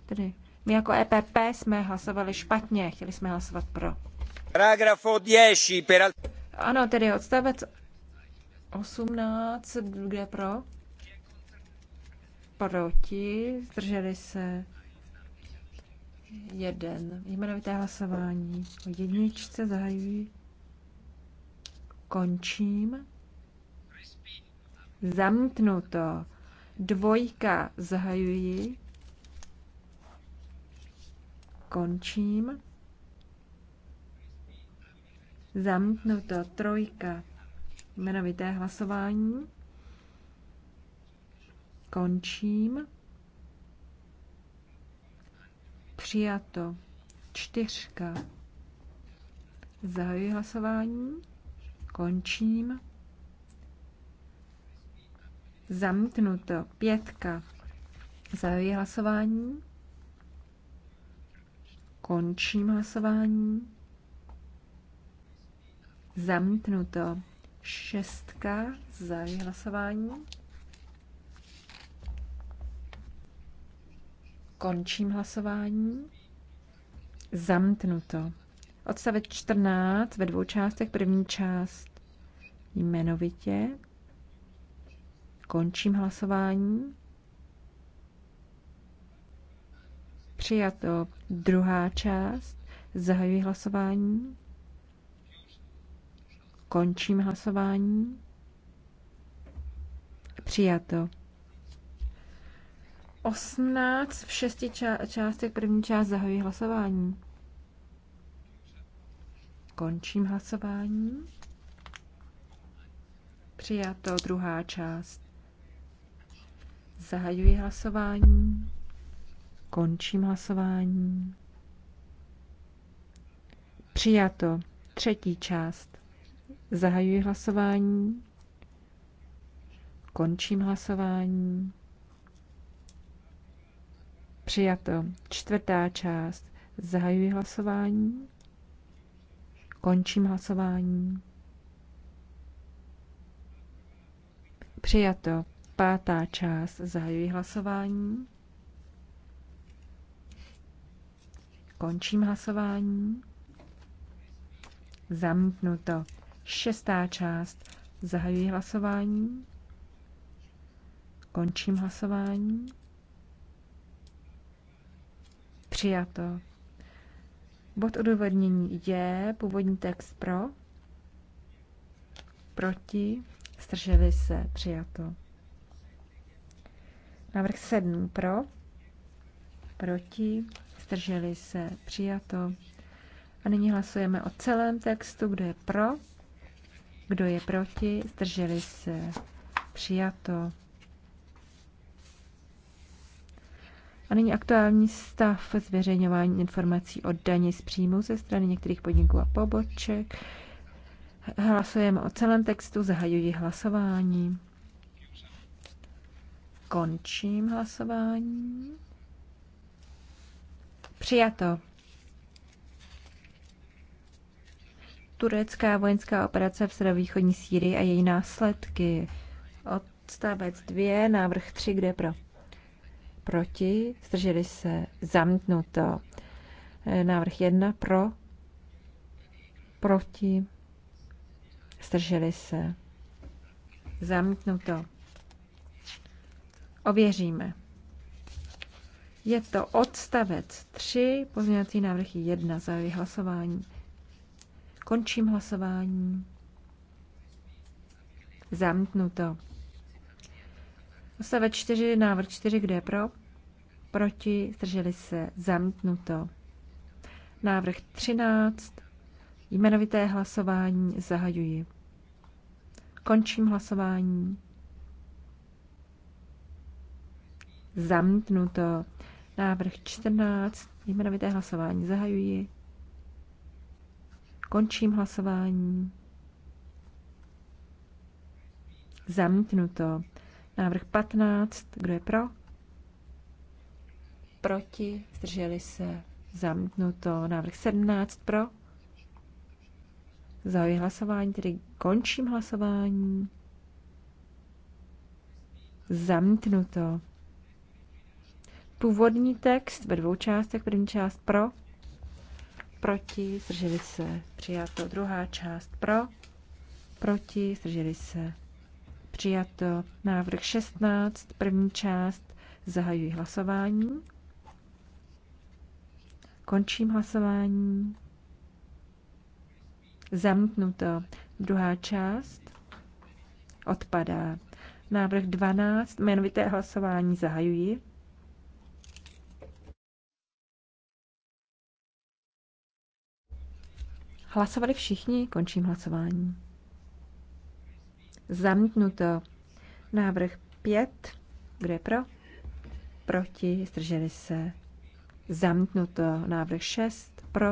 Tedy my jako EPP jsme hlasovali špatně, chtěli jsme hlasovat pro. Paragrafo 10. Per... Ano, tedy odstavec 18, kde pro? Proti, zdrželi se jeden. Jmenovité hlasování o jedničce zahajují. Končím. Zamknuto. Dvojka zahajuji. Končím. Zamítnuto. Trojka. Jmenovité hlasování. Končím. Přijato. Čtyřka. Zahajuji hlasování. Končím. Zamítnuto. Pětka. Zahajuji hlasování. Končím hlasování. Zamítnuto. Šestka za hlasování. Končím hlasování. Zamítnuto. Odstavec 14 ve dvou částech. První část jmenovitě. Končím hlasování. Přijato druhá část. Zahajuji hlasování. Končím hlasování. Přijato. 18 v šesti částech první část zahajuji hlasování. Končím hlasování. Přijato druhá část. Zahajuji hlasování. Končím hlasování. Přijato třetí část. Zahajuji hlasování. Končím hlasování. Přijato. Čtvrtá část. Zahajuji hlasování. Končím hlasování. Přijato. Pátá část. Zahajuji hlasování. Končím hlasování. Zamítnuto. Šestá část. Zahajuji hlasování. Končím hlasování. Přijato. Bod odůvodnění je původní text pro, proti, strželi se, přijato. Návrh 7 pro, proti, strželi se, přijato. A nyní hlasujeme o celém textu, kdo je pro, kdo je proti? Zdrželi se. Přijato. A nyní aktuální stav zveřejňování informací o daní z příjmu ze strany některých podniků a poboček. Hlasujeme o celém textu, zahajuji hlasování. Končím hlasování. Přijato. turecká vojenská operace v severovýchodní Sýrii a její následky. Odstavec 2, návrh 3, kde pro? Proti, zdrželi se, zamítnuto. E, návrh 1, pro, proti, zdrželi se, zamítnuto. Ověříme. Je to odstavec 3, pozměňovací návrh 1 za hlasování. Končím hlasování. Zamítnuto. Ostave 4, návrh 4, kde je pro? Proti, zdrželi se, zamítnuto. Návrh 13, jmenovité hlasování zahajuji. Končím hlasování. Zamítnuto. Návrh 14, jmenovité hlasování zahajuji. Končím hlasování. Zamítnuto. Návrh 15. Kdo je pro? Proti. Zdrželi se. Zamítnuto. Návrh 17. Pro? Zahajuji hlasování, tedy končím hlasování. Zamítnuto. Původní text ve dvou částech. První část pro, proti, zdrželi se, přijato. Druhá část pro, proti, zdrželi se, přijato. Návrh 16, první část, zahajuji hlasování. Končím hlasování. Zamknuto. Druhá část odpadá. Návrh 12, jmenovité hlasování zahajuji. Hlasovali všichni, končím hlasování. Zamítnuto. Návrh 5. Kdo je pro? Proti. Zdrželi se. Zamítnuto. Návrh 6. Pro.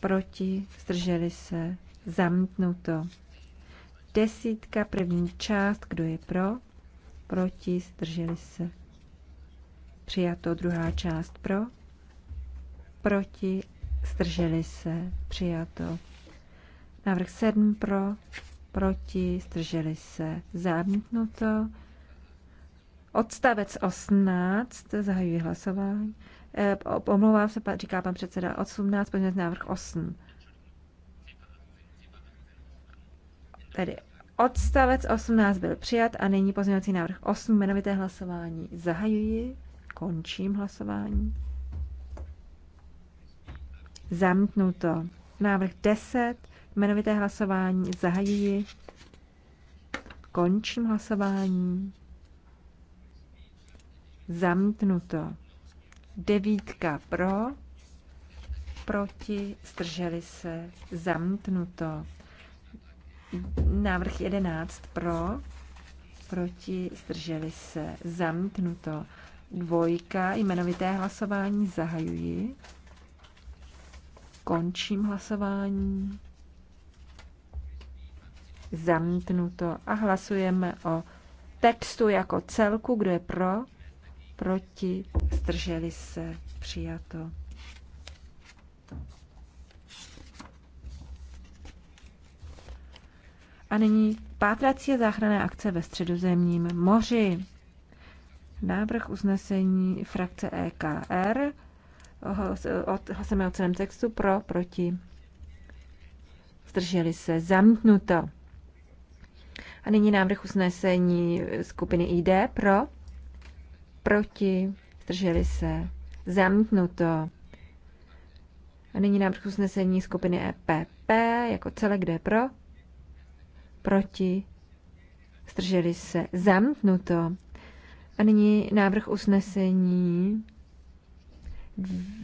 Proti. Zdrželi se. Zamítnuto. Desítka, první část. Kdo je pro? Proti. Zdrželi se. Přijato druhá část pro. Proti zdrželi se, přijato. Návrh 7 pro, proti, zdrželi se, zamítnuto. Odstavec 18, zahajuji hlasování. E, omlouvám se, říká pan předseda 18, pojďme návrh 8. Tedy odstavec 18 byl přijat a nyní pozměňovací návrh 8, jmenovité hlasování. Zahajuji, končím hlasování. Zamítnuto. Návrh 10. Jmenovité hlasování. Zahajuji. Končím hlasování. Zamítnuto. Devítka pro, proti, strželi se, zamítnuto. Návrh 11 pro, proti, strželi se, zamítnuto. Dvojka, jmenovité hlasování zahajuji. Končím hlasování. Zamítnuto. A hlasujeme o textu jako celku, kdo je pro, proti, zdrželi se, přijato. A nyní pátrací a záchranné akce ve středozemním moři. Návrh usnesení frakce EKR hlasujeme o celém textu pro, proti, zdrželi se, zamknuto. A nyní návrh usnesení skupiny ID pro, proti, zdrželi se, zamknuto. A nyní návrh usnesení skupiny EPP jako celé, kde pro, proti, zdrželi se, zamknuto. A nyní návrh usnesení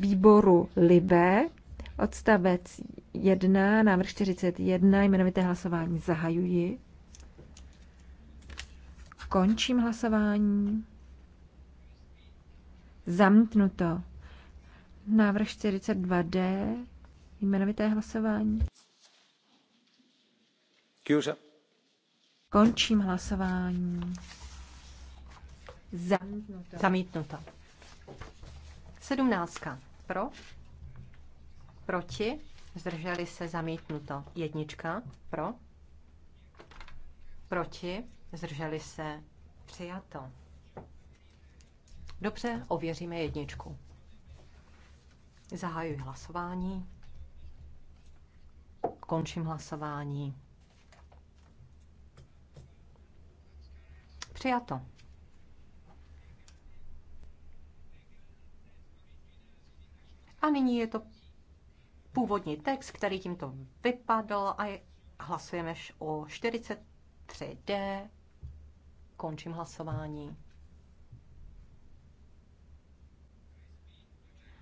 výboru LIBE, odstavec 1, návrh 41, jmenovité hlasování zahajuji. Končím hlasování. Zamknuto. Návrh 42D, jmenovité hlasování. Kjuře. Končím hlasování. Zamítnuto. Zamítnuto. 17. Pro? Proti? Zdrželi se zamítnuto. Jednička. Pro? Proti? Zdrželi se přijato. Dobře, ověříme jedničku. Zahajuji hlasování. Končím hlasování. Přijato. A nyní je to původní text, který tímto vypadl a je, hlasujeme o 43D. Končím hlasování.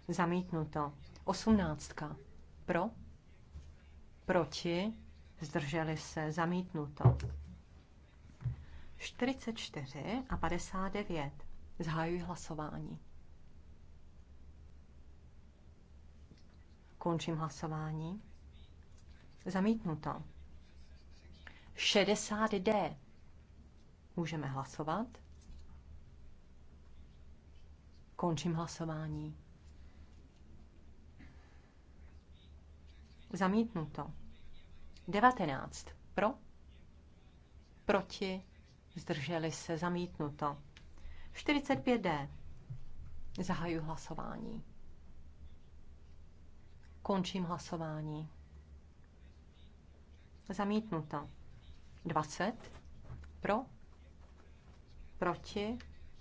Zamítnuto. Osmnáctka. Pro. Proti. Zdrželi se. Zamítnuto. 44 a 59. Zahajuji hlasování. Končím hlasování. Zamítnuto. 60D. Můžeme hlasovat. Končím hlasování. Zamítnuto. 19. Pro. Proti. Zdrželi se. Zamítnuto. 45D. Zahaju hlasování. Končím hlasování. Zamítnuto. 20. Pro. Proti.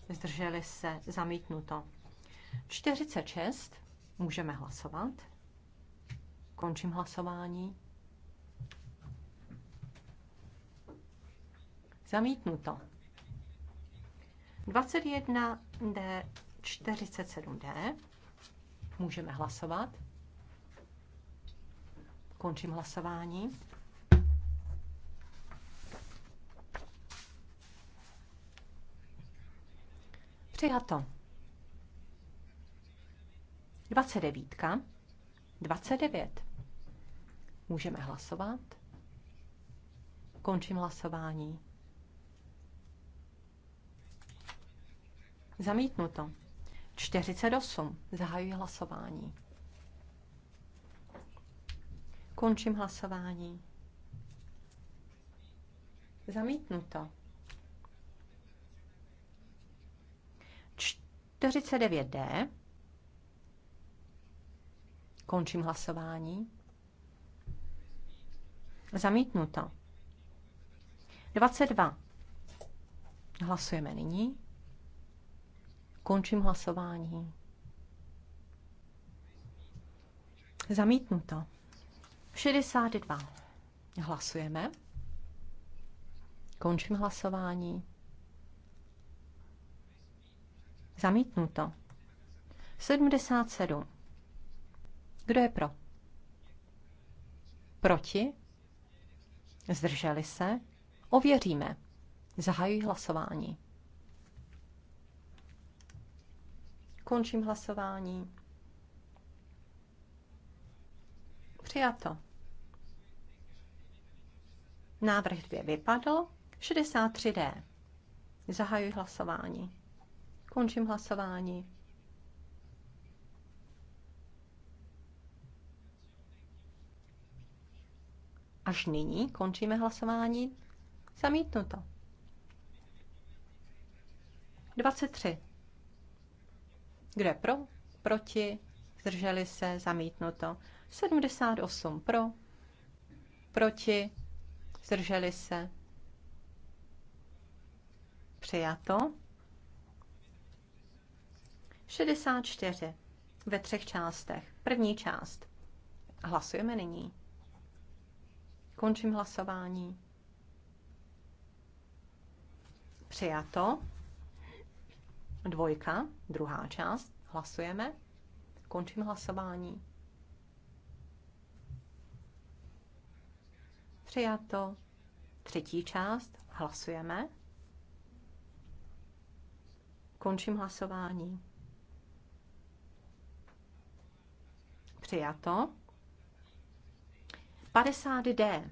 Zdrželi se. Zamítnuto. 46. Můžeme hlasovat. Končím hlasování. Zamítnuto. 21D 47D. Můžeme hlasovat. Končím hlasování. Přijato. 29. 29. Můžeme hlasovat. Končím hlasování. Zamítnuto. 48. Zahajuji hlasování. Končím hlasování. Zamítnuto. 49D. Končím hlasování. Zamítnuto. 22. Hlasujeme nyní. Končím hlasování. Zamítnuto. 62. Hlasujeme. Končím hlasování. Zamítnuto. 77. Kdo je pro? Proti? Zdrželi se? Ověříme. Zahajuji hlasování. Končím hlasování. Přijato. Návrh 2 vypadl. 63D. Zahajuji hlasování. Končím hlasování. Až nyní končíme hlasování. Zamítnuto. 23. Kdo je pro? Proti? Zdrželi se? Zamítnuto. 78 pro, proti, zdrželi se. Přijato. 64 ve třech částech. První část. Hlasujeme nyní. Končím hlasování. Přijato. Dvojka, druhá část. Hlasujeme. Končím hlasování. Přijato. Třetí část. Hlasujeme. Končím hlasování. Přijato. 50D.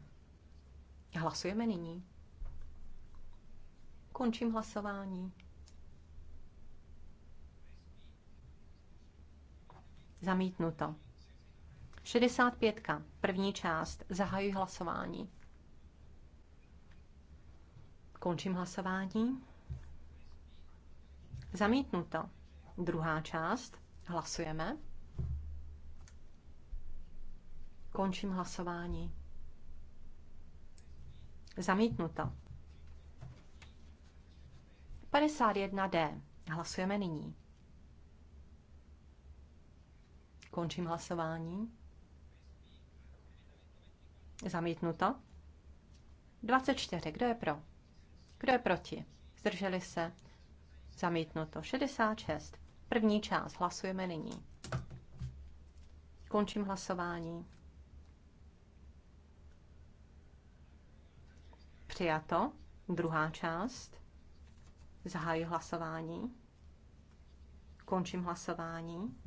Hlasujeme nyní. Končím hlasování. Zamítnuto. 65. První část. Zahajuji hlasování. Končím hlasování. Zamítnuto. Druhá část. Hlasujeme. Končím hlasování. Zamítnuto. 51D. Hlasujeme nyní. Končím hlasování. Zamítnuto. 24. Kdo je pro? Kdo je proti? Zdrželi se? Zamítnuto. 66. První část. Hlasujeme nyní. Končím hlasování. Přijato. Druhá část. Zahájí hlasování. Končím hlasování.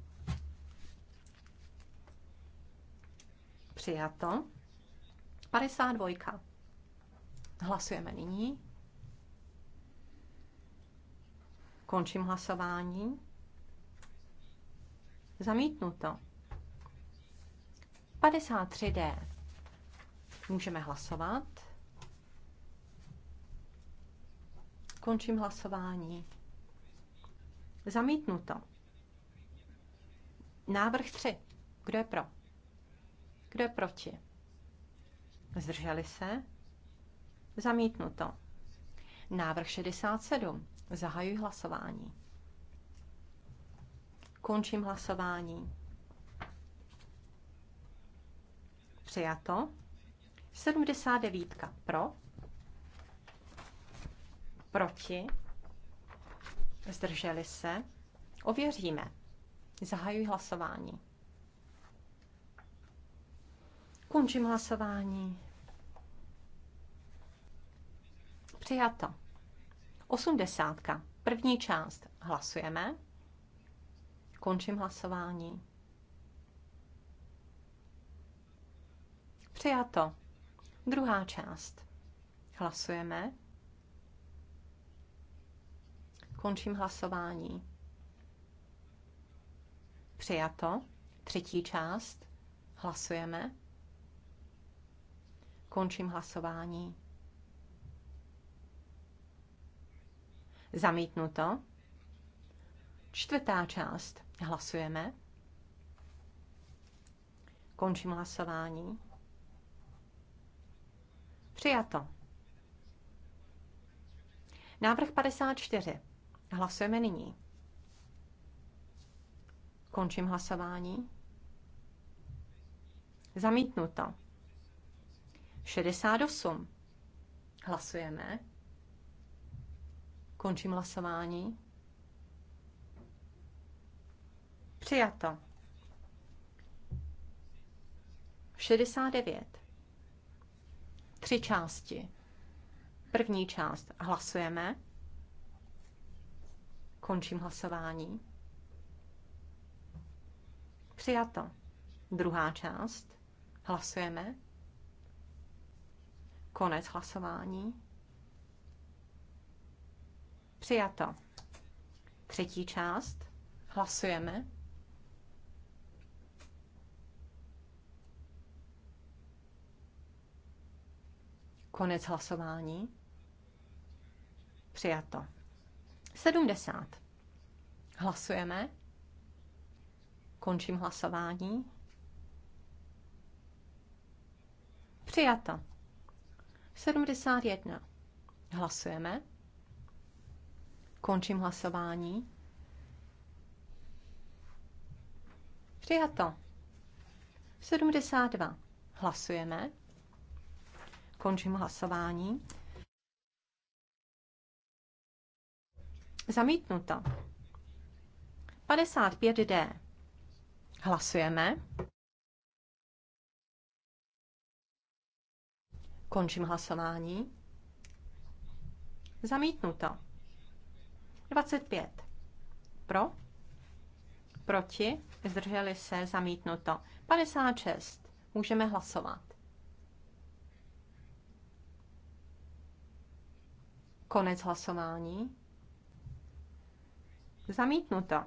Přijato. 52. Hlasujeme nyní. Končím hlasování. Zamítnuto. 53D. Můžeme hlasovat. Končím hlasování. Zamítnuto. Návrh 3. Kdo je pro? Kdo je proti? Zdrželi se? Zamítnuto. Návrh 67. Zahajuji hlasování. Končím hlasování. Přijato. 79 pro. Proti. Zdrželi se. Ověříme. Zahajuji hlasování. Končím hlasování. Přijata. Osmdesátka. První část. Hlasujeme. Končím hlasování. Přijato. Druhá část. Hlasujeme. Končím hlasování. Přijato. Třetí část. Hlasujeme. Končím hlasování. Zamítnuto. Čtvrtá část. Hlasujeme. Končím hlasování. Přijato. Návrh 54. Hlasujeme nyní. Končím hlasování. Zamítnuto. 68. Hlasujeme. Končím hlasování. Přijato. 69. Tři části. První část hlasujeme. Končím hlasování. Přijato. Druhá část. Hlasujeme. Konec hlasování. Přijato. Třetí část. Hlasujeme. Konec hlasování. Přijato. 70. Hlasujeme. Končím hlasování. Přijato. 71. Hlasujeme. Končím hlasování. Přijato. 72. Hlasujeme. Končím hlasování. Zamítnuto. 55D. Hlasujeme. Končím hlasování. Zamítnuto. 25. Pro? Proti? Zdrželi se? Zamítnuto. 56. Můžeme hlasovat. Konec hlasování. Zamítnuto.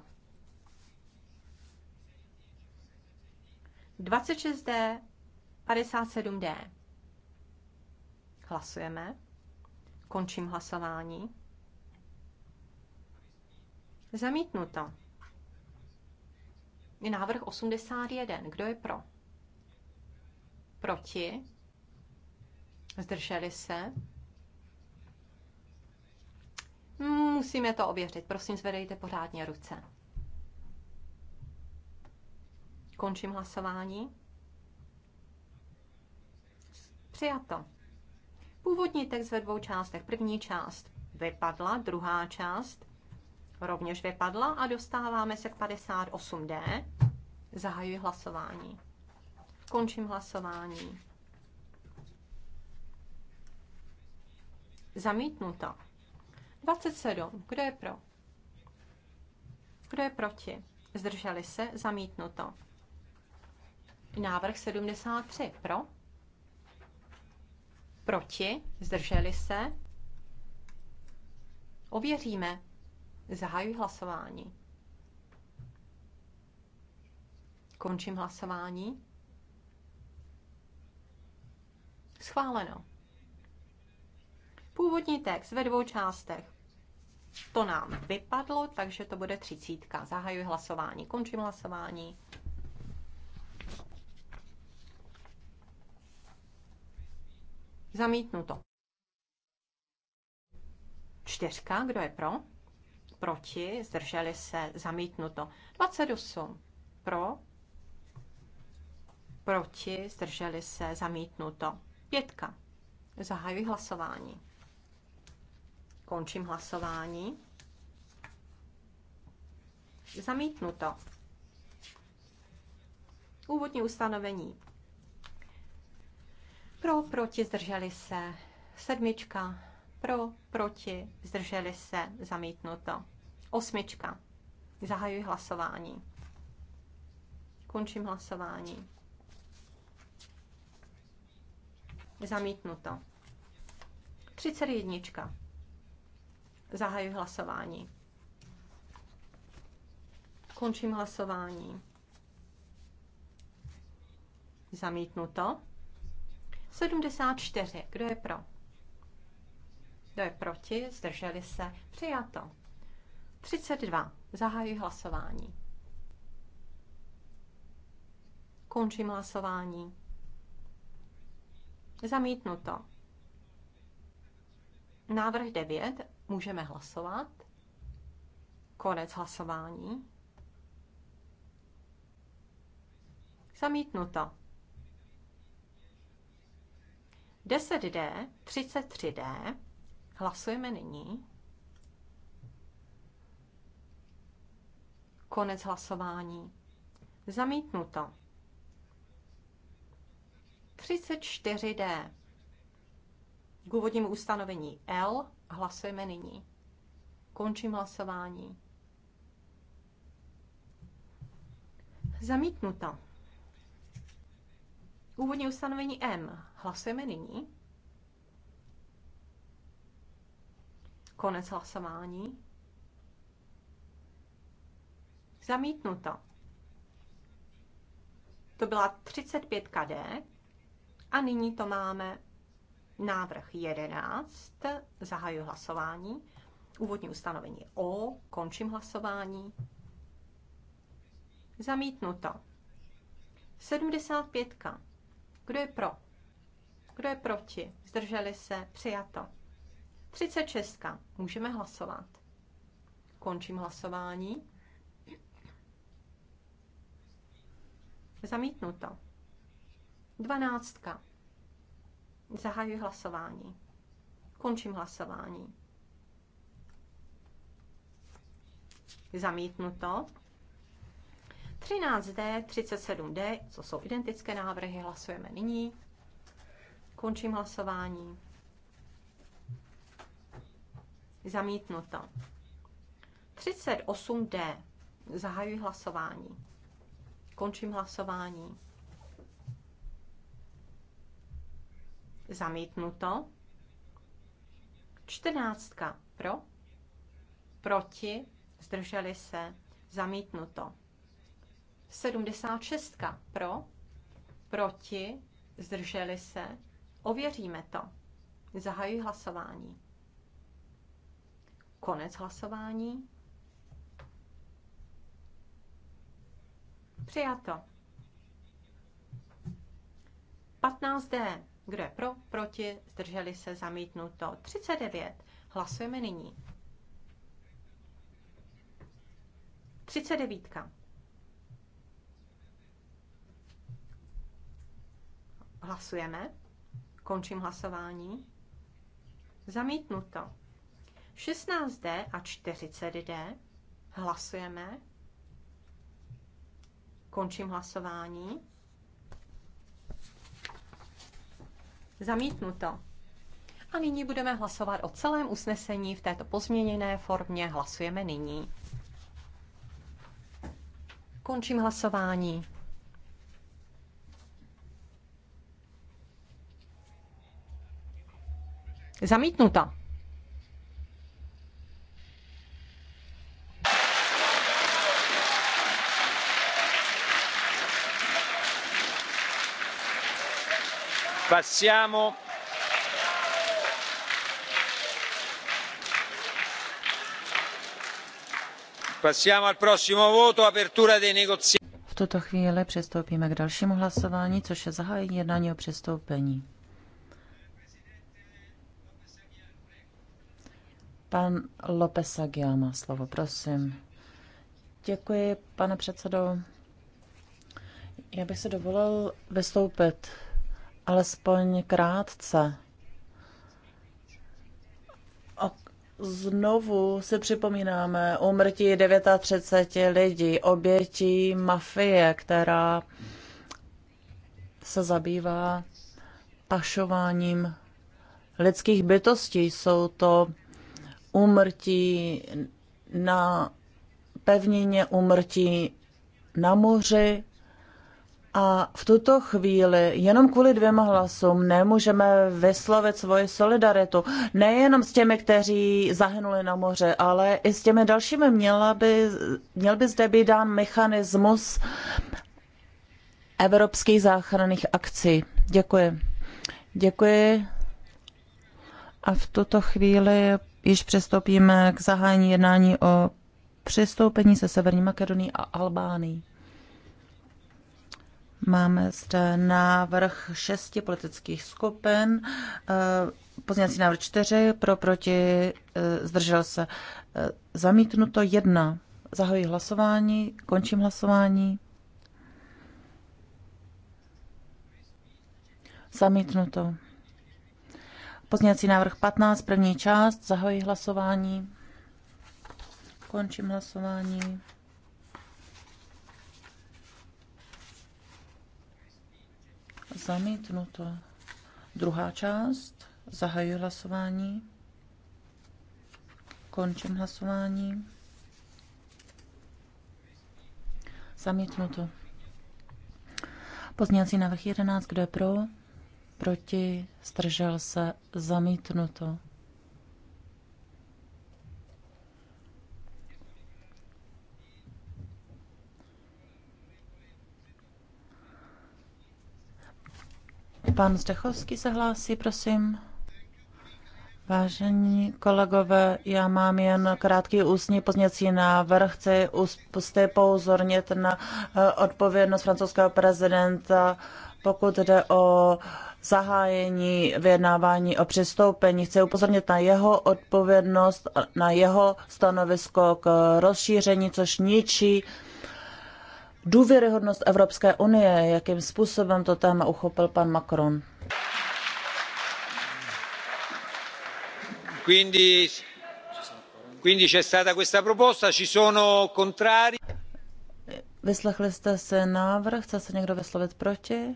26D, 57D. Hlasujeme. Končím hlasování. Zamítnuto. Je návrh 81. Kdo je pro? Proti? Zdrželi se? Musíme to ověřit. Prosím, zvedejte pořádně ruce. Končím hlasování. Přijato. Původní text ve dvou částech. První část vypadla, druhá část rovněž vypadla a dostáváme se k 58D. Zahajuji hlasování. Končím hlasování. Zamítnuto. 27. Kdo je pro? Kdo je proti? Zdrželi se? Zamítnuto. Návrh 73. Pro? Proti? Zdrželi se? Ověříme. Zahajuji hlasování. Končím hlasování. Schváleno. Původní text ve dvou částech. To nám vypadlo, takže to bude třicítka. Zahajuji hlasování. Končím hlasování. Zamítnuto. Čtyřka, kdo je pro? proti, zdrželi se, zamítnuto. 28 pro, proti, zdrželi se, zamítnuto. Pětka. Zahajuji hlasování. Končím hlasování. Zamítnuto. Úvodní ustanovení. Pro, proti, zdrželi se. Sedmička. Pro, proti, zdrželi se, zamítnuto. Osmička. Zahajuji hlasování. Končím hlasování. Zamítnuto. 31. Zahajuji hlasování. Končím hlasování. Zamítnuto. 74. Kdo je pro? Kdo je proti? Zdrželi se? Přijato. 32. Zahajuji hlasování. Končím hlasování. Zamítnuto. Návrh 9. Můžeme hlasovat. Konec hlasování. Zamítnuto. 10D, 33D, Hlasujeme nyní. Konec hlasování. Zamítnuto. 34D. K úvodnímu ustanovení L hlasujeme nyní. Končím hlasování. Zamítnuto. Úvodní ustanovení M hlasujeme nyní. Konec hlasování. Zamítnuto. To byla 35 KD. A nyní to máme návrh 11. Zahajuji hlasování. Úvodní ustanovení O. Končím hlasování. Zamítnuto. 75. Kdo je pro? Kdo je proti? Zdrželi se? Přijato. 36. Můžeme hlasovat. Končím hlasování. Zamítnuto. 12. Zahajuji hlasování. Končím hlasování. Zamítnuto. 13D, 37D, co jsou identické návrhy, hlasujeme nyní. Končím hlasování. Zamítnuto. 38D. Zahajuji hlasování. Končím hlasování. Zamítnuto. 14. Pro. Proti. Zdrželi se. Zamítnuto. 76. Pro. Proti. Zdrželi se. Ověříme to. Zahajuji hlasování. Konec hlasování. Přijato. 15D. Kdo je pro, proti, zdrželi se, zamítnuto. 39. Hlasujeme nyní. 39. Hlasujeme. Končím hlasování. Zamítnuto. 16D a 40D. Hlasujeme. Končím hlasování. Zamítnuto. A nyní budeme hlasovat o celém usnesení v této pozměněné formě. Hlasujeme nyní. Končím hlasování. Zamítnuto. Passiamo V tuto chvíli přistoupíme k dalšímu hlasování, což je zahájení jednání o přistoupení. Pan López Aguiar má slovo, prosím. Děkuji, pane předsedo. Já bych se dovolil vystoupit alespoň krátce. A znovu si připomínáme úmrtí 39 lidí, obětí mafie, která se zabývá pašováním lidských bytostí. Jsou to úmrtí na pevnině, úmrtí na moři, a v tuto chvíli jenom kvůli dvěma hlasům nemůžeme vyslovit svoji solidaritu. Nejenom s těmi, kteří zahynuli na moře, ale i s těmi dalšími. Měla by, měl by zde být dán mechanismus evropských záchranných akcí. Děkuji. Děkuji. A v tuto chvíli již přistoupíme k zahájení jednání o přistoupení se Severní Makedonii a Albánii. Máme zde návrh šesti politických skupin. Eh, Pozněcí návrh čtyři, pro, proti, eh, zdržel se. Eh, zamítnuto jedna. Zahojí hlasování, končím hlasování. Zamítnuto. Pozněcí návrh 15, první část, zahojí hlasování, končím hlasování. Zamítnuto. Druhá část. Zahajuji hlasování. Končím hlasování. Zamítnuto. Pozměňovací návrh 11. Kdo je pro? Proti? Stržel se? Zamítnuto. Pan Zdechovský se hlásí, prosím. Vážení kolegové, já mám jen krátký ústní pozněcí návrh. Chci uspustit pouzornit na eh, odpovědnost francouzského prezidenta, pokud jde o zahájení vyjednávání o přistoupení. Chci upozornit na jeho odpovědnost, na jeho stanovisko k rozšíření, což ničí uh, důvěryhodnost Evropské unie, jakým způsobem to téma uchopil pan Macron. Quindi, quindi c'è stata questa proposta, ci sono contrari. Vyslechli jste se návrh, chce se někdo vyslovit proti?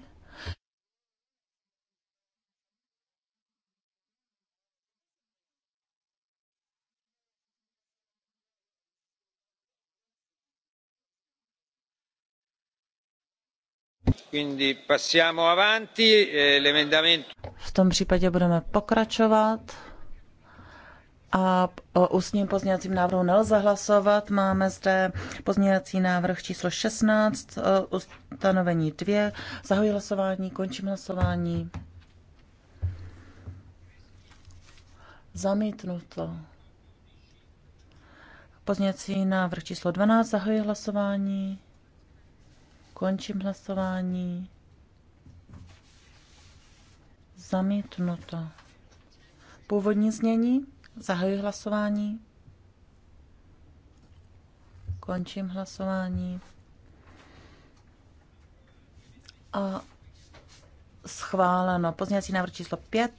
Eh, v tom případě budeme pokračovat. A o ústním pozměňovacím návrhu nelze hlasovat. Máme zde pozměňovací návrh číslo 16, eh, ustanovení 2. Zahoji hlasování, končím hlasování. Zamítnuto. Pozměňovací návrh číslo 12, zahoji hlasování. Končím hlasování. Zamítnuto. Původní znění. Zahajuji hlasování. Končím hlasování. A schváleno. Pozněcí návrh číslo 5.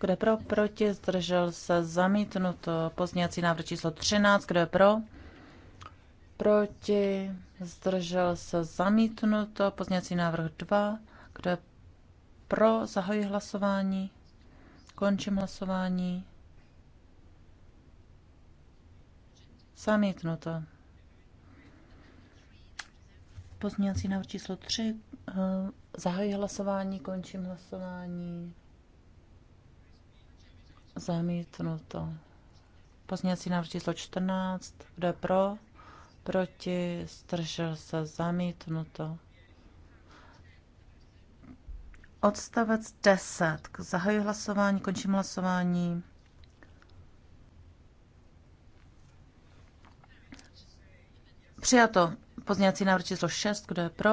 Kdo je pro? Proti? Zdržel se? Zamítnuto. Pozněcí návrh číslo 13. Kdo je pro? proti, zdržel se zamítnuto, pozněcí návrh 2, kdo je pro, zahoji hlasování, končím hlasování, zamítnuto. Pozměňovací návrh číslo 3. Zahajuji hlasování, končím hlasování. Zamítnuto. Pozměňovací návrh číslo 14. Eh, kdo je pro? proti, zdržel se, zamítnuto. Odstavec 10. Zahajuji hlasování, končím hlasování. Přijato pozněcí návrh číslo 6. Kdo je pro?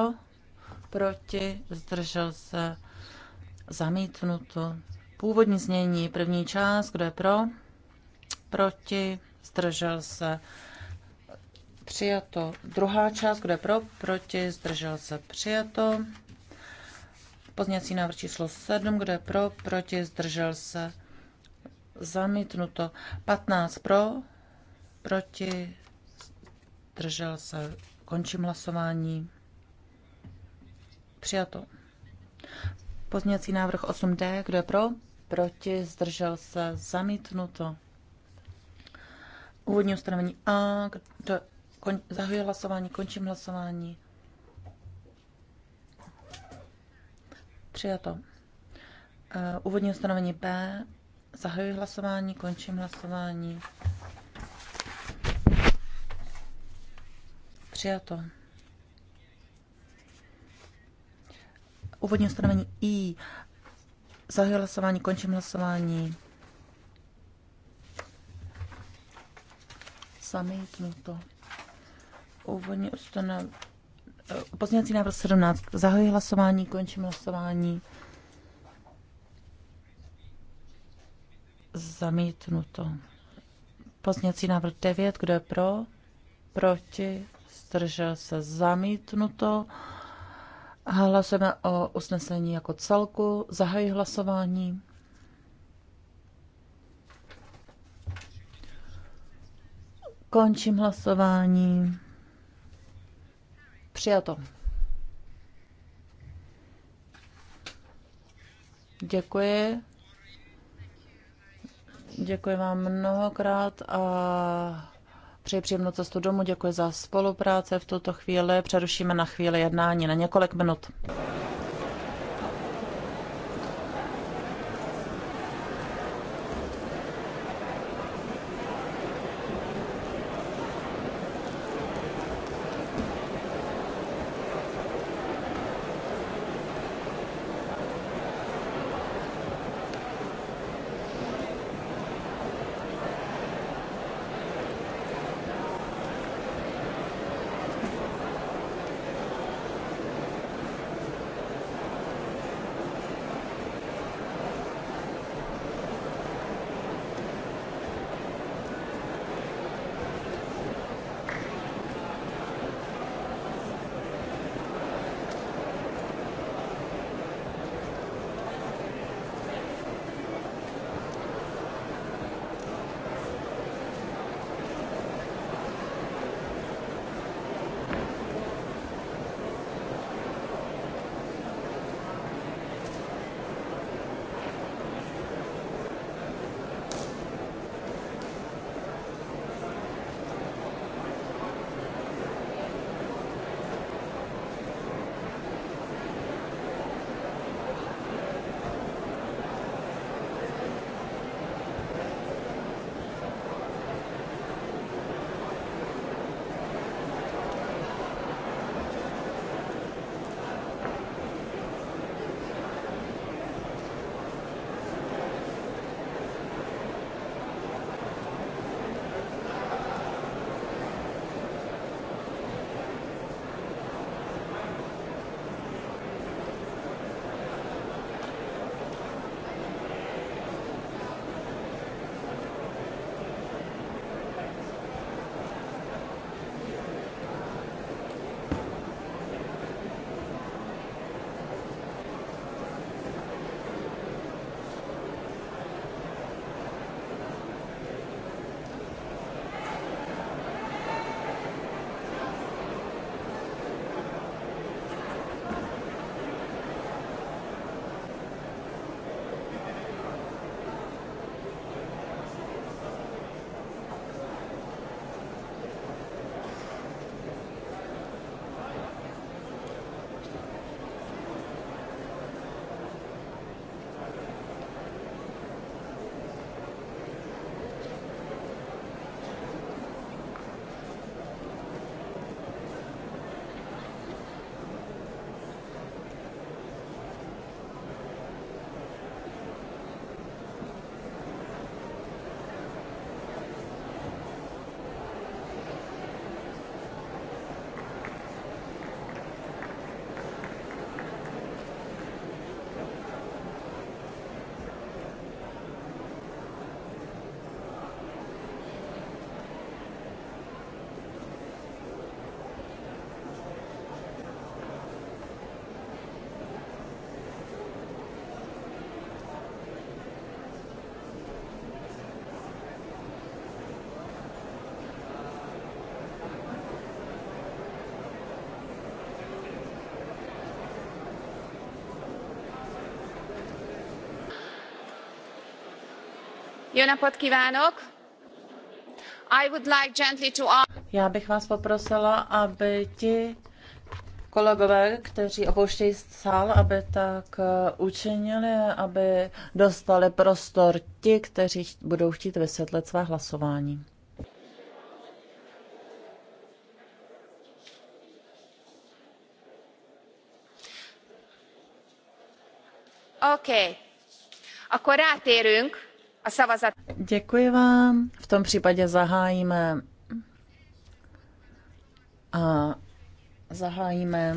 Proti, zdržel se, zamítnuto. Původní znění, první část, kdo je pro? Proti, zdržel se, Přijato. Druhá část, kde pro, proti, zdržel se. Přijato. Pozněcí návrh číslo 7, kde pro, proti, zdržel se. Zamítnuto. 15 pro, proti, zdržel se. Končím hlasování. Přijato. Pozněcí návrh 8D, kdo je pro? Proti, zdržel se, zamítnuto. Úvodní ustanovení A, kdo Kon- zahajuji hlasování, končím hlasování. Přijato. Uh, úvodní ustanovení B. Zahajuji hlasování, končím hlasování. Přijato. Úvodní ustanovení I. Zahajuji hlasování, končím hlasování. Zamítnuto. Úvodní ustano... Eh, pozměňovací návrh 17. Zahajuji hlasování, končím hlasování. Zamítnuto. Pozměňovací návrh 9. Kdo je pro? Proti? Zdržel se zamítnuto. Hlasujeme o usnesení jako celku. Zahajuji hlasování. Končím hlasování. Přijato. Děkuji. Děkuji vám mnohokrát a přeji příjemnou cestu domů. Děkuji za spolupráce. V tuto chvíli přerušíme na chvíli jednání na několik minut. Já bych vás poprosila, aby ti kolegové, kteří opouštějí sál, aby tak eh, učinili, aby dostali prostor ti, kteří budou chtít vysvětlit své hlasování. OK. Akkor rátérünk Děkuji vám. V tom případě zahájíme a zahájíme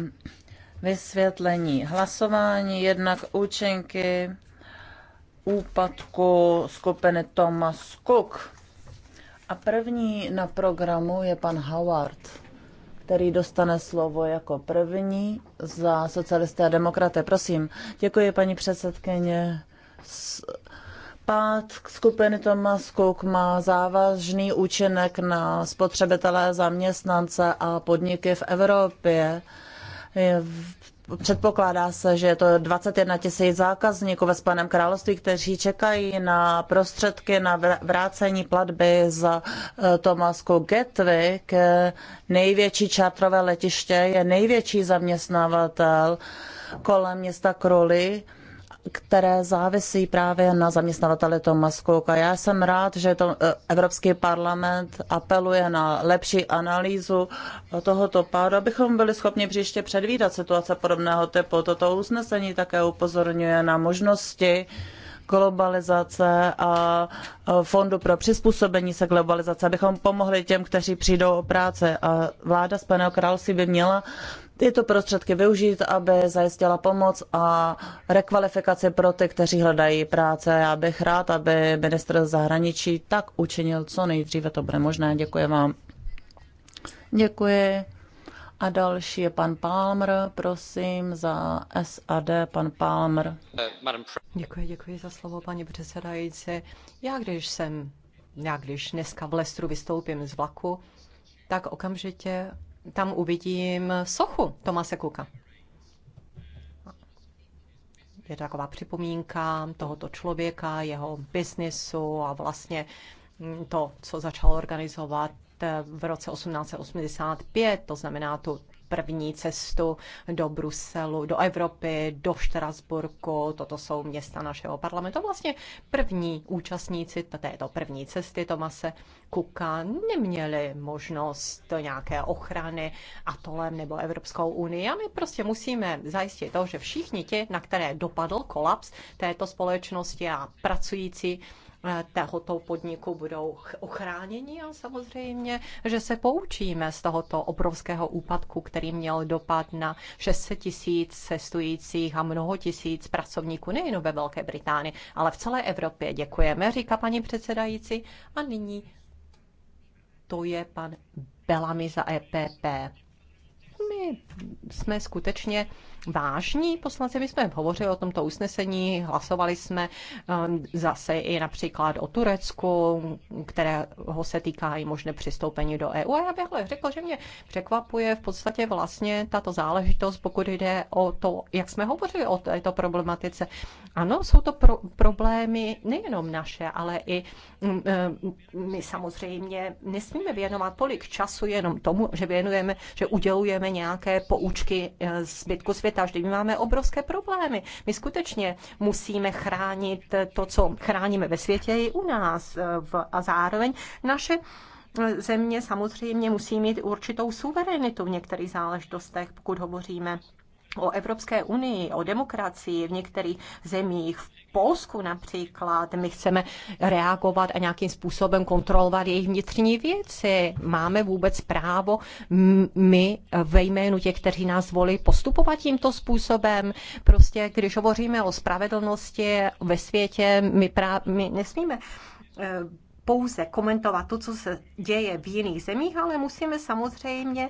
vysvětlení hlasování, jednak účinky úpadku skupiny Thomas Cook. A první na programu je pan Howard, který dostane slovo jako první za socialisté a demokraté. Prosím, děkuji paní předsedkyně. Pád skupiny Thomas Cook má závažný účinek na spotřebitelé, zaměstnance a podniky v Evropě. Předpokládá se, že je to 21 tisíc zákazníků ve Spojeném království, kteří čekají na prostředky na vrácení platby za eh, Tomasku Gatwick. Eh, největší čartrové letiště je největší zaměstnavatel kolem města Kruly které závisí právě na zaměstnavateli Cook. A Já jsem rád, že to e, Evropský parlament apeluje na lepší analýzu tohoto pádu, abychom byli schopni příště předvídat situace podobného typu. Toto usnesení také upozorňuje na možnosti, globalizace a fondu pro přizpůsobení se globalizace, abychom pomohli těm, kteří přijdou o práce. A vláda Spojeného království by měla tyto prostředky využít, aby zajistila pomoc a rekvalifikaci pro ty, kteří hledají práce. Já bych rád, aby ministr zahraničí tak učinil co nejdříve to bude možné. Děkuji vám. Děkuji. A další je pan Palmer, prosím, za SAD, pan Palmer. Děkuji, děkuji za slovo, paní předsedající. Já když jsem, já když dneska v Lestru vystoupím z vlaku, tak okamžitě tam uvidím sochu Tomase Kuka. Je to taková připomínka tohoto člověka, jeho biznesu a vlastně to, co začal organizovat Eh, v roce 1885, to znamená tu první cestu do Bruselu, do Evropy, do Štrasburku, toto jsou města našeho parlamentu. Vlastně první účastníci této první cesty Tomase Kuka neměli možnost nějaké ochrany atolem nebo Evropskou unii. A my prostě musíme zajistit to, že všichni ti, na které dopadl kolaps této společnosti a pracující Eh, tohoto podniku budou ochráněni a samozřejmě, že se poučíme z tohoto obrovského úpadku, který měl dopad na 600 tisíc cestujících a mnoho tisíc pracovníků nejen ve Velké Británii, ale v celé Evropě. Děkujeme, říká paní předsedající. A nyní to je pan Bellamy za EPP. My jsme skutečně vážní poslanci. My jsme hovořili o tomto usnesení, hlasovali jsme um, zase i například o Turecku, kterého se týká i možné přistoupení do EU. A já bych ale řekl, že mě překvapuje v podstatě vlastně tato záležitost, pokud jde o to, jak jsme hovořili o této problematice. Ano, jsou to pro- problémy nejenom naše, ale i mm, mm, my samozřejmě nesmíme věnovat tolik času jenom tomu, že věnujeme, že udělujeme nějaké poučky eh, zbytku světa světa. vždy my máme obrovské problémy. My skutečně musíme chránit to, co chráníme ve světě i u nás. E, a zároveň naše e, země samozřejmě musí mít určitou suverenitu v některých záležitostech, pokud hovoříme o Evropské unii, o demokracii v některých zemích, v Polsku například. My chceme reagovat a nějakým způsobem kontrolovat jejich vnitřní věci. Máme vůbec právo my ve jménu těch, kteří nás volí, postupovat tímto způsobem. Prostě, když hovoříme o spravedlnosti ve světě, my, prá- my nesmíme eh, pouze komentovat to, co se děje v jiných zemích, ale musíme samozřejmě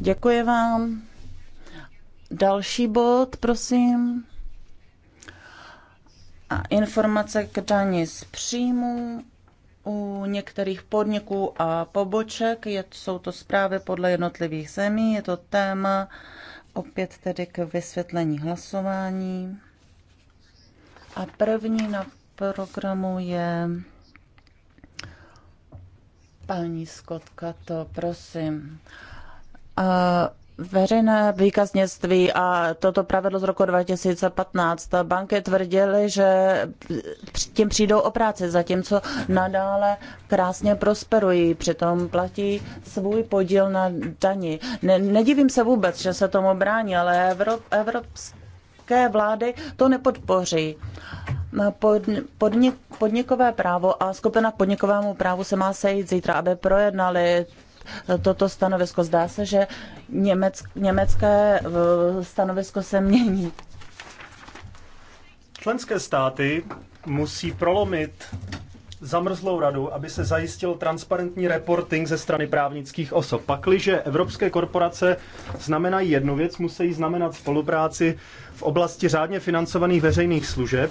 Děkuji vám. Další bod, prosím. A informace k daní z příjmu u některých podniků a poboček. Je, jsou to zprávy podle jednotlivých zemí. Je to téma opět tedy k vysvětlení hlasování. A první na programu je Paní Skotka, to prosím. A veřejné výkaznictví a toto pravidlo z roku 2015. Banky tvrdily, že tím přijdou o práci, zatímco nadále krásně prosperují, přitom platí svůj podíl na dani. Ne, nedivím se vůbec, že se tomu brání, ale Evrop, evropské vlády to nepodpoří. Uh, podnik, podnikové právo a skupina k podnikovému právu se má sejít zítra, aby projednali eh, toto stanovisko. Zdá se, že německ, německé eh, stanovisko se mění. Členské státy musí prolomit zamrzlou radu, aby se zajistil transparentní reporting ze strany právnických osob. Pakliže evropské korporace znamenají jednu věc, musí znamenat spolupráci v oblasti řádně financovaných veřejných služeb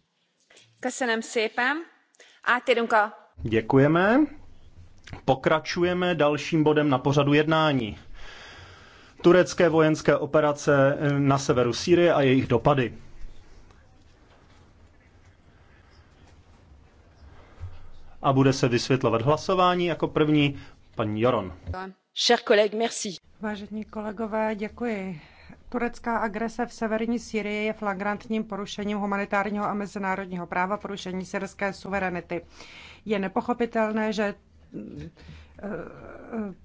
Děkujeme. Pokračujeme dalším bodem na pořadu jednání. Turecké vojenské operace eh, na severu Sýrie a jejich dopady. A bude se vysvětlovat hlasování jako první paní Joron. Vážení kolegové, děkuji. Turecká agrese v severní Syrii je flagrantním porušením humanitárního a mezinárodního práva, porušení syrské suverenity. Je nepochopitelné, že eh, eh,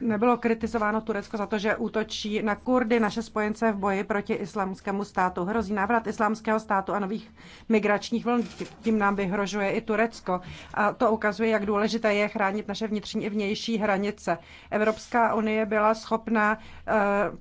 nebylo kritizováno Turecko za to, že útočí na Kurdy, naše spojence v boji proti islámskému státu. Hrozí návrat islámského státu a nových migračních vln. Tím nám vyhrožuje i Turecko. A to ukazuje, jak důležité je chránit naše vnitřní i vnější hranice. Evropská unie byla schopna eh,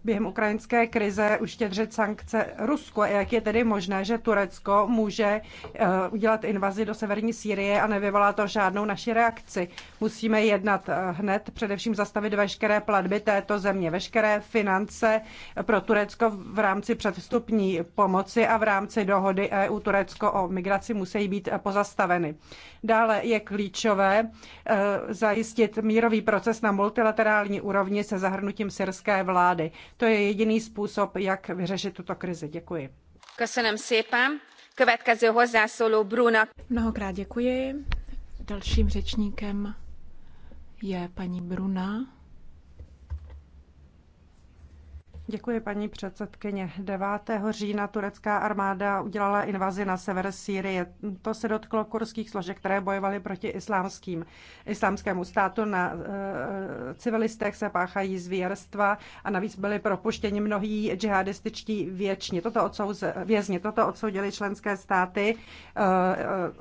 během ukrajinské krize uštědřit sankce Rusko. A jak je tedy možné, že Turecko může eh, udělat invazi do severní Sýrie a nevyvolá to žádnou naši reakci? Musíme jednat eh, hned, především zastavit zastavit veškeré platby této země, veškeré finance pro Turecko v rámci předvstupní pomoci a v rámci dohody EU-Turecko o migraci musí být pozastaveny. Dále je klíčové eh, zajistit mírový proces na multilaterální úrovni se zahrnutím syrské vlády. To je jediný způsob, jak vyřešit tuto krizi. Děkuji. Bruna. Mnohokrát děkuji. Dalším řečníkem je paní Bruna. Děkuji, paní předsedkyně. 9. října turecká armáda udělala invazi na sever Sýrie. To se dotklo kurských složek, které bojovaly proti islámským, islámskému státu. Na e, civilistech se páchají zvěrstva a navíc byly propuštěni mnohí džihadističtí věční. Toto odsouze, vězni. Toto odsoudili členské státy E,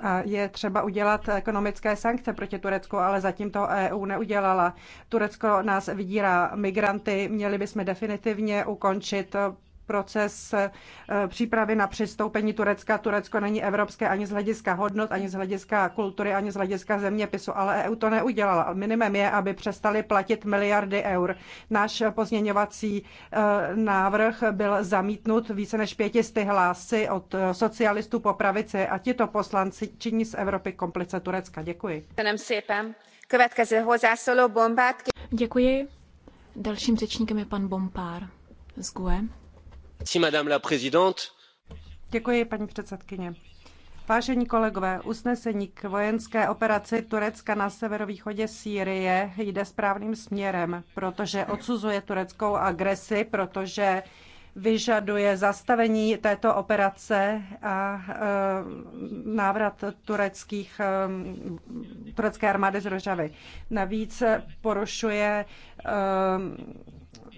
a je třeba udělat ekonomické sankce proti Turecku, ale zatím to EU neudělala. Turecko nás vydírá migranty, měli bychom definitivně je ukončit eh, proces eh, přípravy na přistoupení Turecka. Turecko není evropské ani z hlediska hodnot, ani z hlediska kultury, ani z hlediska zeměpisu, ale EU to neudělala. Minimem je, aby přestali platit miliardy eur. Náš pozměňovací eh, návrh byl zamítnut více než pětisty hlásy od socialistů po pravici a tito poslanci činí z Evropy komplice Turecka. Děkuji. Děkuji. Dalším řečníkem je pan Bompár. Děkuji, paní předsedkyně. Vážení kolegové, usnesení k vojenské operaci Turecka na severovýchodě Sýrie jde správným směrem, protože odsuzuje tureckou agresi, protože vyžaduje zastavení této operace a e, návrat tureckých, e, turecké armády z Rožavy. Navíc porušuje e,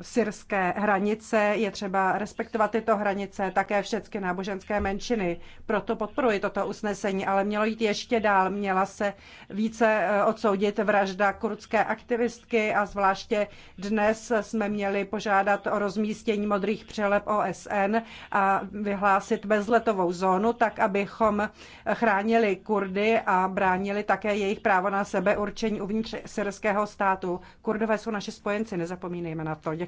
syrské hranice, je třeba respektovat tyto hranice, také všechny náboženské menšiny. Proto podporuji toto usnesení, ale mělo jít ještě dál. Měla se více eh, odsoudit vražda kurdské aktivistky a zvláště dnes jsme měli požádat o rozmístění modrých přeleb OSN a vyhlásit bezletovou zónu, tak abychom chránili Kurdy a bránili také jejich právo na sebeurčení uvnitř syrského státu. Kurdové jsou naši spojenci, nezapomínejme na to. Děkuji.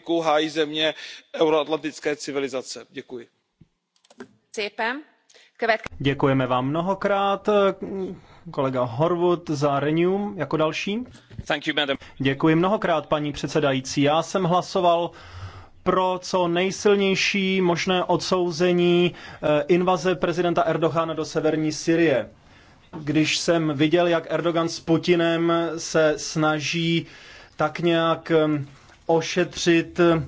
politiku hájí země euroatlantické civilizace. děkuji. děkujeme vám mnohokrát kolega Horvud za Renew jako další. Děkuji mnohokrát, paní předsedající. Já jsem hlasoval pro co nejsilnější možné odsouzení eh, invaze prezidenta Erdogana do severní Syrie. Když jsem viděl, jak Erdogan s Putinem se snaží tak nějak eh, ošetřit eh,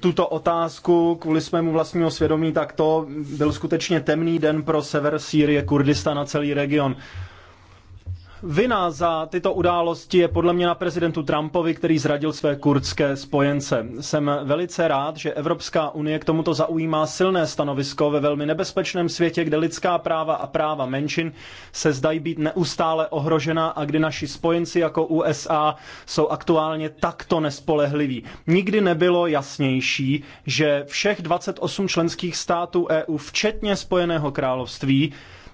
tuto otázku kvůli svému vlastního svědomí, tak to byl skutečně temný den pro sever Sýrie, Kurdistan a celý region. Vina za tyto události je podle mě na prezidentu Trumpovi, který zradil své kurdské spojence. Jsem velice rád, že Evropská unie k tomuto zaujímá silné stanovisko ve velmi nebezpečném světě, kde lidská práva a práva menšin se zdají být neustále ohrožena a kdy naši spojenci jako USA jsou aktuálně takto nespolehliví. Nikdy nebylo jasnější, že všech 28 členských států EU, včetně Spojeného království,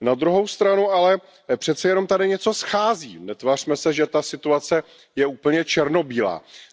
na druhou stranu ale eh, přeci jenom tady něco schází netvařme se že ta situace je úplně černobílá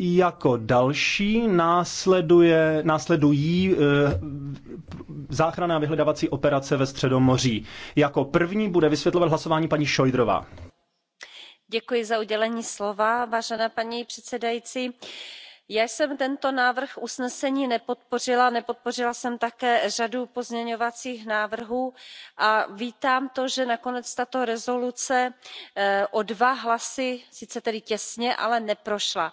jako další následuje, následují e, eh, záchranná a vyhledávací operace ve Středomoří. Jako první bude vysvětlovat hlasování paní Šojdrová. Děkuji za udělení slova, vážená paní předsedající já jsem tento návrh usnesení nepodpořila nepodpořila jsem také řadu pozměňovacích návrhů a vítám to že nakonec tato rezoluce eh, o dva hlasy sice tedy těsně ale neprošla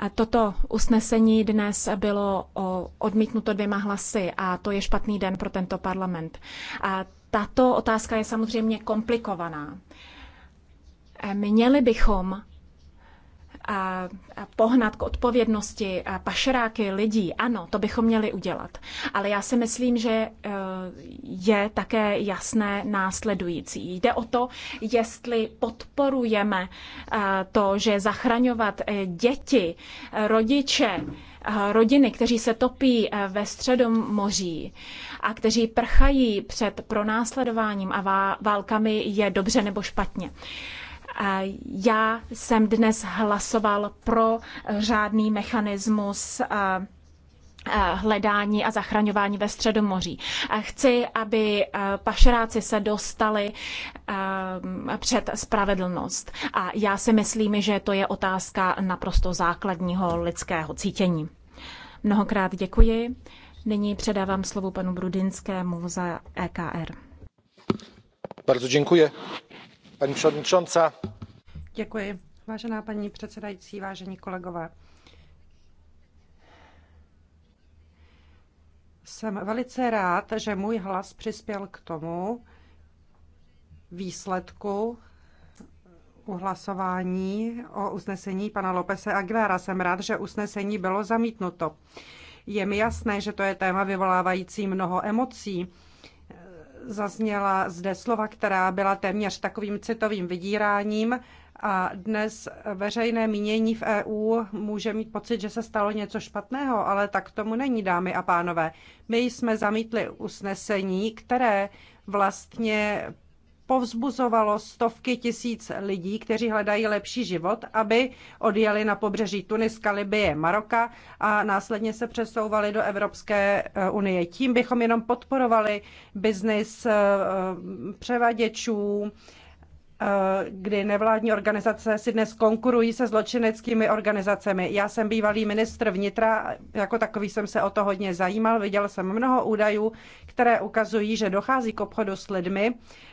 A toto usnesení dnes bylo odmítnuto dvěma hlasy a to je špatný den pro tento parlament. A tato otázka je samozřejmě komplikovaná. Měli bychom pohnat k odpovědnosti pašeráky lidí. Ano, to bychom měli udělat. Ale já si myslím, že eh, je také jasné následující. Jde o to, jestli podporujeme eh, to, že zachraňovat eh, děti, rodiče, rodiny, kteří se topí ve moří a kteří prchají před pronásledováním a válkami, je dobře nebo špatně. Já jsem dnes hlasoval pro eh, řádný mechanismus eh, eh, hledání a zachraňování ve Středomoří. Chci, aby pašeráci se dostali před spravedlnost. A já si myslím, že to je otázka naprosto základního lidského cítění. Mnohokrát děkuji. Nyní předávám slovo panu Brudinskému za EKR. Bardzo dziękuję. Paní Děkuji. Vážená paní předsedající, vážení kolegové. Jsem velice rád, že můj hlas přispěl k tomu výsledku u hlasování o usnesení pana Lopese Aguilara. Jsem rád, že usnesení bylo zamítnuto. Je mi jasné, že to je téma vyvolávající mnoho emocí zazněla zde slova, která byla téměř takovým citovým vydíráním. A dnes veřejné mínění v EU může mít pocit, že se stalo něco špatného, ale tak tomu není, dámy a pánové. My jsme zamítli usnesení, které vlastně povzbuzovalo stovky tisíc lidí, kteří hledají lepší život, aby odjeli na pobřeží Tuniska, Libie, Maroka a následně se přesouvali do Evropské eh, unie. Tím bychom jenom podporovali biznis eh, převaděčů, eh, kdy nevládní organizace si dnes konkurují se zločineckými organizacemi. Já jsem bývalý ministr vnitra, jako takový jsem se o to hodně zajímal, viděl jsem mnoho údajů, které ukazují, že dochází k obchodu s lidmi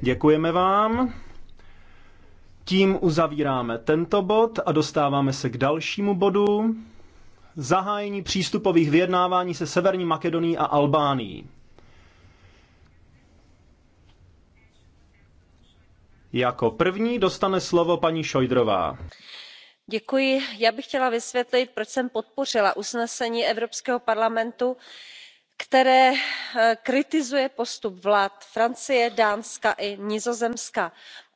Děkujeme vám. Tím uzavíráme tento bod a dostáváme se k dalšímu bodu. Zahájení přístupových vyjednávání se Severní Makedonií a Albánií. Jako první dostane slovo paní Šojdrová. Děkuji. Já bych chtěla vysvětlit, proč jsem podpořila usnesení Evropského parlamentu, které eh, kritizuje postup vlád francie dánska i nizozemska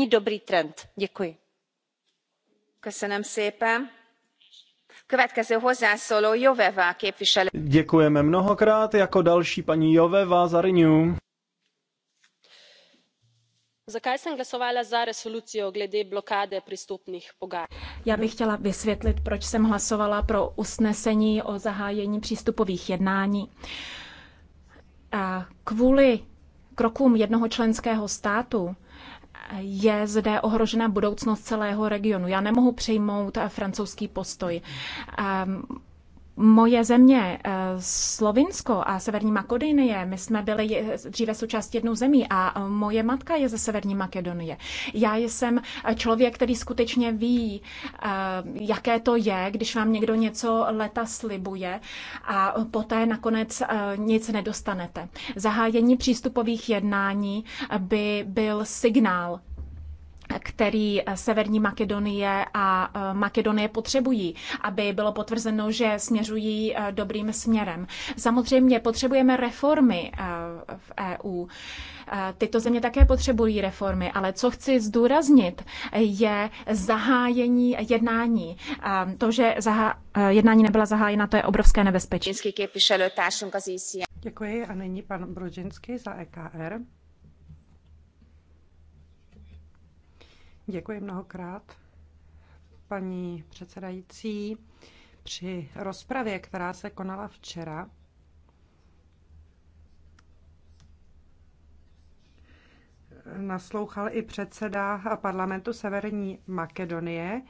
není dobrý trend. děkuji. děkujeme mnohokrát jako další paní joveva za renew. zakaj sem glasovala za resolucijo glede blokade přístupních pogajanj? já bych chtěla vysvětlit proč jsem hlasovala pro usnesení o zahájení přístupových jednání. A kvůli krokům jednoho členského státu je zde ohrožena budoucnost celého regionu. Já nemohu přijmout francouzský postoj. Ehm, Moje země, eh, Slovinsko a Severní Makedonie, my jsme byli dříve součástí jednou zemí a eh, moje matka je ze Severní Makedonie. Já jsem eh, člověk, který skutečně ví, jaké to je, když vám někdo něco leta slibuje a poté nakonec nic nedostanete. Zahájení přístupových jednání by byl signál který eh, Severní Makedonie a eh, Makedonie potřebují, aby bylo potvrzeno, že směřují eh, dobrým směrem. Samozřejmě potřebujeme reformy v EU. Tyto země také potřebují reformy, ale co chci zdůraznit, je zahájení jednání. To, že jednání nebyla zahájena, to je obrovské nebezpečí. Děkuji a nyní pan Brodžinský za EKR. Děkuji mnohokrát, paní předsedající. Při rozpravě, která se konala včera, naslouchal i předseda parlamentu Severní Makedonie,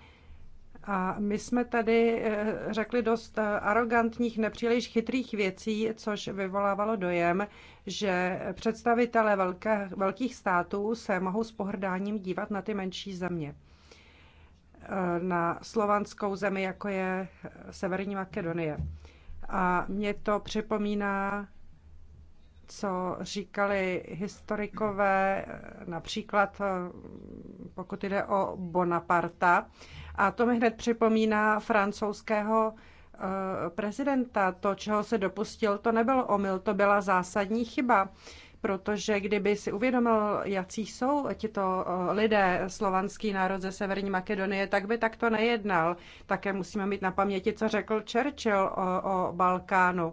a my jsme tady eh, řekli dost eh, arrogantních, nepříliš chytrých věcí, což vyvolávalo dojem, že představitelé velké, velkých států se mohou s pohrdáním dívat na ty menší země. Eh, na slovanskou zemi, jako je Severní Makedonie. A mě to připomíná co říkali historikové, například eh, pokud jde o Bonaparta. A to mi hned připomíná francouzského eh, prezidenta. To, čeho se dopustil, to nebyl omyl, to byla zásadní chyba. Protože kdyby si uvědomil, jaký jsou tito eh, lidé, slovanský národ ze Severní Makedonie, tak by takto nejednal. Také musíme mít na paměti, co řekl Churchill o, o Balkánu.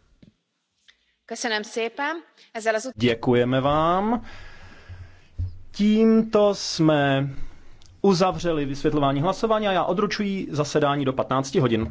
Děkujeme vám. Tímto jsme uzavřeli vysvětlování hlasování a já odručuji zasedání do 15 hodin.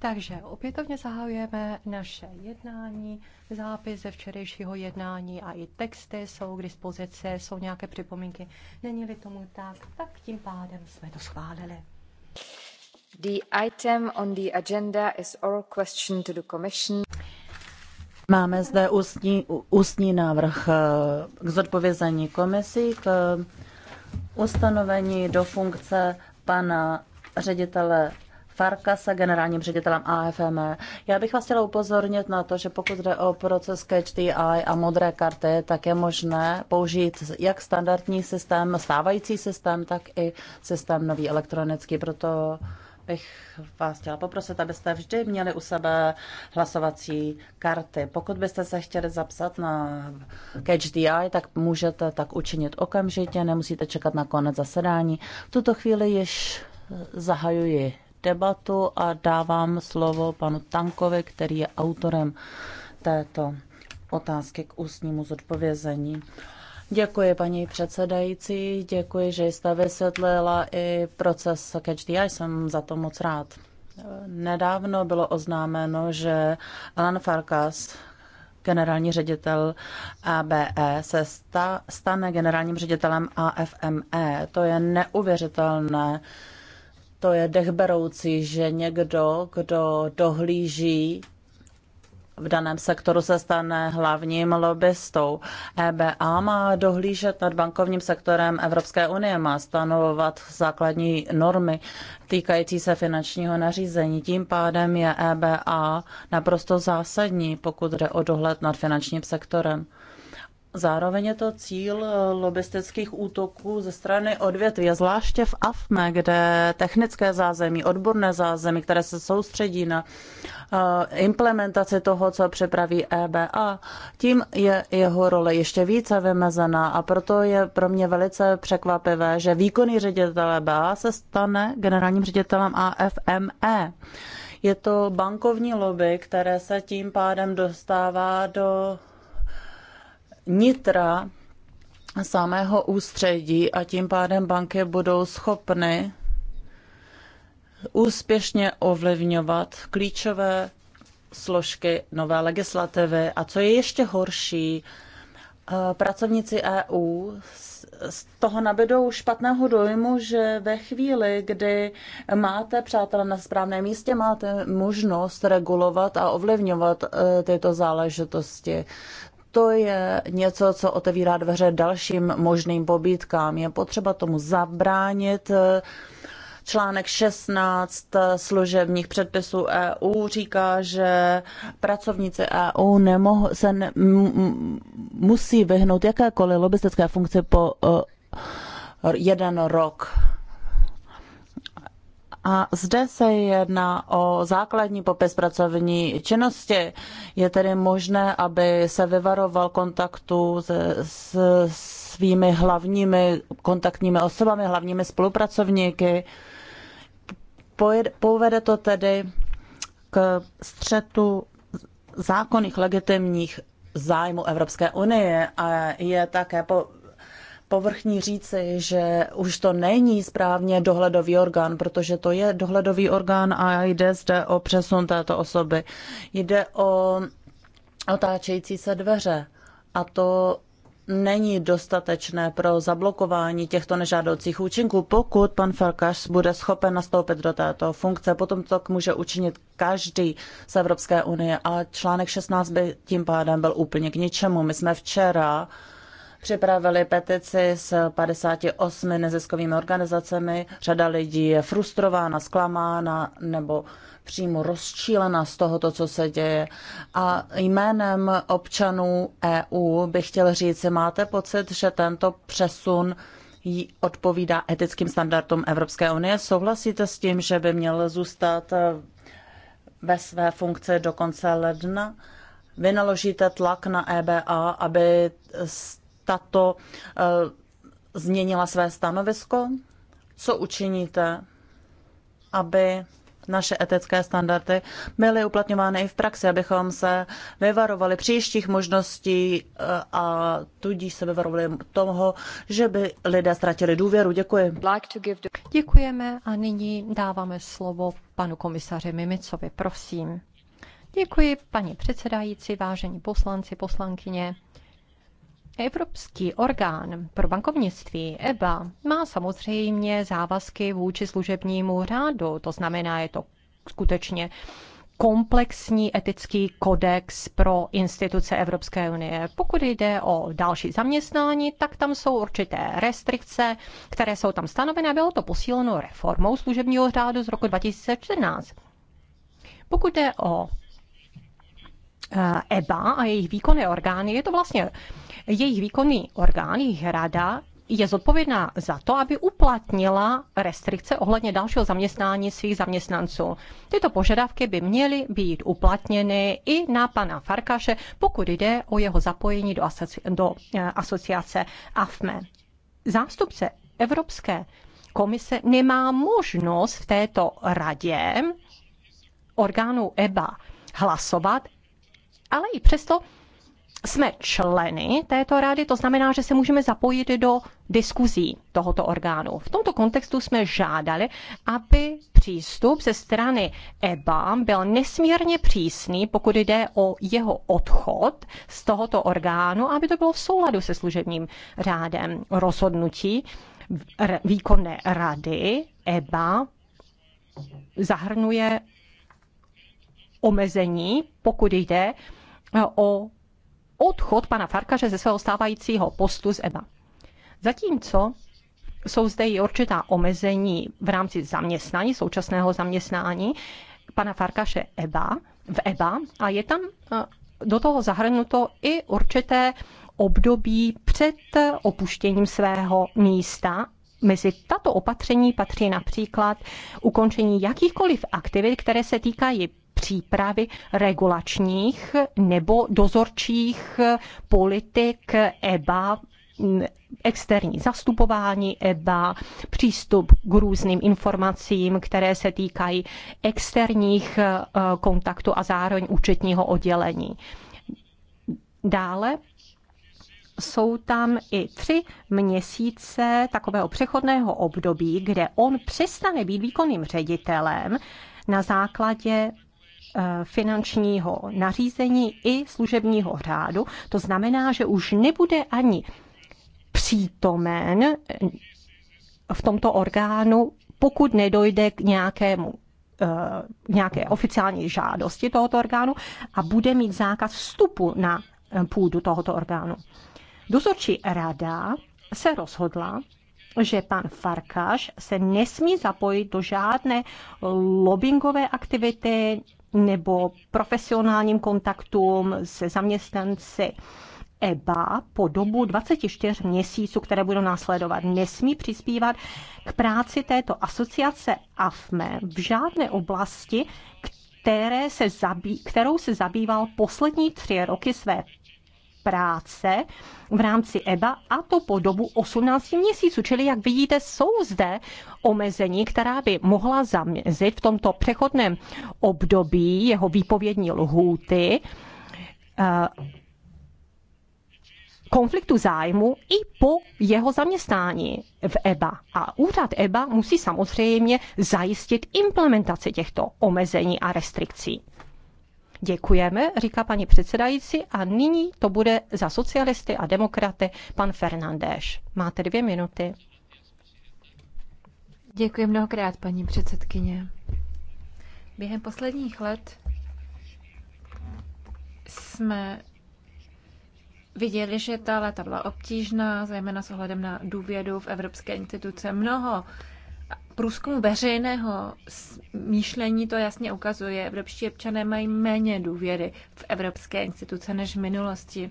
Takže opětovně zahajujeme naše jednání. Zápis ze včerejšího jednání a i texty jsou k dispozici, jsou nějaké připomínky. Není-li tomu tak, tak tím pádem jsme to schválili. The item on the agenda is oral question to the commission. Máme zde ústní, ústní návrh eh, k zodpovězení komisí, k eh, ustanovení do funkce pana ředitele Farkasa, generálním ředitelem AFM. Já bych vás chtěla upozornit na to, že pokud jde o proces Catch the Eye a modré karty, tak je možné použít jak standardní systém, stávající systém, tak i systém nový elektronický. Proto bych vás chtěla poprosit, abyste vždy měli u sebe hlasovací karty. Pokud byste se chtěli zapsat na Catch the Eye, tak můžete tak učinit okamžitě, nemusíte čekat na konec zasedání. V tuto chvíli již zahajuji debatu a dávám slovo panu Tankovi, který je autorem této otázky k ústnímu zodpovězení. Děkuji, paní předsedající, děkuji, že jste vysvětlila i proces Catch jsem za to moc rád. Nedávno bylo oznámeno, že Alan Farkas, generální ředitel ABE, se sta, stane generálním ředitelem AFME. To je neuvěřitelné. To je dechberoucí, že někdo, kdo dohlíží v daném sektoru se stane hlavním lobbystou. EBA má dohlížet nad bankovním sektorem Evropské unie, má stanovovat základní normy týkající se finančního nařízení. Tím pádem je EBA naprosto zásadní, pokud jde o dohled nad finančním sektorem. Zároveň je to cíl eh, lobistických útoků ze strany odvětví, zvláště v AFME, kde technické zázemí, odborné zázemí, které se soustředí na eh, implementaci toho, co připraví EBA, tím je jeho role ještě více vymezená a proto je pro mě velice překvapivé, že výkonný ředitel EBA se stane generálním ředitelem AFME. Je to bankovní lobby, které se tím pádem dostává do nitra samého ústředí a tím pádem banky budou schopny úspěšně ovlivňovat klíčové složky nové legislativy. A co je ještě horší, eh, pracovníci EU z toho nabedou špatného dojmu, že ve chvíli, kdy máte přátelé na správném místě, máte možnost regulovat a ovlivňovat eh, tyto záležitosti to je něco, co otevírá dveře dalším možným pobítkám. Je potřeba tomu zabránit. Článek 16 služebních předpisů EU říká, že pracovníci EU nemoh- se ne- musí vyhnout jakékoliv lobistické funkci po uh, jeden rok. A zde se jedná o základní popis pracovní činnosti. Je tedy možné, aby se vyvaroval kontaktu s svými hlavními kontaktními osobami, hlavními spolupracovníky. Povede to tedy k střetu zákonných legitimních zájmu Evropské unie a je také po, povrchní říci, že už to není správně dohledový orgán, protože to je dohledový orgán a jde zde o přesun této osoby. Jde o otáčející se dveře a to není dostatečné pro zablokování těchto nežádoucích účinků. Pokud pan Farkas bude schopen nastoupit do této funkce, potom to může učinit každý z Evropské unie a článek 16 by tím pádem byl úplně k ničemu. My jsme včera uh, připravili petici s 58 neziskovými organizacemi. Řada lidí je frustrována, zklamána nebo přímo rozčílena z toho, co se děje. A jménem občanů EU bych chtěl říct, máte pocit, že tento přesun jí odpovídá etickým standardům Evropské unie. Souhlasíte s tím, že by měl zůstat eh, ve své funkci do konce ledna? Vynaložíte tlak na EBA, aby tato eh, změnila své stanovisko? Co učiníte, aby naše etické standardy byly uplatňovány i v praxi, abychom se vyvarovali příštích možností eh, a tudíž se vyvarovali toho, že by lidé ztratili důvěru. Děkuji. Děkujeme a nyní dáváme slovo panu komisaři Mimicovi. Prosím. Děkuji, paní předsedající, vážení poslanci, poslankyně. Evropský orgán pro bankovnictví, EBA, má samozřejmě závazky vůči služebnímu řádu, to znamená, je to skutečně komplexní etický kodex pro instituce Evropské unie. Pokud jde o další zaměstnání, tak tam jsou určité restrikce, které jsou tam stanovené. Bylo to posíleno reformou služebního řádu z roku 2014. Pokud jde o EBA eh, e a jejich výkonné orgány, je to vlastně jejich výkonný orgán, jejich rada, je zodpovědná za to, aby uplatnila restrikce ohledně dalšího zaměstnání svých zaměstnanců. Tyto požadavky by měly být uplatněny i na pana Farkaše, pokud jde o jeho zapojení do, asoci- do eh, asociace AFME. Zástupce Evropské komise nemá možnost v této radě orgánu EBA hlasovat ale i přesto jsme členy této rady, to znamená, že se můžeme zapojit do diskuzí tohoto orgánu. V tomto kontextu jsme žádali, aby přístup ze strany EBA byl nesmírně přísný, pokud jde o jeho odchod z tohoto orgánu, aby to bylo v souladu se služebním řádem rozhodnutí výkonné rady EBA zahrnuje omezení, pokud jde o odchod pana Farkaře ze svého stávajícího postu z EBA. Zatímco jsou zde i určitá omezení v rámci zaměstnání, současného zaměstnání pana Farkaše EBA, v EBA a je tam eh, do toho zahrnuto i určité období před opuštěním svého místa. Mezi tato opatření patří například ukončení jakýchkoliv aktivit, které se týkají přípravy regulačních nebo dozorčích politik EBA externí zastupování EBA, přístup k různým informacím, které se týkají externích e, kontaktů a zároveň účetního oddělení. Dále jsou tam i tři měsíce takového přechodného období, kde on přestane být výkonným ředitelem na základě Eh, finančního nařízení i služebního řádu. To znamená, že už nebude ani přítomen eh, v tomto orgánu, pokud nedojde k nějakému eh, nějaké oficiální žádosti tohoto orgánu a bude mít zákaz vstupu na půdu tohoto orgánu. Dozorčí rada se rozhodla, že pan Farkáš se nesmí zapojit do žádné lobbyingové aktivity nebo profesionálním kontaktům se zaměstnanci EBA po dobu 24 měsíců, které budou následovat, nesmí přispívat k práci této asociace AFME v žádné oblasti, které se zabý, kterou se zabýval poslední tři roky své práce v rámci EBA a to po dobu 18 měsíců. Čili, jak vidíte, jsou zde omezení, která by mohla zamezit v tomto přechodném období jeho výpovědní lhůty eh, konfliktu zájmu i po jeho zaměstnání v EBA. A úřad EBA musí samozřejmě zajistit implementaci těchto omezení a restrikcí. Děkujeme, říká paní předsedající, a nyní to bude za socialisty a demokraty pan Fernandéš. Máte dvě minuty. Děkuji mnohokrát, paní předsedkyně. Během posledních let jsme viděli, že ta léta byla obtížná, zejména s ohledem na důvěru v evropské instituce. Mnoho průzkum veřejného smýšlení to jasně ukazuje. Evropští občané mají méně důvěry v evropské instituce než v minulosti.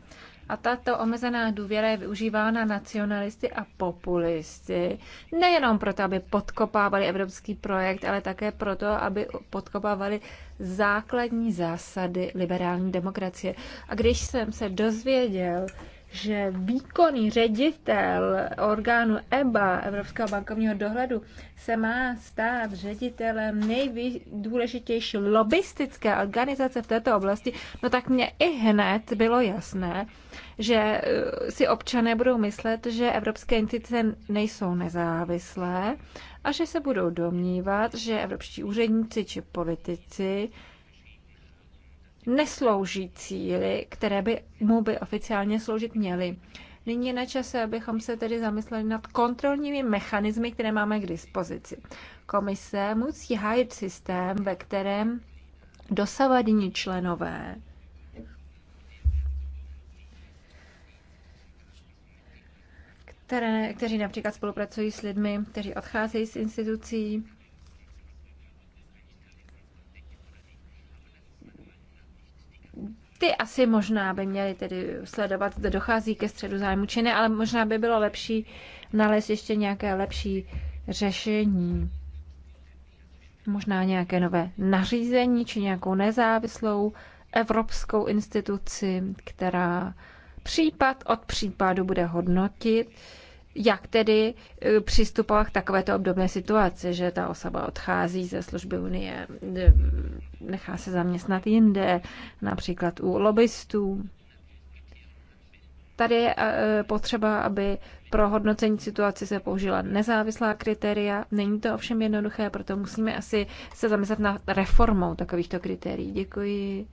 A tato omezená důvěra je využívána nacionalisty a populisty. Nejenom proto, aby podkopávali evropský projekt, ale také proto, aby podkopávali základní zásady liberální demokracie. A když jsem se dozvěděl, že výkonný ředitel orgánu EBA, Evropského bankovního dohledu, se má stát ředitelem nejdůležitější lobbystické organizace v této oblasti, no tak mě i hned bylo jasné, že eh, si občané budou myslet, že evropské instituce nejsou nezávislé a že se budou domnívat, že evropští úředníci či politici neslouží cíly, které by mu by oficiálně sloužit měly. Nyní je na čase, abychom se tedy zamysleli nad kontrolními mechanismy, které máme k dispozici. Komise musí hájit systém, ve kterém dosavadní členové které, kteří například spolupracují s lidmi, kteří odcházejí z institucí, Ty asi možná by měly tedy sledovat, zda dochází ke středu zájmu či ne, ale možná by bylo lepší nalézt ještě nějaké lepší řešení. Možná nějaké nové nařízení či nějakou nezávislou evropskou instituci, která případ od případu bude hodnotit, jak tedy eh, přistupovat k takovéto obdobné situaci, že ta osoba odchází ze služby Unie, eh, nechá se zaměstnat jinde, například u lobbystů. Tady je eh, potřeba, aby pro hodnocení situace se použila nezávislá kritéria. Není to ovšem jednoduché, proto musíme asi se zamyslet nad reformou takovýchto kritérií. Děkuji.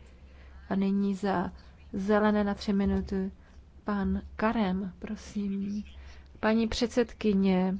A nyní za zelené na tři minuty pan Karem, prosím. Paní předsedkyně,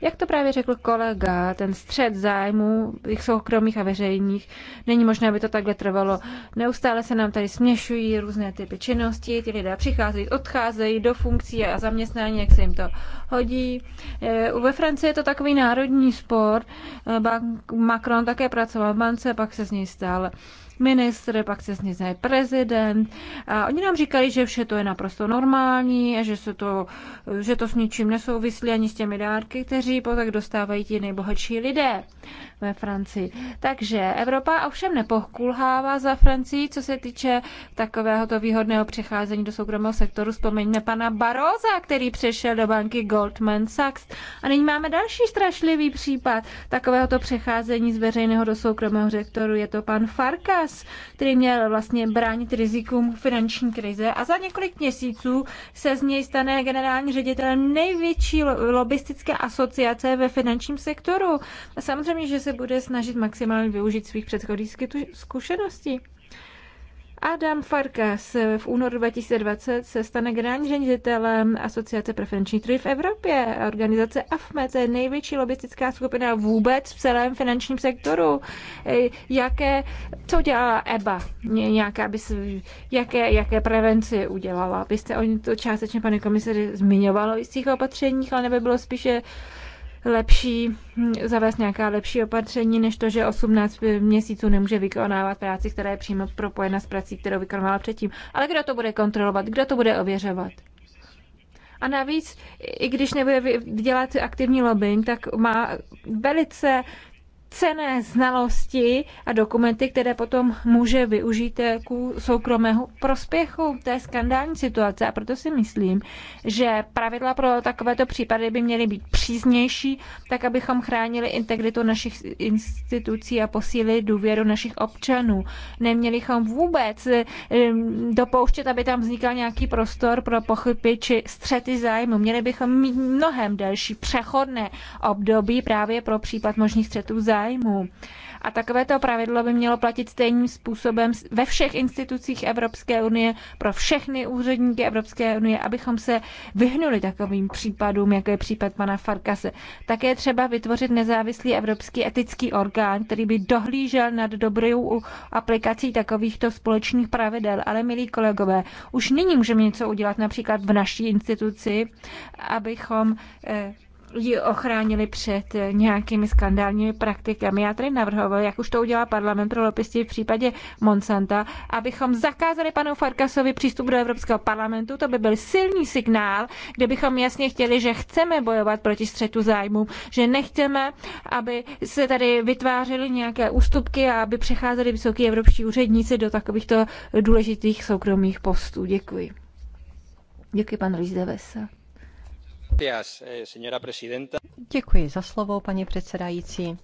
jak to právě řekl kolega, ten střed zájmů, těch soukromých a veřejných, není možné, aby to takhle trvalo. Neustále se nám tady směšují různé typy činností, ti lidé přicházejí, odcházejí do funkcí a zaměstnání, jak se jim to hodí. Eh, ve Francii je to takový národní spor. Eh, Macron také pracoval v bance, pak se z něj stal ministr, pak se snižuje prezident. A oni nám říkají, že vše to je naprosto normální a že, se to, že to s ničím nesouvislí ani s těmi dárky, kteří potom dostávají ti nejbohatší lidé ve Francii. Takže Evropa ovšem nepokulhává za Francii, co se týče takovéhoto výhodného přecházení do soukromého sektoru. Vzpomeňme pana Baroza, který přešel do banky Goldman Sachs. A nyní máme další strašlivý případ takovéhoto přecházení z veřejného do soukromého sektoru. Je to pan Farkas, čas, který měl vlastně bránit rizikům finanční krize a za několik měsíců se z něj stane generální ředitel největší lobistické asociace ve finančním sektoru. A samozřejmě, že se bude snažit maximálně využít svých předchozích zkušeností. Adam Farkas v únoru 2020 se stane generálním ředitelem Asociace preferenčních trhů v Evropě. Organizace AFME, to je největší lobistická skupina vůbec v celém finančním sektoru. E, jaké, co dělala e EBA? Nějaká bys, jaké, jaké prevenci udělala? Byste o to částečně, pane komisaři, zmiňovalo o jistých opatřeních, ale nebo bylo spíše lepší, hm, zavést nějaká lepší opatření, než to, že 18 eh, měsíců nemůže vykonávat práci, která je přímo propojena s prací, kterou vykonávala předtím. Ale kdo to bude kontrolovat? Kdo to bude ověřovat? A navíc, i když nebude dělat aktivní lobbying, tak má velice cené znalosti a dokumenty, které potom může využít ku soukromého prospěchu té skandální situace. A proto si myslím, že pravidla pro takovéto případy by měly být příznější, tak abychom chránili integritu našich institucí a posílili důvěru našich občanů. Neměli bychom vůbec dopouštět, aby tam vznikal nějaký prostor pro pochyby či střety zájmu. Měli bychom mít mnohem delší přechodné období právě pro případ možných střetů zájmu zájmů. A takovéto pravidlo by mělo platit stejným způsobem ve všech institucích Evropské unie, pro všechny úředníky Evropské unie, abychom se vyhnuli takovým případům, jako je případ pana Farkase. Také třeba vytvořit nezávislý evropský etický orgán, který by dohlížel nad dobrou aplikací takovýchto společných pravidel. Ale milí kolegové, už nyní můžeme něco udělat například v naší instituci, abychom eh, ji ochránili před nějakými skandálními praktikami. Já tady navrhoval, jak už to udělá parlament pro lopisti v případě Monsanta, abychom zakázali panu Farkasovi přístup do Evropského parlamentu. To by byl silný signál, kde bychom jasně chtěli, že chceme bojovat proti střetu zájmu, že nechceme, aby se tady vytvářely nějaké ústupky a aby přecházeli vysoký evropští úředníci do takovýchto důležitých soukromých postů. Děkuji. Děkuji, pan Ruiz Eh, Děkuji za slovo, paní předsedající.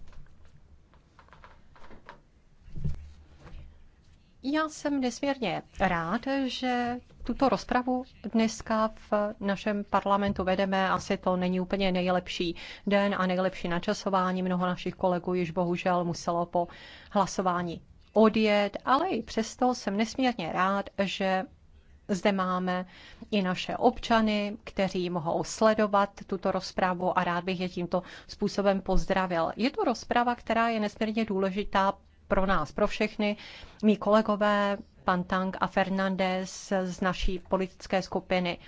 Já jsem nesmírně rád, že tuto rozpravu dneska v našem parlamentu vedeme. Asi to není úplně nejlepší den a nejlepší načasování. Mnoho našich kolegů již bohužel muselo po hlasování odjet, ale i přesto jsem nesmírně rád, že zde máme i naše občany, kteří mohou sledovat tuto rozpravu a rád bych je tímto způsobem pozdravil. Je to rozprava, která je nesmírně důležitá pro nás, pro všechny. Mí kolegové, pan Tang a Fernandez z naší politické skupiny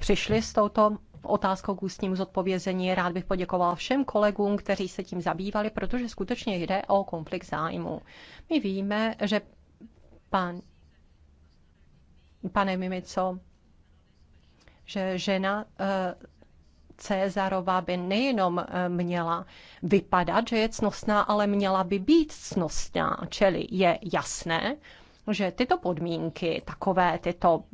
přišli s touto otázkou k ústnímu zodpovězení. Rád bych poděkoval všem kolegům, kteří se tím zabývali, protože skutečně jde o konflikt zájmu. My víme, že pan pane Mimico, že žena eh, Cezarová by nejenom eh, měla vypadat, že je cnostná, ale měla by být cnostná. Čili je jasné, že tyto podmínky, takové tyto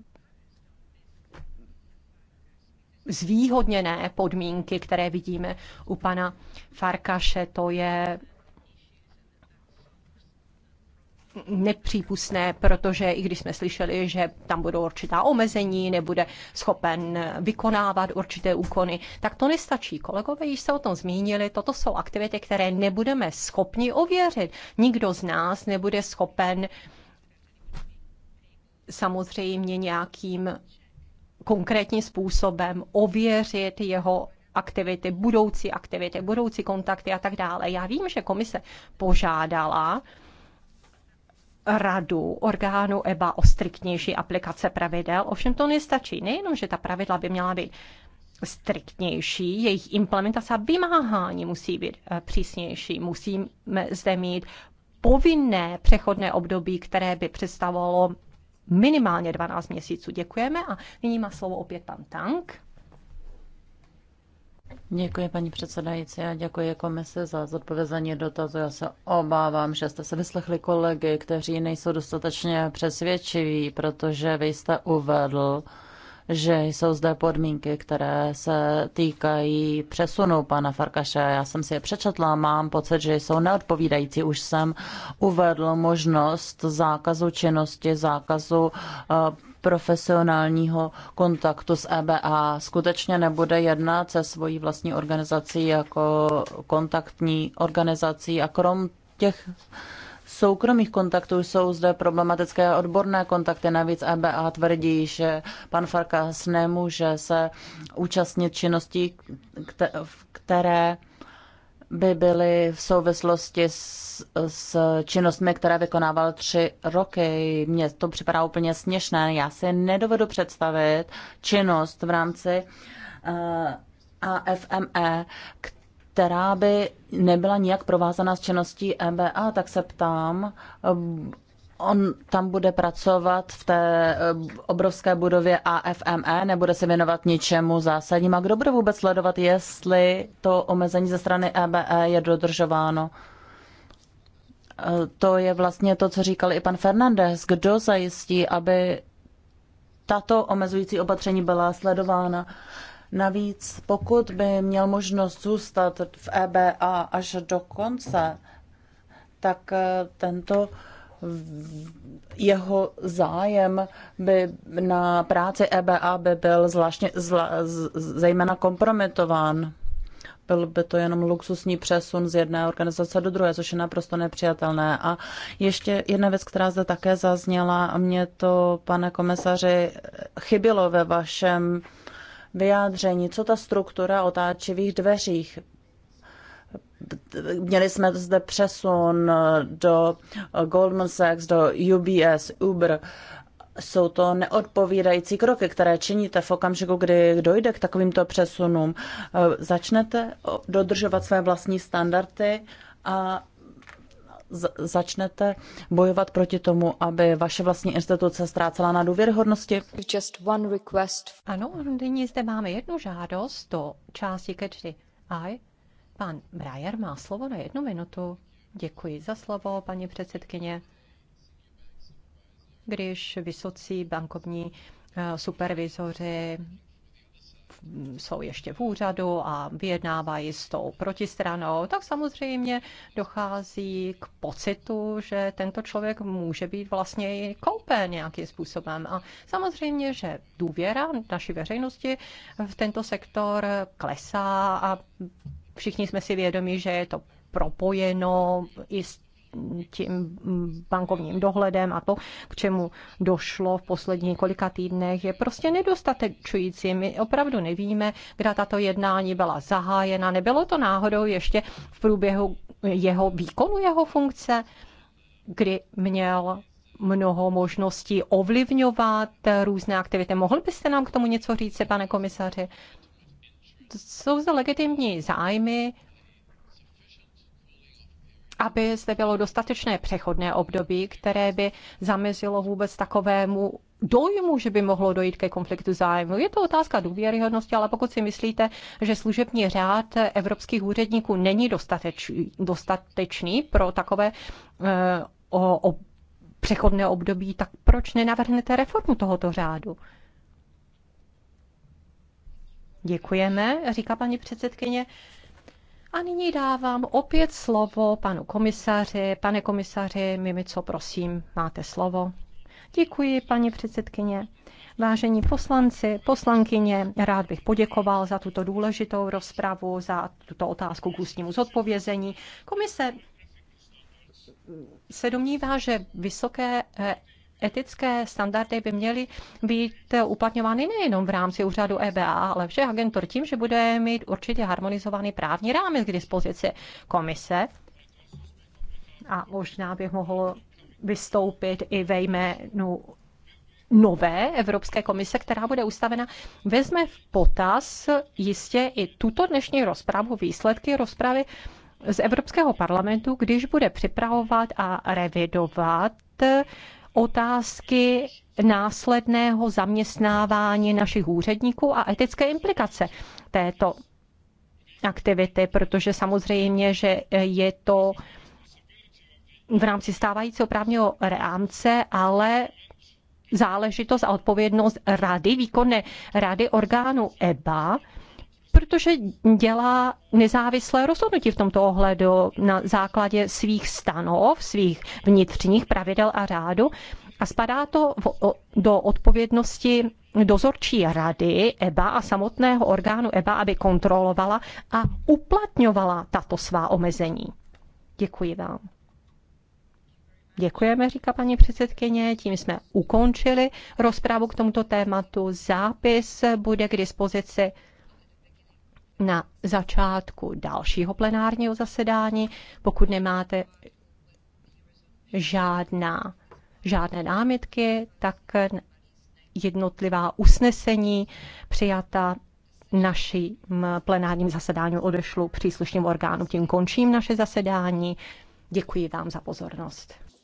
zvýhodněné podmínky, které vidíme u pana Farkaše, to je nepřípustné, protože i když jsme slyšeli, že tam budou určitá omezení, nebude schopen vykonávat určité úkony, tak to nestačí. Kolegové již se o tom zmínili, toto jsou aktivity, které nebudeme schopni ověřit. Nikdo z nás nebude schopen samozřejmě nějakým konkrétním způsobem ověřit jeho aktivity, budoucí aktivity, budoucí kontakty a tak dále. Já vím, že komise požádala radu orgánu EBA o striktnější aplikace pravidel. Ovšem to nestačí. Nejenom, že ta pravidla by měla být striktnější, jejich implementace a vymáhání musí být eh, přísnější. Musíme zde mít povinné přechodné období, které by představovalo minimálně 12 měsíců. Děkujeme a nyní má slovo opět pan Tank. Děkuji, paní předsedající, a děkuji komise za zodpovězení dotazu. Já se obávám, že jste se vyslechli kolegy, kteří nejsou dostatečně přesvědčiví, protože vy jste uvedl, že jsou zde podmínky, které se týkají přesunu pana Farkaše. Já jsem si je přečetla, mám pocit, že jsou neodpovídající. Už jsem uvedl možnost zákazu činnosti, zákazu eh, profesionálního kontaktu s EBA. Skutečně nebude jednat se svojí vlastní organizací jako kontaktní organizací a krom těch soukromých kontaktů jsou zde problematické odborné kontakty. Navíc EBA tvrdí, že pan Farkas nemůže se účastnit činností, které by byly v souvislosti s, s činnostmi, které vykonával tři roky. Mně to připadá úplně směšné. Já si nedovedu představit činnost v rámci uh, eh, AFME, která by nebyla nijak provázaná s činností MBA, e tak se ptám, eh, On tam bude pracovat v té eh, obrovské budově AFME, nebude se věnovat ničemu zásadním. A kdo bude vůbec sledovat, jestli to omezení ze strany EBE e je dodržováno? Eh, to je vlastně to, co říkal i pan Fernandez. Kdo zajistí, aby tato omezující opatření byla sledována? Navíc, pokud by měl možnost zůstat v EBA až do konce, tak eh, tento jeho zájem by na práci EBA by byl zvláštně, zla, zejména kompromitován. Byl by to jenom luxusní přesun z jedné organizace do druhé, což je naprosto nepřijatelné. A ještě jedna věc, která zde také zazněla, a mě to, pane komisaři, chybilo ve vašem vyjádření, co ta struktura otáčivých dveřích. Měli jsme zde přesun do Goldman Sachs, do UBS, Uber. Jsou to neodpovídající kroky, které činíte v okamžiku, kdy dojde k takovýmto přesunům. Začnete dodržovat své vlastní standardy a začnete bojovat proti tomu, aby vaše vlastní instituce ztrácela na důvěrhodnosti? Ano, nyní zde máme jednu žádost do části ke čty. Aj, pan Brajer má slovo na jednu minutu. Děkuji za slovo, paní předsedkyně. Když vysocí bankovní eh, supervizoři Mm, jsou ještě v úřadu a vyjednávají s tou protistranou, tak samozřejmě dochází k pocitu, že tento člověk může být vlastně i koupen nějakým způsobem. A samozřejmě, že důvěra naší veřejnosti v tento sektor klesá a všichni jsme si vědomi, že je to propojeno i s tím bankovním dohledem a to, k čemu došlo v posledních několika týdnech, je prostě nedostatečující. My opravdu nevíme, kdy tato jednání byla zahájena. Nebylo to náhodou ještě v průběhu jeho výkonu jeho funkce, kdy měl mnoho možností ovlivňovat různé aktivity. Mohl byste nám k tomu něco říct, pane komisaři? Jsou zde legitimní zájmy aby zde bylo dostatečné přechodné období, které by zamezilo vůbec takovému dojmu, že by mohlo dojít ke konfliktu zájmu. Je to otázka důvěryhodnosti, ale pokud si myslíte, že služební řád evropských úředníků není dostatečný, dostatečný pro takové uh, o, o přechodné období, tak proč nenavrhnete reformu tohoto řádu? Děkujeme, říká paní předsedkyně. A nyní dávám opět slovo panu komisaři. Pane komisaři Mimico, prosím, máte slovo. Děkuji, paní předsedkyně. Vážení poslanci, poslankyně, rád bych poděkoval za tuto důležitou rozpravu, za tuto otázku k ústnímu zodpovězení. Komise se domnívá, že vysoké eh, etické standardy by měly být uplatňovány nejenom v rámci úřadu EBA, ale všech agentur tím, že bude mít určitě harmonizovaný právní rámec k dispozici komise. A možná bych mohl vystoupit i ve jménu nové Evropské komise, která bude ustavena, vezme v potaz jistě i tuto dnešní rozpravu, výsledky rozpravy z Evropského parlamentu, když bude připravovat a revidovat otázky následného zaměstnávání našich úředníků a etické implikace této aktivity, protože samozřejmě, že je to v rámci stávajícího právního rámce, ale záležitost a odpovědnost rady, výkonné rady orgánu EBA, protože dělá nezávislé rozhodnutí v tomto ohledu na základě svých stanov, svých vnitřních pravidel a řádu. A spadá to do odpovědnosti dozorčí rady EBA a samotného orgánu EBA, aby kontrolovala a uplatňovala tato svá omezení. Děkuji vám. Děkujeme, říká paní předsedkyně. Tím jsme ukončili rozprávu k tomuto tématu. Zápis bude k dispozici na začátku dalšího plenárního zasedání, pokud nemáte žádná, žádné námitky, tak jednotlivá usnesení přijata naším plenárním zasedáním odešlu příslušným orgánu. Tím končím naše zasedání. Děkuji vám za pozornost.